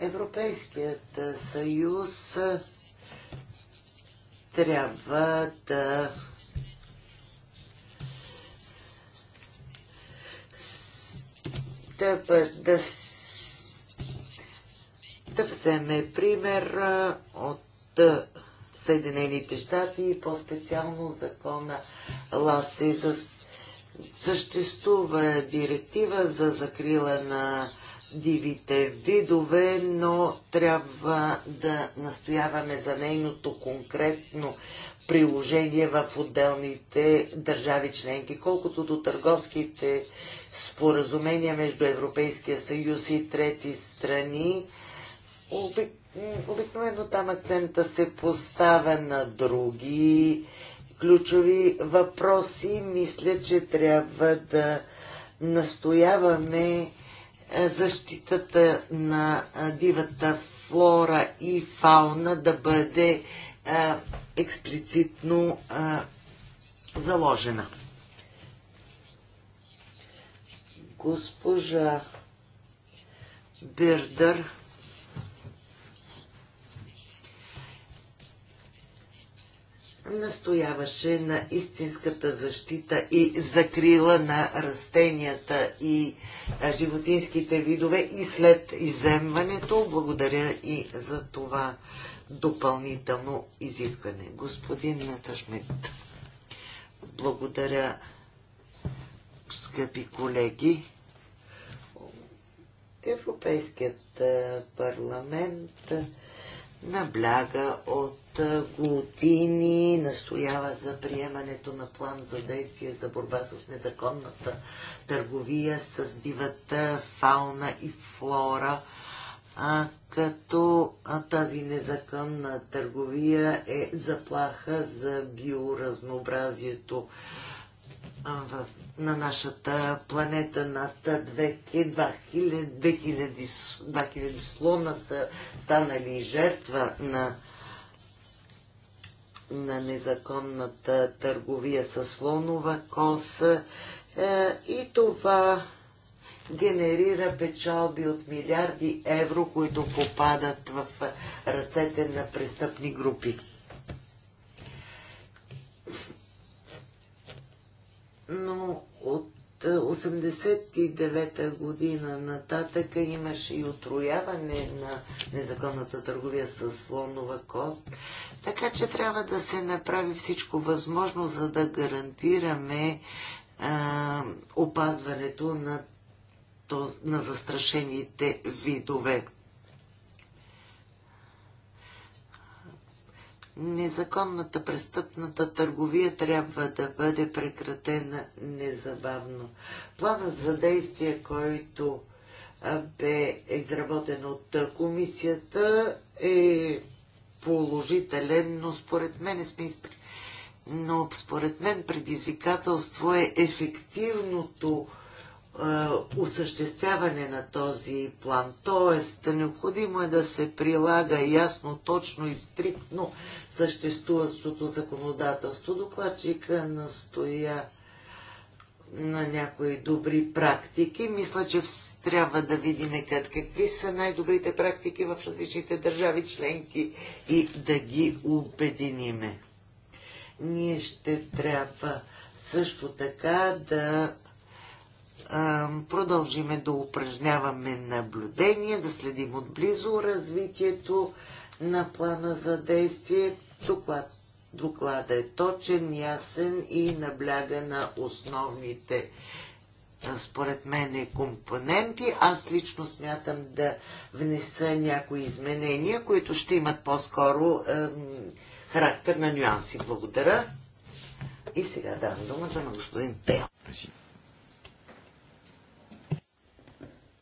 S2: Европейският съюз трябва да да, да, да вземе пример от Съединените щати и по-специално закона Ласи. За, съществува директива за закрила на дивите видове, но трябва да настояваме за нейното конкретно приложение в отделните държави членки. Колкото до търговските споразумения между Европейския съюз и трети страни, обик... обикновено там акцента се поставя на други ключови въпроси. Мисля, че трябва да настояваме е, защитата на е, дивата флора и фауна да бъде е, експлицитно заложена. Госпожа Бердър настояваше на истинската защита и закрила на растенията и животинските видове и след иземването. Благодаря и за това допълнително изискване. Господин Наташмит, благодаря, скъпи колеги. Европейският е, парламент набляга от е, години, настоява за приемането на план за действие за борба с незаконната търговия с дивата фауна и флора, а, като а, тази незаконна търговия е заплаха за биоразнообразието в, на нашата планета над 2000, слона са станали жертва на на незаконната търговия с слонова коса е, и това генерира печалби от милиарди евро, които попадат в ръцете на престъпни групи. но от 89-та е, година нататък имаше и отрояване на незаконната търговия с слонова кост, така че трябва да се направи всичко възможно, за да гарантираме а, е, опазването на, то, на застрашените видове. Незаконната престъпната търговия трябва да бъде прекратена незабавно. Планът за действие, който бе изработен от комисията, е положителен, но според мен сме изпри... но според мен предизвикателство е ефективното е, осъществяване на този план. Тоест, необходимо е да се прилага ясно, точно и стриктно съществуващото законодателство. Докладчика настоя на някои добри практики. Мисля, че трябва да видим какви са най-добрите практики в различните държави членки и да ги обединиме. Ние ще трябва също така да продължиме да упражняваме наблюдение, да следим отблизо развитието на плана за действие. Доклад, доклада е точен, ясен и набляга на основните според мен е компоненти. Аз лично смятам да внеса някои изменения, които ще имат по-скоро е, характер на нюанси. Благодаря. И сега давам думата на господин Пел. Спасибо.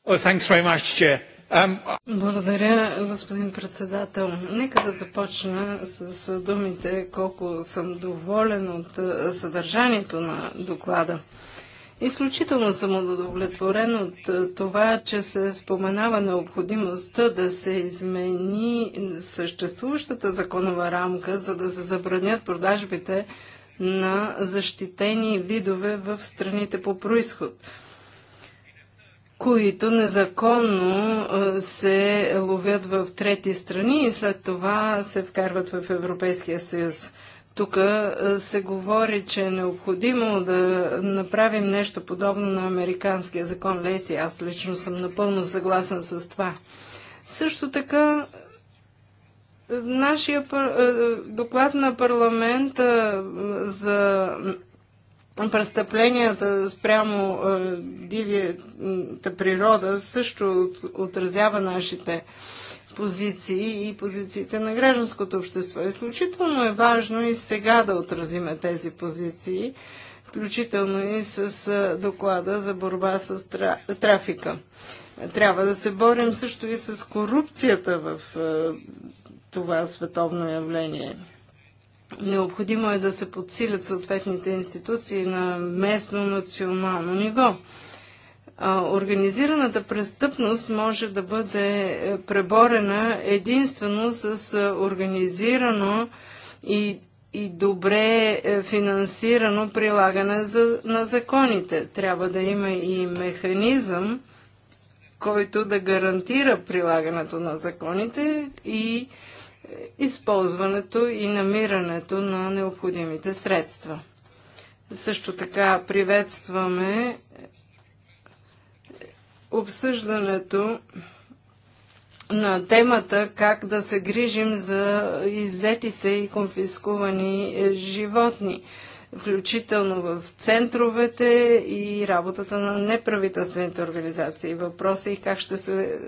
S1: Um,
S3: Благодаря, господин председател. Нека да започна с думите колко съм доволен от е, съдържанието на доклада. Изключително съм удовлетворен от е, това, че се споменава необходимостта да се измени съществуващата законова рамка, за да се забранят продажбите на защитени видове в страните по происход които незаконно се ловят в трети страни и след това се вкарват в Европейския съюз. Тук се говори, че е необходимо да направим нещо подобно на американския закон Леси. Аз лично съм напълно съгласен с това. Също така, нашия доклад на парламента за престъпленията спрямо е, дивията природа също отразява нашите позиции и позициите на гражданското общество. Изключително е важно и сега да отразиме тези позиции, включително и с е, доклада за борба с тра... трафика. Трябва да се борим също и с корупцията в е, това световно явление. Необходимо е да се подсилят съответните институции на местно, национално ниво. Организираната престъпност може да бъде е, преборена единствено с е, организирано и, и добре е, финансирано прилагане за, на законите. Трябва да има и механизъм, който да гарантира прилагането на законите и използването и намирането на необходимите средства. Също така приветстваме обсъждането на темата как да се грижим за иззетите и конфискувани животни, включително в центровете и работата на неправителствените организации. Въпросът е как ще се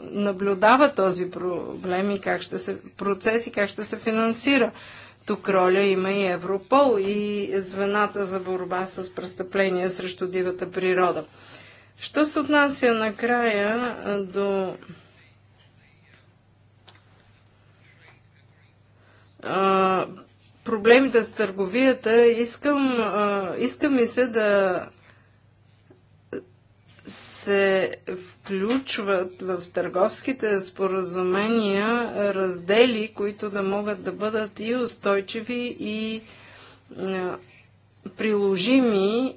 S3: наблюдава този проблем и как ще се, процес и как ще се финансира. Тук роля има и Европол и звената за борба с престъпления срещу дивата природа. Що се отнася накрая до а, проблемите с търговията, искам, а, искам и се да се включват в търговските споразумения раздели, които да могат да бъдат и устойчиви, и приложими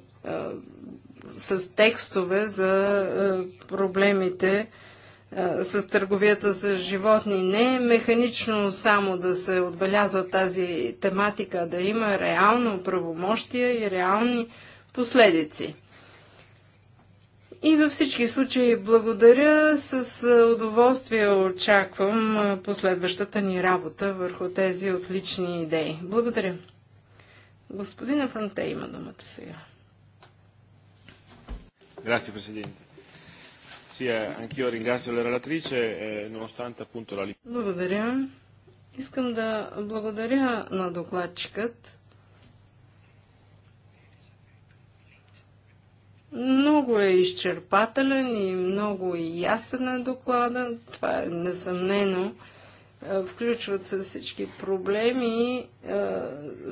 S3: с текстове за проблемите с търговията с животни. Не е механично само да се отбелязва тази тематика, да има реално правомощия и реални последици. И във всички случаи благодаря. С удоволствие очаквам последващата ни работа върху тези отлични идеи. Благодаря. Господина Фронте има думата сега.
S1: Grazie Presidente. Sì, eh, anch'io ringrazio la relatrice, eh, nonostante appunto la...
S3: Благодаря. Искам да благодаря на докладчикът. Много е изчерпателен и много ясен е доклада, това е несъмнено. Е, включват се всички проблеми е, е,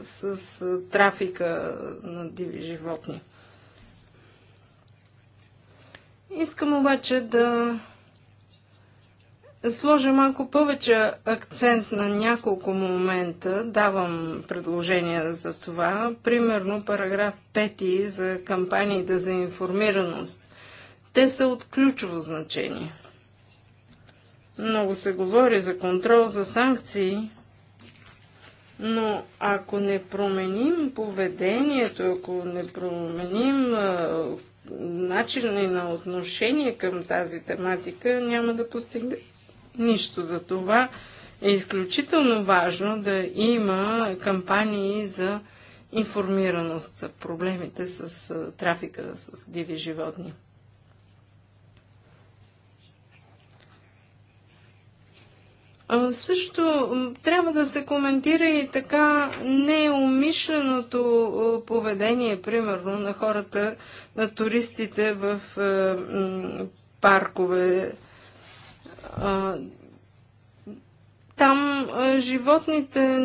S3: с трафика на диви животни. Искам обаче да сложа малко повече акцент на няколко момента. Давам предложения за това. Примерно параграф 5 за кампаниите за информираност. Те са от ключово значение. Много се говори за контрол, за санкции, но ако не променим поведението, ако не променим начина на отношение към тази тематика, няма да постигнем нищо. За това е изключително важно да има кампании за информираност за проблемите с трафика с диви животни. Също трябва да се коментира и така неумишленото поведение, примерно, на хората, на туристите в паркове там животните,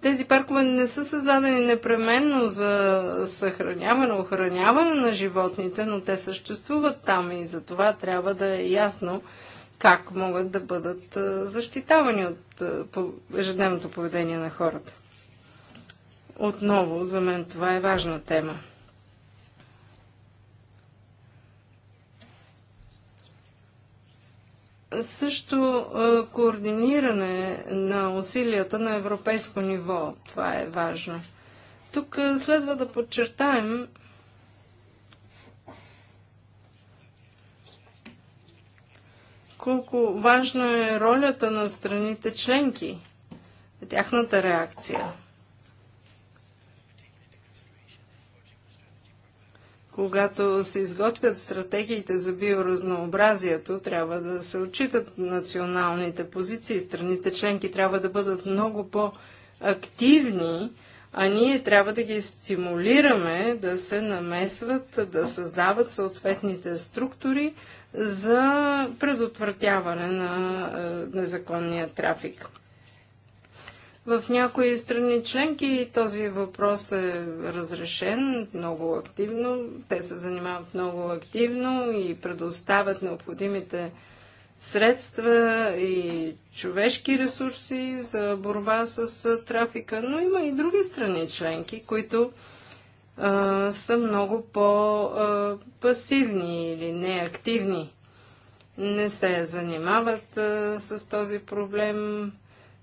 S3: тези паркове не са създадени непременно за съхраняване, охраняване на животните, но те съществуват там и за това трябва да е ясно как могат да бъдат защитавани от ежедневното поведение на хората. Отново, за мен това е важна тема. също е, координиране на усилията на европейско ниво. Това е важно. Тук е, следва да подчертаем, колко важна е ролята на страните членки, тяхната реакция. когато се изготвят стратегиите за биоразнообразието, трябва да се отчитат националните позиции. Страните членки трябва да бъдат много по-активни, а ние трябва да ги стимулираме да се намесват, да създават съответните структури за предотвратяване на е, незаконния трафик. В някои страни членки този въпрос е разрешен много активно. Те се занимават много активно и предоставят необходимите средства и човешки ресурси за борба с трафика, но има и други страни членки, които а, са много по-пасивни или неактивни. Не се занимават а, с този проблем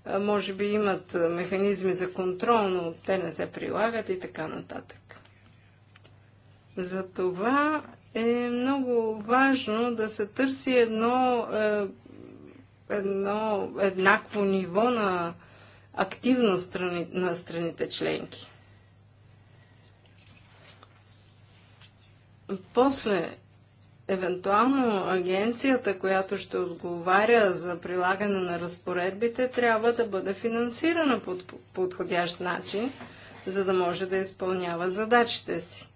S3: може би имат механизми за контрол, но те не се прилагат и така нататък. Затова е много важно да се търси едно, е, едно еднакво ниво на активност страни, на страните членки. После евентуално агенцията, която ще отговаря за прилагане на разпоредбите, трябва да бъде финансирана по подходящ начин, за да може да изпълнява задачите си.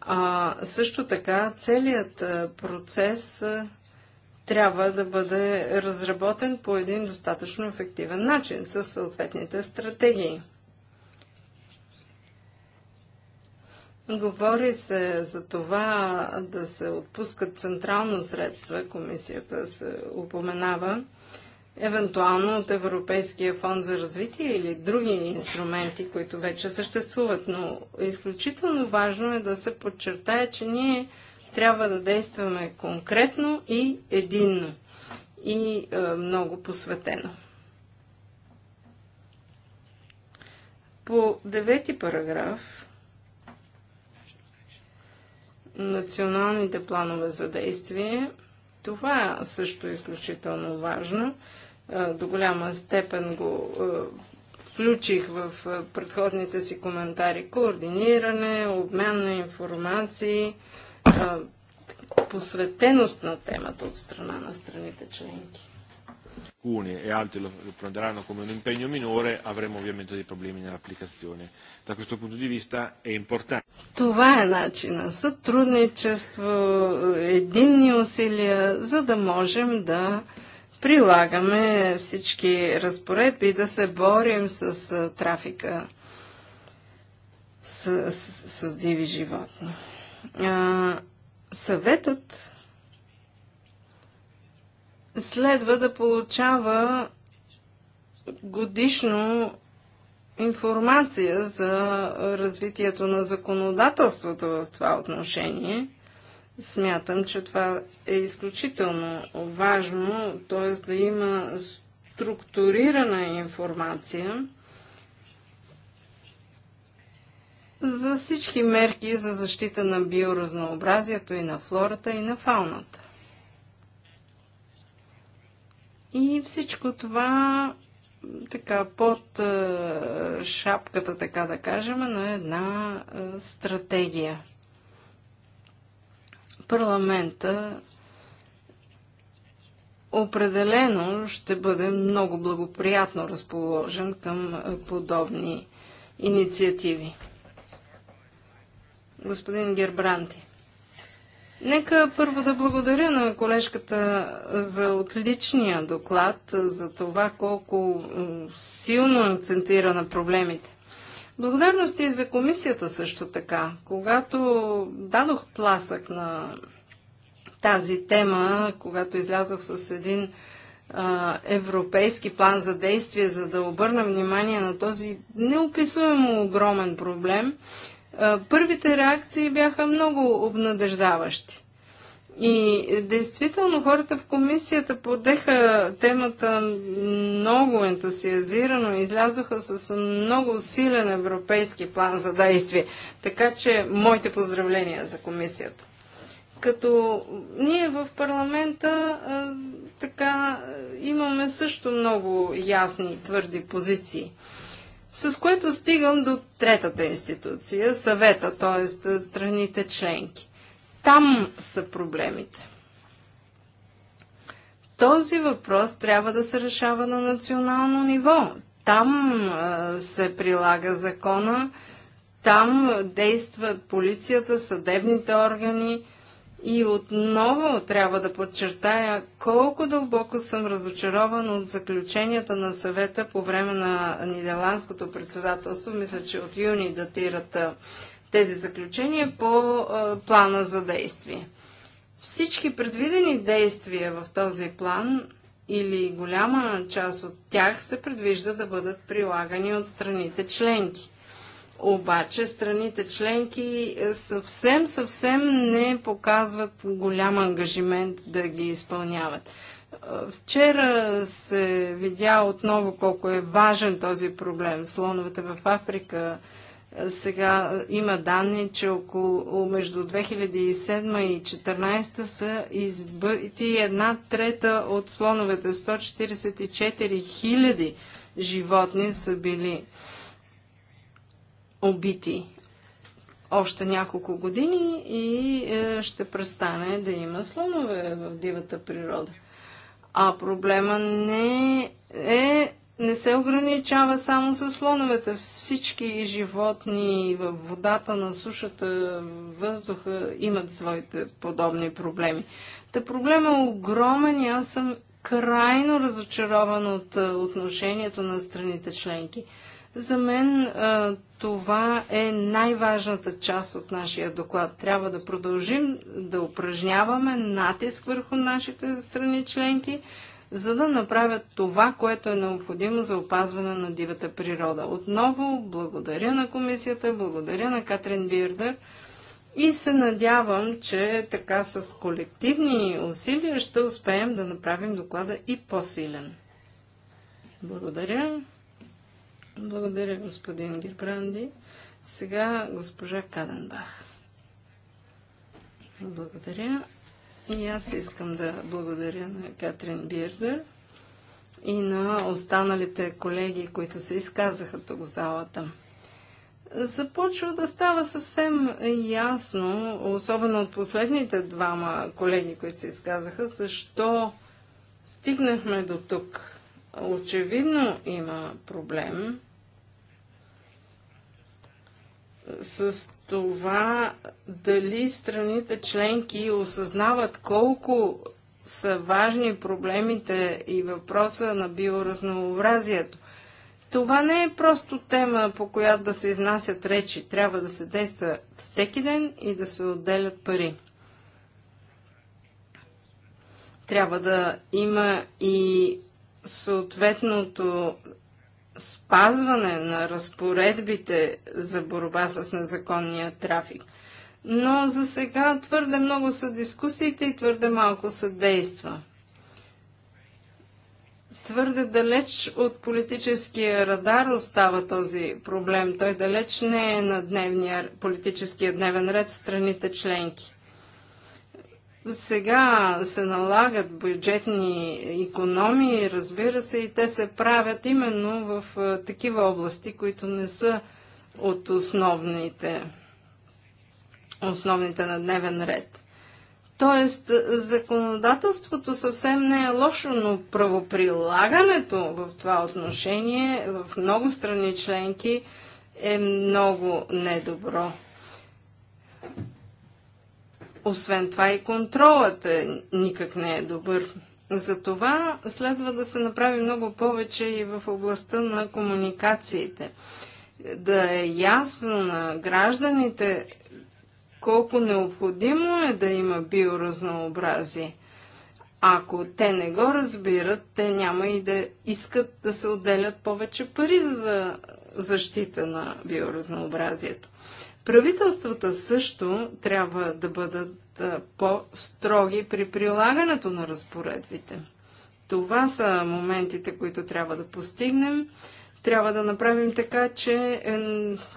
S3: А, също така, целият процес трябва да бъде разработен по един достатъчно ефективен начин, със съответните стратегии. Говори се за това да се отпускат централно средства, комисията се упоменава, евентуално от Европейския фонд за развитие или други инструменти, които вече съществуват. Но изключително важно е да се подчертая, че ние трябва да действаме конкретно и единно и е, много посветено. По девети параграф националните планове за действие. Това също е изключително важно. До голяма степен го включих в предходните си коментари. Координиране, обмен на информации, посветеност на темата от страна на страните членки
S1: alcuni e altri lo prenderanno come un impegno minore, avremo ovviamente dei problemi nell'applicazione. Da questo punto di vista è importante.
S3: Това е начина. Сътрудничество, единни усилия, за да можем да прилагаме всички разпоредби и да се борим с трафика с, с, с диви животни. А, съветът следва да получава годишно информация за развитието на законодателството в това отношение. Смятам, че това е изключително важно, т.е. да има структурирана информация за всички мерки за защита на биоразнообразието и на флората и на фауната. И всичко това така под шапката, така да кажем, на една стратегия. Парламента определено ще бъде много благоприятно разположен към подобни инициативи. Господин Гербранти. Нека първо да благодаря на колежката за отличния доклад, за това колко силно акцентира на проблемите. Благодарности и за комисията също така. Когато дадох тласък на тази тема, когато излязох с един а, европейски план за действие, за да обърна внимание на този неописуемо огромен проблем, Първите реакции бяха много обнадеждаващи. И действително хората в комисията подеха темата много ентусиазирано, излязоха с много силен европейски план за действие. Така че моите поздравления за комисията. Като ние в парламента така имаме също много ясни и твърди позиции. С което стигам до третата институция, съвета, т.е. страните членки. Там са проблемите. Този въпрос трябва да се решава на национално ниво. Там а, се прилага закона, там действат полицията, съдебните органи, и отново трябва да подчертая колко дълбоко съм разочарован от заключенията на съвета по време на нидерландското председателство. Мисля, че от юни датират тези заключения по а, плана за действие. Всички предвидени действия в този план или голяма част от тях се предвижда да бъдат прилагани от страните членки. Обаче страните членки е, съвсем, съвсем не показват голям ангажимент да ги изпълняват. Е, вчера се видя отново колко е важен този проблем. Слоновете в Африка е, сега има данни, че около между 2007 и 2014 са избити една трета от слоновете. 144 хиляди животни са били убити още няколко години и е, ще престане да има слонове в дивата природа. А проблема не е не се ограничава само с слоновете. Всички животни в водата, на сушата, въздуха имат своите подобни проблеми. Та проблема е огромен и аз съм крайно разочарован от е, отношението на страните членки. За мен това е най-важната част от нашия доклад. Трябва да продължим да упражняваме натиск върху нашите страни членки, за да направят това, което е необходимо за опазване на дивата природа. Отново благодаря на комисията, благодаря на Катрин Бирдър и се надявам, че така с колективни усилия ще успеем да направим доклада и по-силен. Благодаря. Благодаря, господин Гербранди. Сега госпожа Каденбах. Благодаря. И аз искам да благодаря на Катрин Бирдер и на останалите колеги, които се изказаха тук в залата. Започва да става съвсем ясно, особено от последните двама колеги, които се изказаха, защо стигнахме до тук. Очевидно има проблем с това дали страните членки осъзнават колко са важни проблемите и въпроса на биоразнообразието. Това не е просто тема, по която да се изнасят речи. Трябва да се действа всеки ден и да се отделят пари. Трябва да има и съответното спазване на разпоредбите за борба с незаконния трафик. Но за сега твърде много са дискусиите и твърде малко са действа. Твърде далеч от политическия радар остава този проблем. Той далеч не е на дневния, политическия дневен ред в страните членки. Сега се налагат бюджетни економии, разбира се, и те се правят именно в такива области, които не са от основните, основните на дневен ред. Тоест, законодателството съвсем не е лошо, но правоприлагането в това отношение в много страни членки е много недобро. Освен това и контролът е, никак не е добър. Затова следва да се направи много повече и в областта на комуникациите. Да е ясно на гражданите колко необходимо е да има биоразнообразие. Ако те не го разбират, те няма и да искат да се отделят повече пари за защита на биоразнообразието. Правителствата също трябва да бъдат по-строги при прилагането на разпоредбите. Това са моментите, които трябва да постигнем. Трябва да направим така, че е,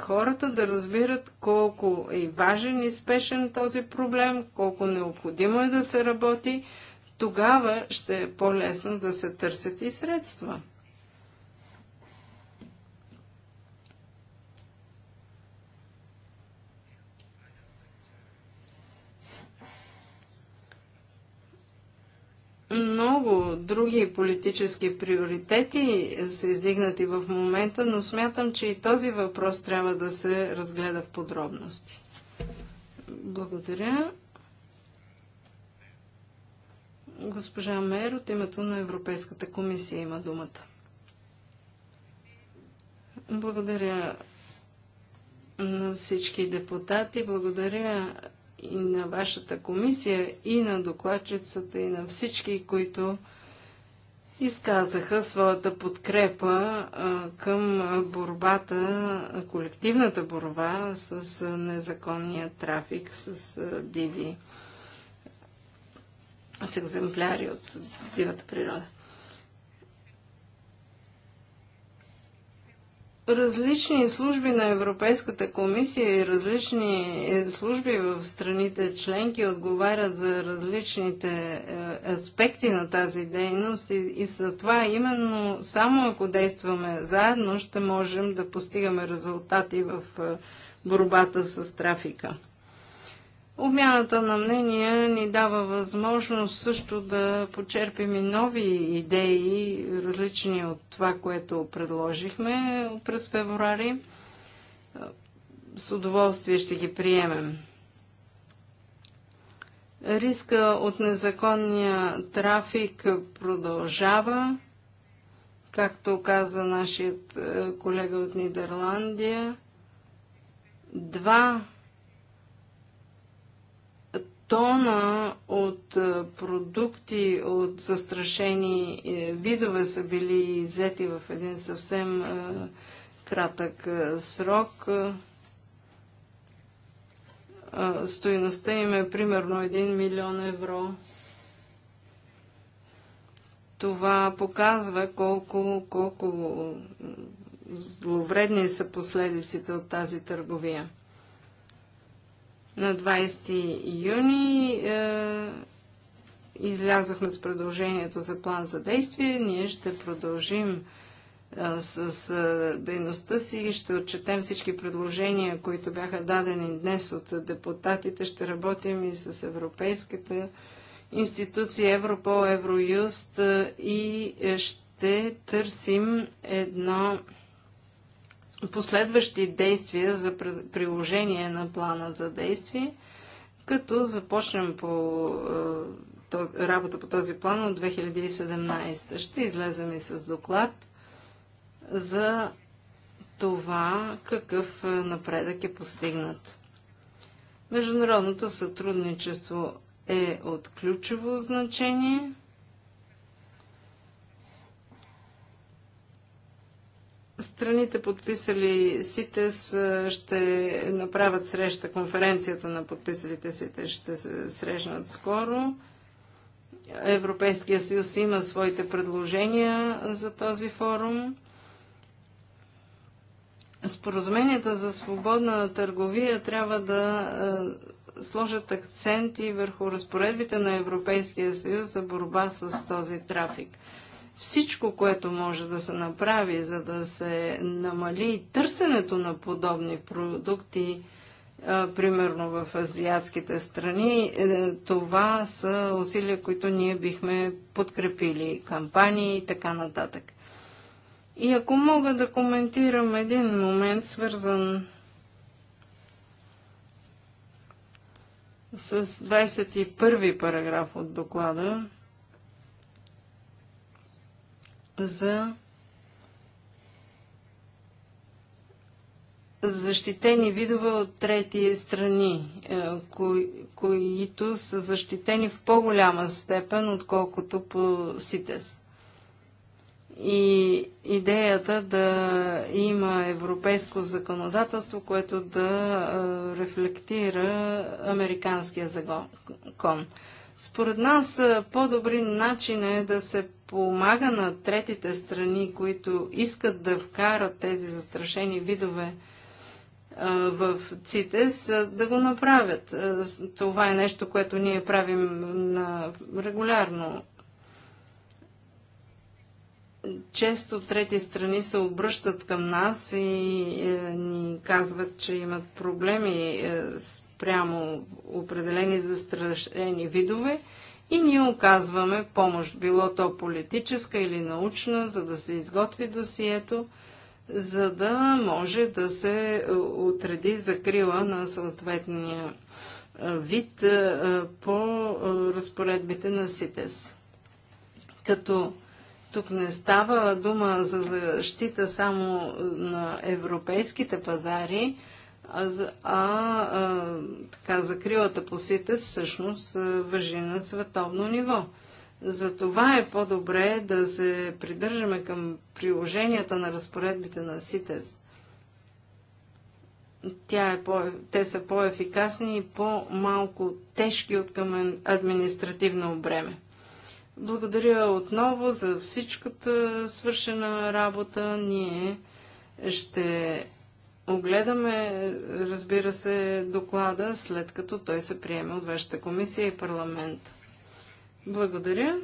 S3: хората да разбират колко е важен и спешен този проблем, колко необходимо е да се работи. Тогава ще е по-лесно да се търсят и средства. Много други политически приоритети са издигнати в момента, но смятам, че и този въпрос трябва да се разгледа в подробности. Благодаря. Госпожа Мер от името на Европейската комисия има думата. Благодаря на всички депутати. Благодаря и на вашата комисия, и на докладчицата, и на всички, които изказаха своята подкрепа а, към борбата, колективната борба с незаконния трафик с а, диви с екземпляри от дивата природа. различни служби на Европейската комисия и различни е, служби в страните членки отговарят за различните е, аспекти на тази дейност и, и за това именно само ако действаме заедно ще можем да постигаме резултати в е, борбата с трафика. Обмяната на мнения ни дава възможност също да почерпим и нови идеи, различни от това, което предложихме през февруари. С удоволствие ще ги приемем. Риска от незаконния трафик продължава. Както каза нашият е, колега от Нидерландия, два тона от е, продукти от застрашени е, видове са били иззети в един съвсем е, кратък срок. Стоиността им е примерно 1 милион евро. Това показва колко, колко зловредни са последиците от тази търговия. На 20 юни е, излязохме с предложението за план за действие. Ние ще продължим е, с е, дейността си и ще отчетем всички предложения, които бяха дадени днес от депутатите. Ще работим и с Европейската институция Европол, Евроюст е, и е, ще търсим едно последващи действия за приложение на плана за действие, като започнем по е, работа по този план от 2017. Ще излезем и с доклад за това какъв е, напредък е постигнат. Международното сътрудничество е от ключово значение Страните подписали СИТЕС ще направят среща, конференцията на подписалите СИТЕС ще се срещнат скоро. Европейския съюз има своите предложения за този форум. Споразуменията за свободна търговия трябва да сложат акценти върху разпоредбите на Европейския съюз за борба с този трафик. Всичко, което може да се направи, за да се намали търсенето на подобни продукти, примерно в азиатските страни, е, това са усилия, които ние бихме подкрепили, кампании и така нататък. И ако мога да коментирам един момент, свързан с 21 параграф от доклада, за защитени видове от трети страни, е, кои, които са защитени в по-голяма степен, отколкото по СИТЕС. И идеята да има европейско законодателство, което да е, рефлектира американския закон. Според нас е, по-добри начин е да се помага на третите страни, които искат да вкарат тези застрашени видове е, в ЦИТЕС, е, да го направят. Това е нещо, което ние правим на регулярно. Често трети страни се обръщат към нас и ни казват, че имат проблеми с спрямо определени застрашени видове и ние оказваме помощ, било то политическа или научна, за да се изготви досието, за да може да се е, отреди закрила на съответния е, вид е, по разпоредбите на СИТЕС. Като тук не става дума за защита само на европейските пазари, а, а така, закрилата по сите всъщност въжи на световно ниво. Затова е по-добре да се придържаме към приложенията на разпоредбите на СИТЕС. Тя е по, те са по-ефикасни и по-малко тежки от към административно бреме. Благодаря отново за всичката свършена работа. Ние ще огледаме, разбира се, доклада, след като той се приеме от вашата комисия и парламент. Благодаря.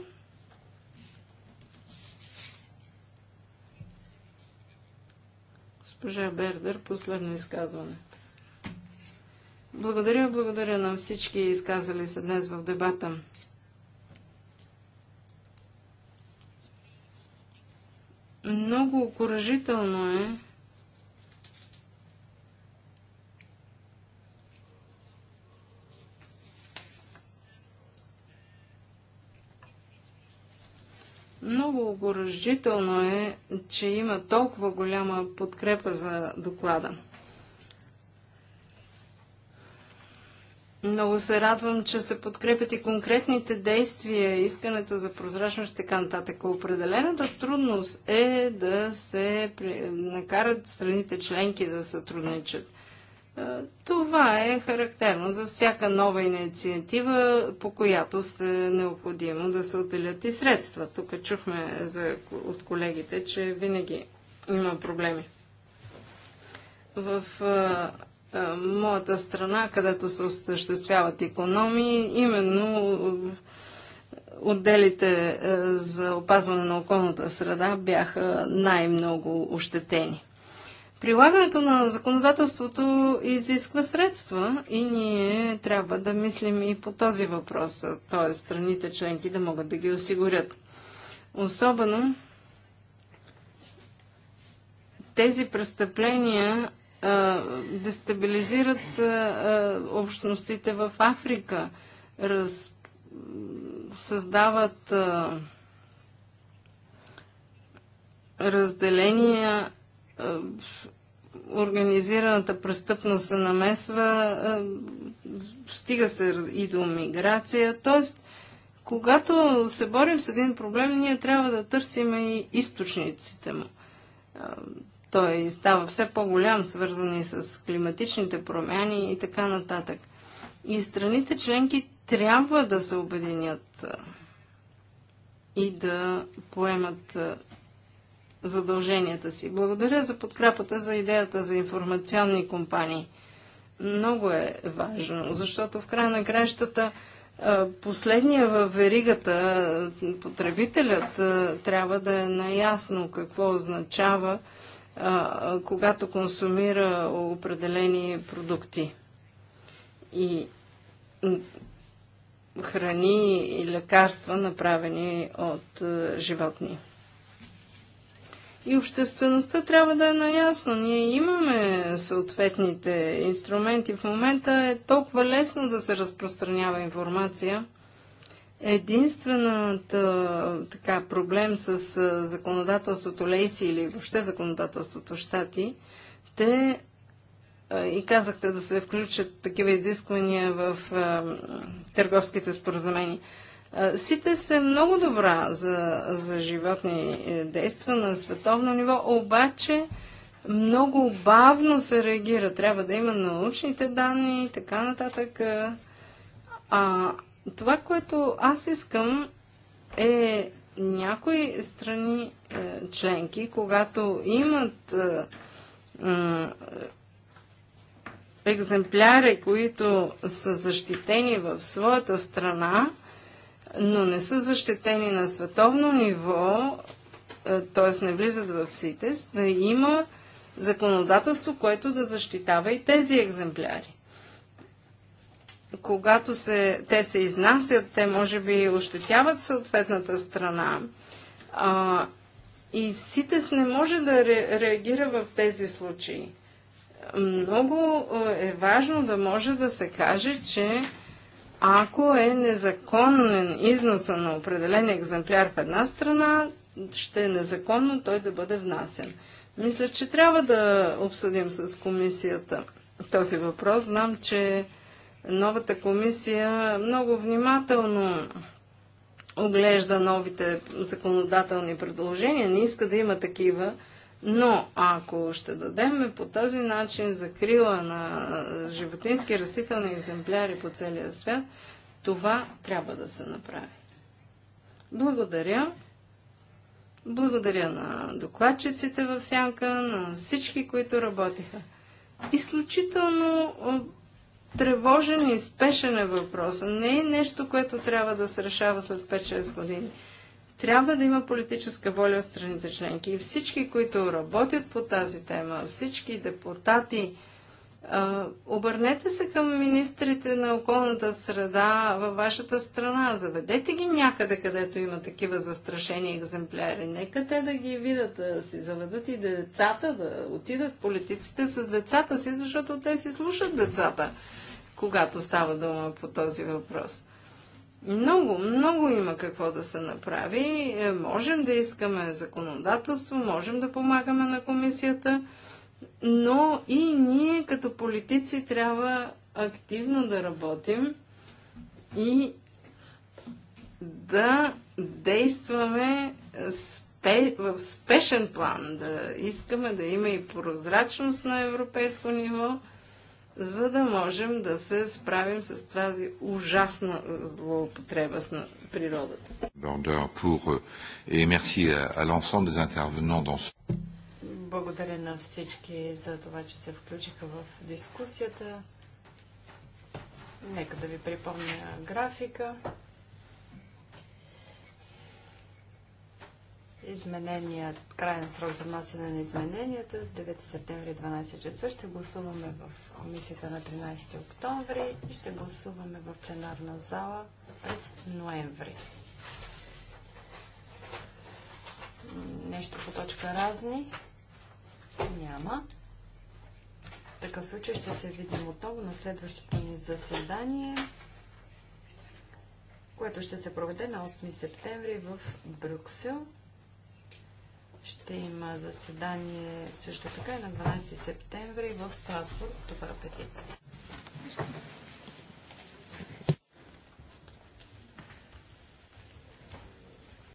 S3: Госпожа Бердер, последно изказване. Благодаря, благодаря на всички изказали се днес в дебата. Много окоръжително е, Много огоръжително е, че има толкова голяма подкрепа за доклада. Много се радвам, че се подкрепят и конкретните действия, искането за прозрачност и така нататък. Определената трудност е да се накарат страните членки да сътрудничат. Е, това е характерно за всяка нова инициатива, по която е необходимо да се отделят и средства. Тук чухме за, от колегите, че винаги има проблеми. В а, е, а, е, моята страна, където се осъществяват економии, именно отделите а, за опазване на околната среда бяха най-много ощетени. Прилагането на законодателството изисква средства и ние трябва да мислим и по този въпрос, т.е. страните членки да могат да ги осигурят. Особено тези престъпления а, дестабилизират а, общностите в Африка, раз, създават разделения е, организираната престъпност се намесва, е, стига се и до миграция. Тоест, когато се борим с един проблем, ние трябва да търсим и източниците му. Е, той става все по-голям, свързан и с климатичните промяни и така нататък. И страните членки трябва да се обединят и да поемат задълженията си. Благодаря за подкрепата за идеята за информационни компании. Много е важно, защото в края на кращата последния във веригата, потребителят трябва да е наясно какво означава, когато консумира определени продукти. И храни и лекарства, направени от животни. И обществеността трябва да е наясно. Ние имаме съответните инструменти. В момента е толкова лесно да се разпространява информация. Единствената така, проблем с законодателството Лейси или въобще законодателството Штати, те и казахте да се включат такива изисквания в търговските споразумения. Сите се много добра за, за животни е, действа на световно ниво, обаче много бавно се реагира. Трябва да има научните данни и така нататък. А това, което аз искам е някои страни е, членки, когато имат е, екземпляри, които са защитени в своята страна, но не са защитени на световно ниво, е, т.е. не влизат в СИТЕС, да има законодателство, което да защитава и тези екземпляри. Когато се, те се изнасят, те може би ощетяват съответната страна. А, и СИТЕС не може да ре, реагира в тези случаи. Много е, е важно да може да се каже, че ако е незаконен износа на определен екземпляр в една страна, ще е незаконно той да бъде внасен. Мисля, че трябва да обсъдим с комисията този въпрос. Знам, че новата комисия много внимателно оглежда новите законодателни предложения, не иска да има такива но ако ще дадем по този начин закрила на животински растителни екземпляри по целия свят, това трябва да се направи. Благодаря. Благодаря на докладчиците в сянка, на всички, които работиха. Изключително тревожен и спешен е въпрос. Не е нещо, което трябва да се решава след 5-6 години. Трябва да има политическа воля от страните членки. И всички, които работят по тази тема, всички депутати, обърнете се към министрите на околната среда във вашата страна. Заведете ги някъде, където има такива застрашени екземпляри. Нека те да ги видят, да си заведат и децата, да отидат политиците с децата си, защото те си слушат децата, когато става дума по този въпрос. Много, много има какво да се направи. Е, можем да искаме законодателство, можем да помагаме на комисията, но и ние като политици трябва активно да работим и да действаме в спешен план, да искаме да има и прозрачност на европейско ниво – за да можем да се справим с тази ужасна злоупотреба с природата.
S1: Euh,
S4: Благодаря на всички за това, че се включиха в дискусията. Нека да ви припомня графика. Изменения, крайен срок за внасяне на измененията 9 септември 12 часа. Ще гласуваме в комисията на 13 октомври и ще гласуваме в пленарна зала през ноември. Нещо по точка разни? Няма. В такъв случай ще се видим отново на следващото ни заседание което ще се проведе на 8 септември в Брюксел. Ще има заседание също така и на 12 септември в Страсбург. Добър апетит!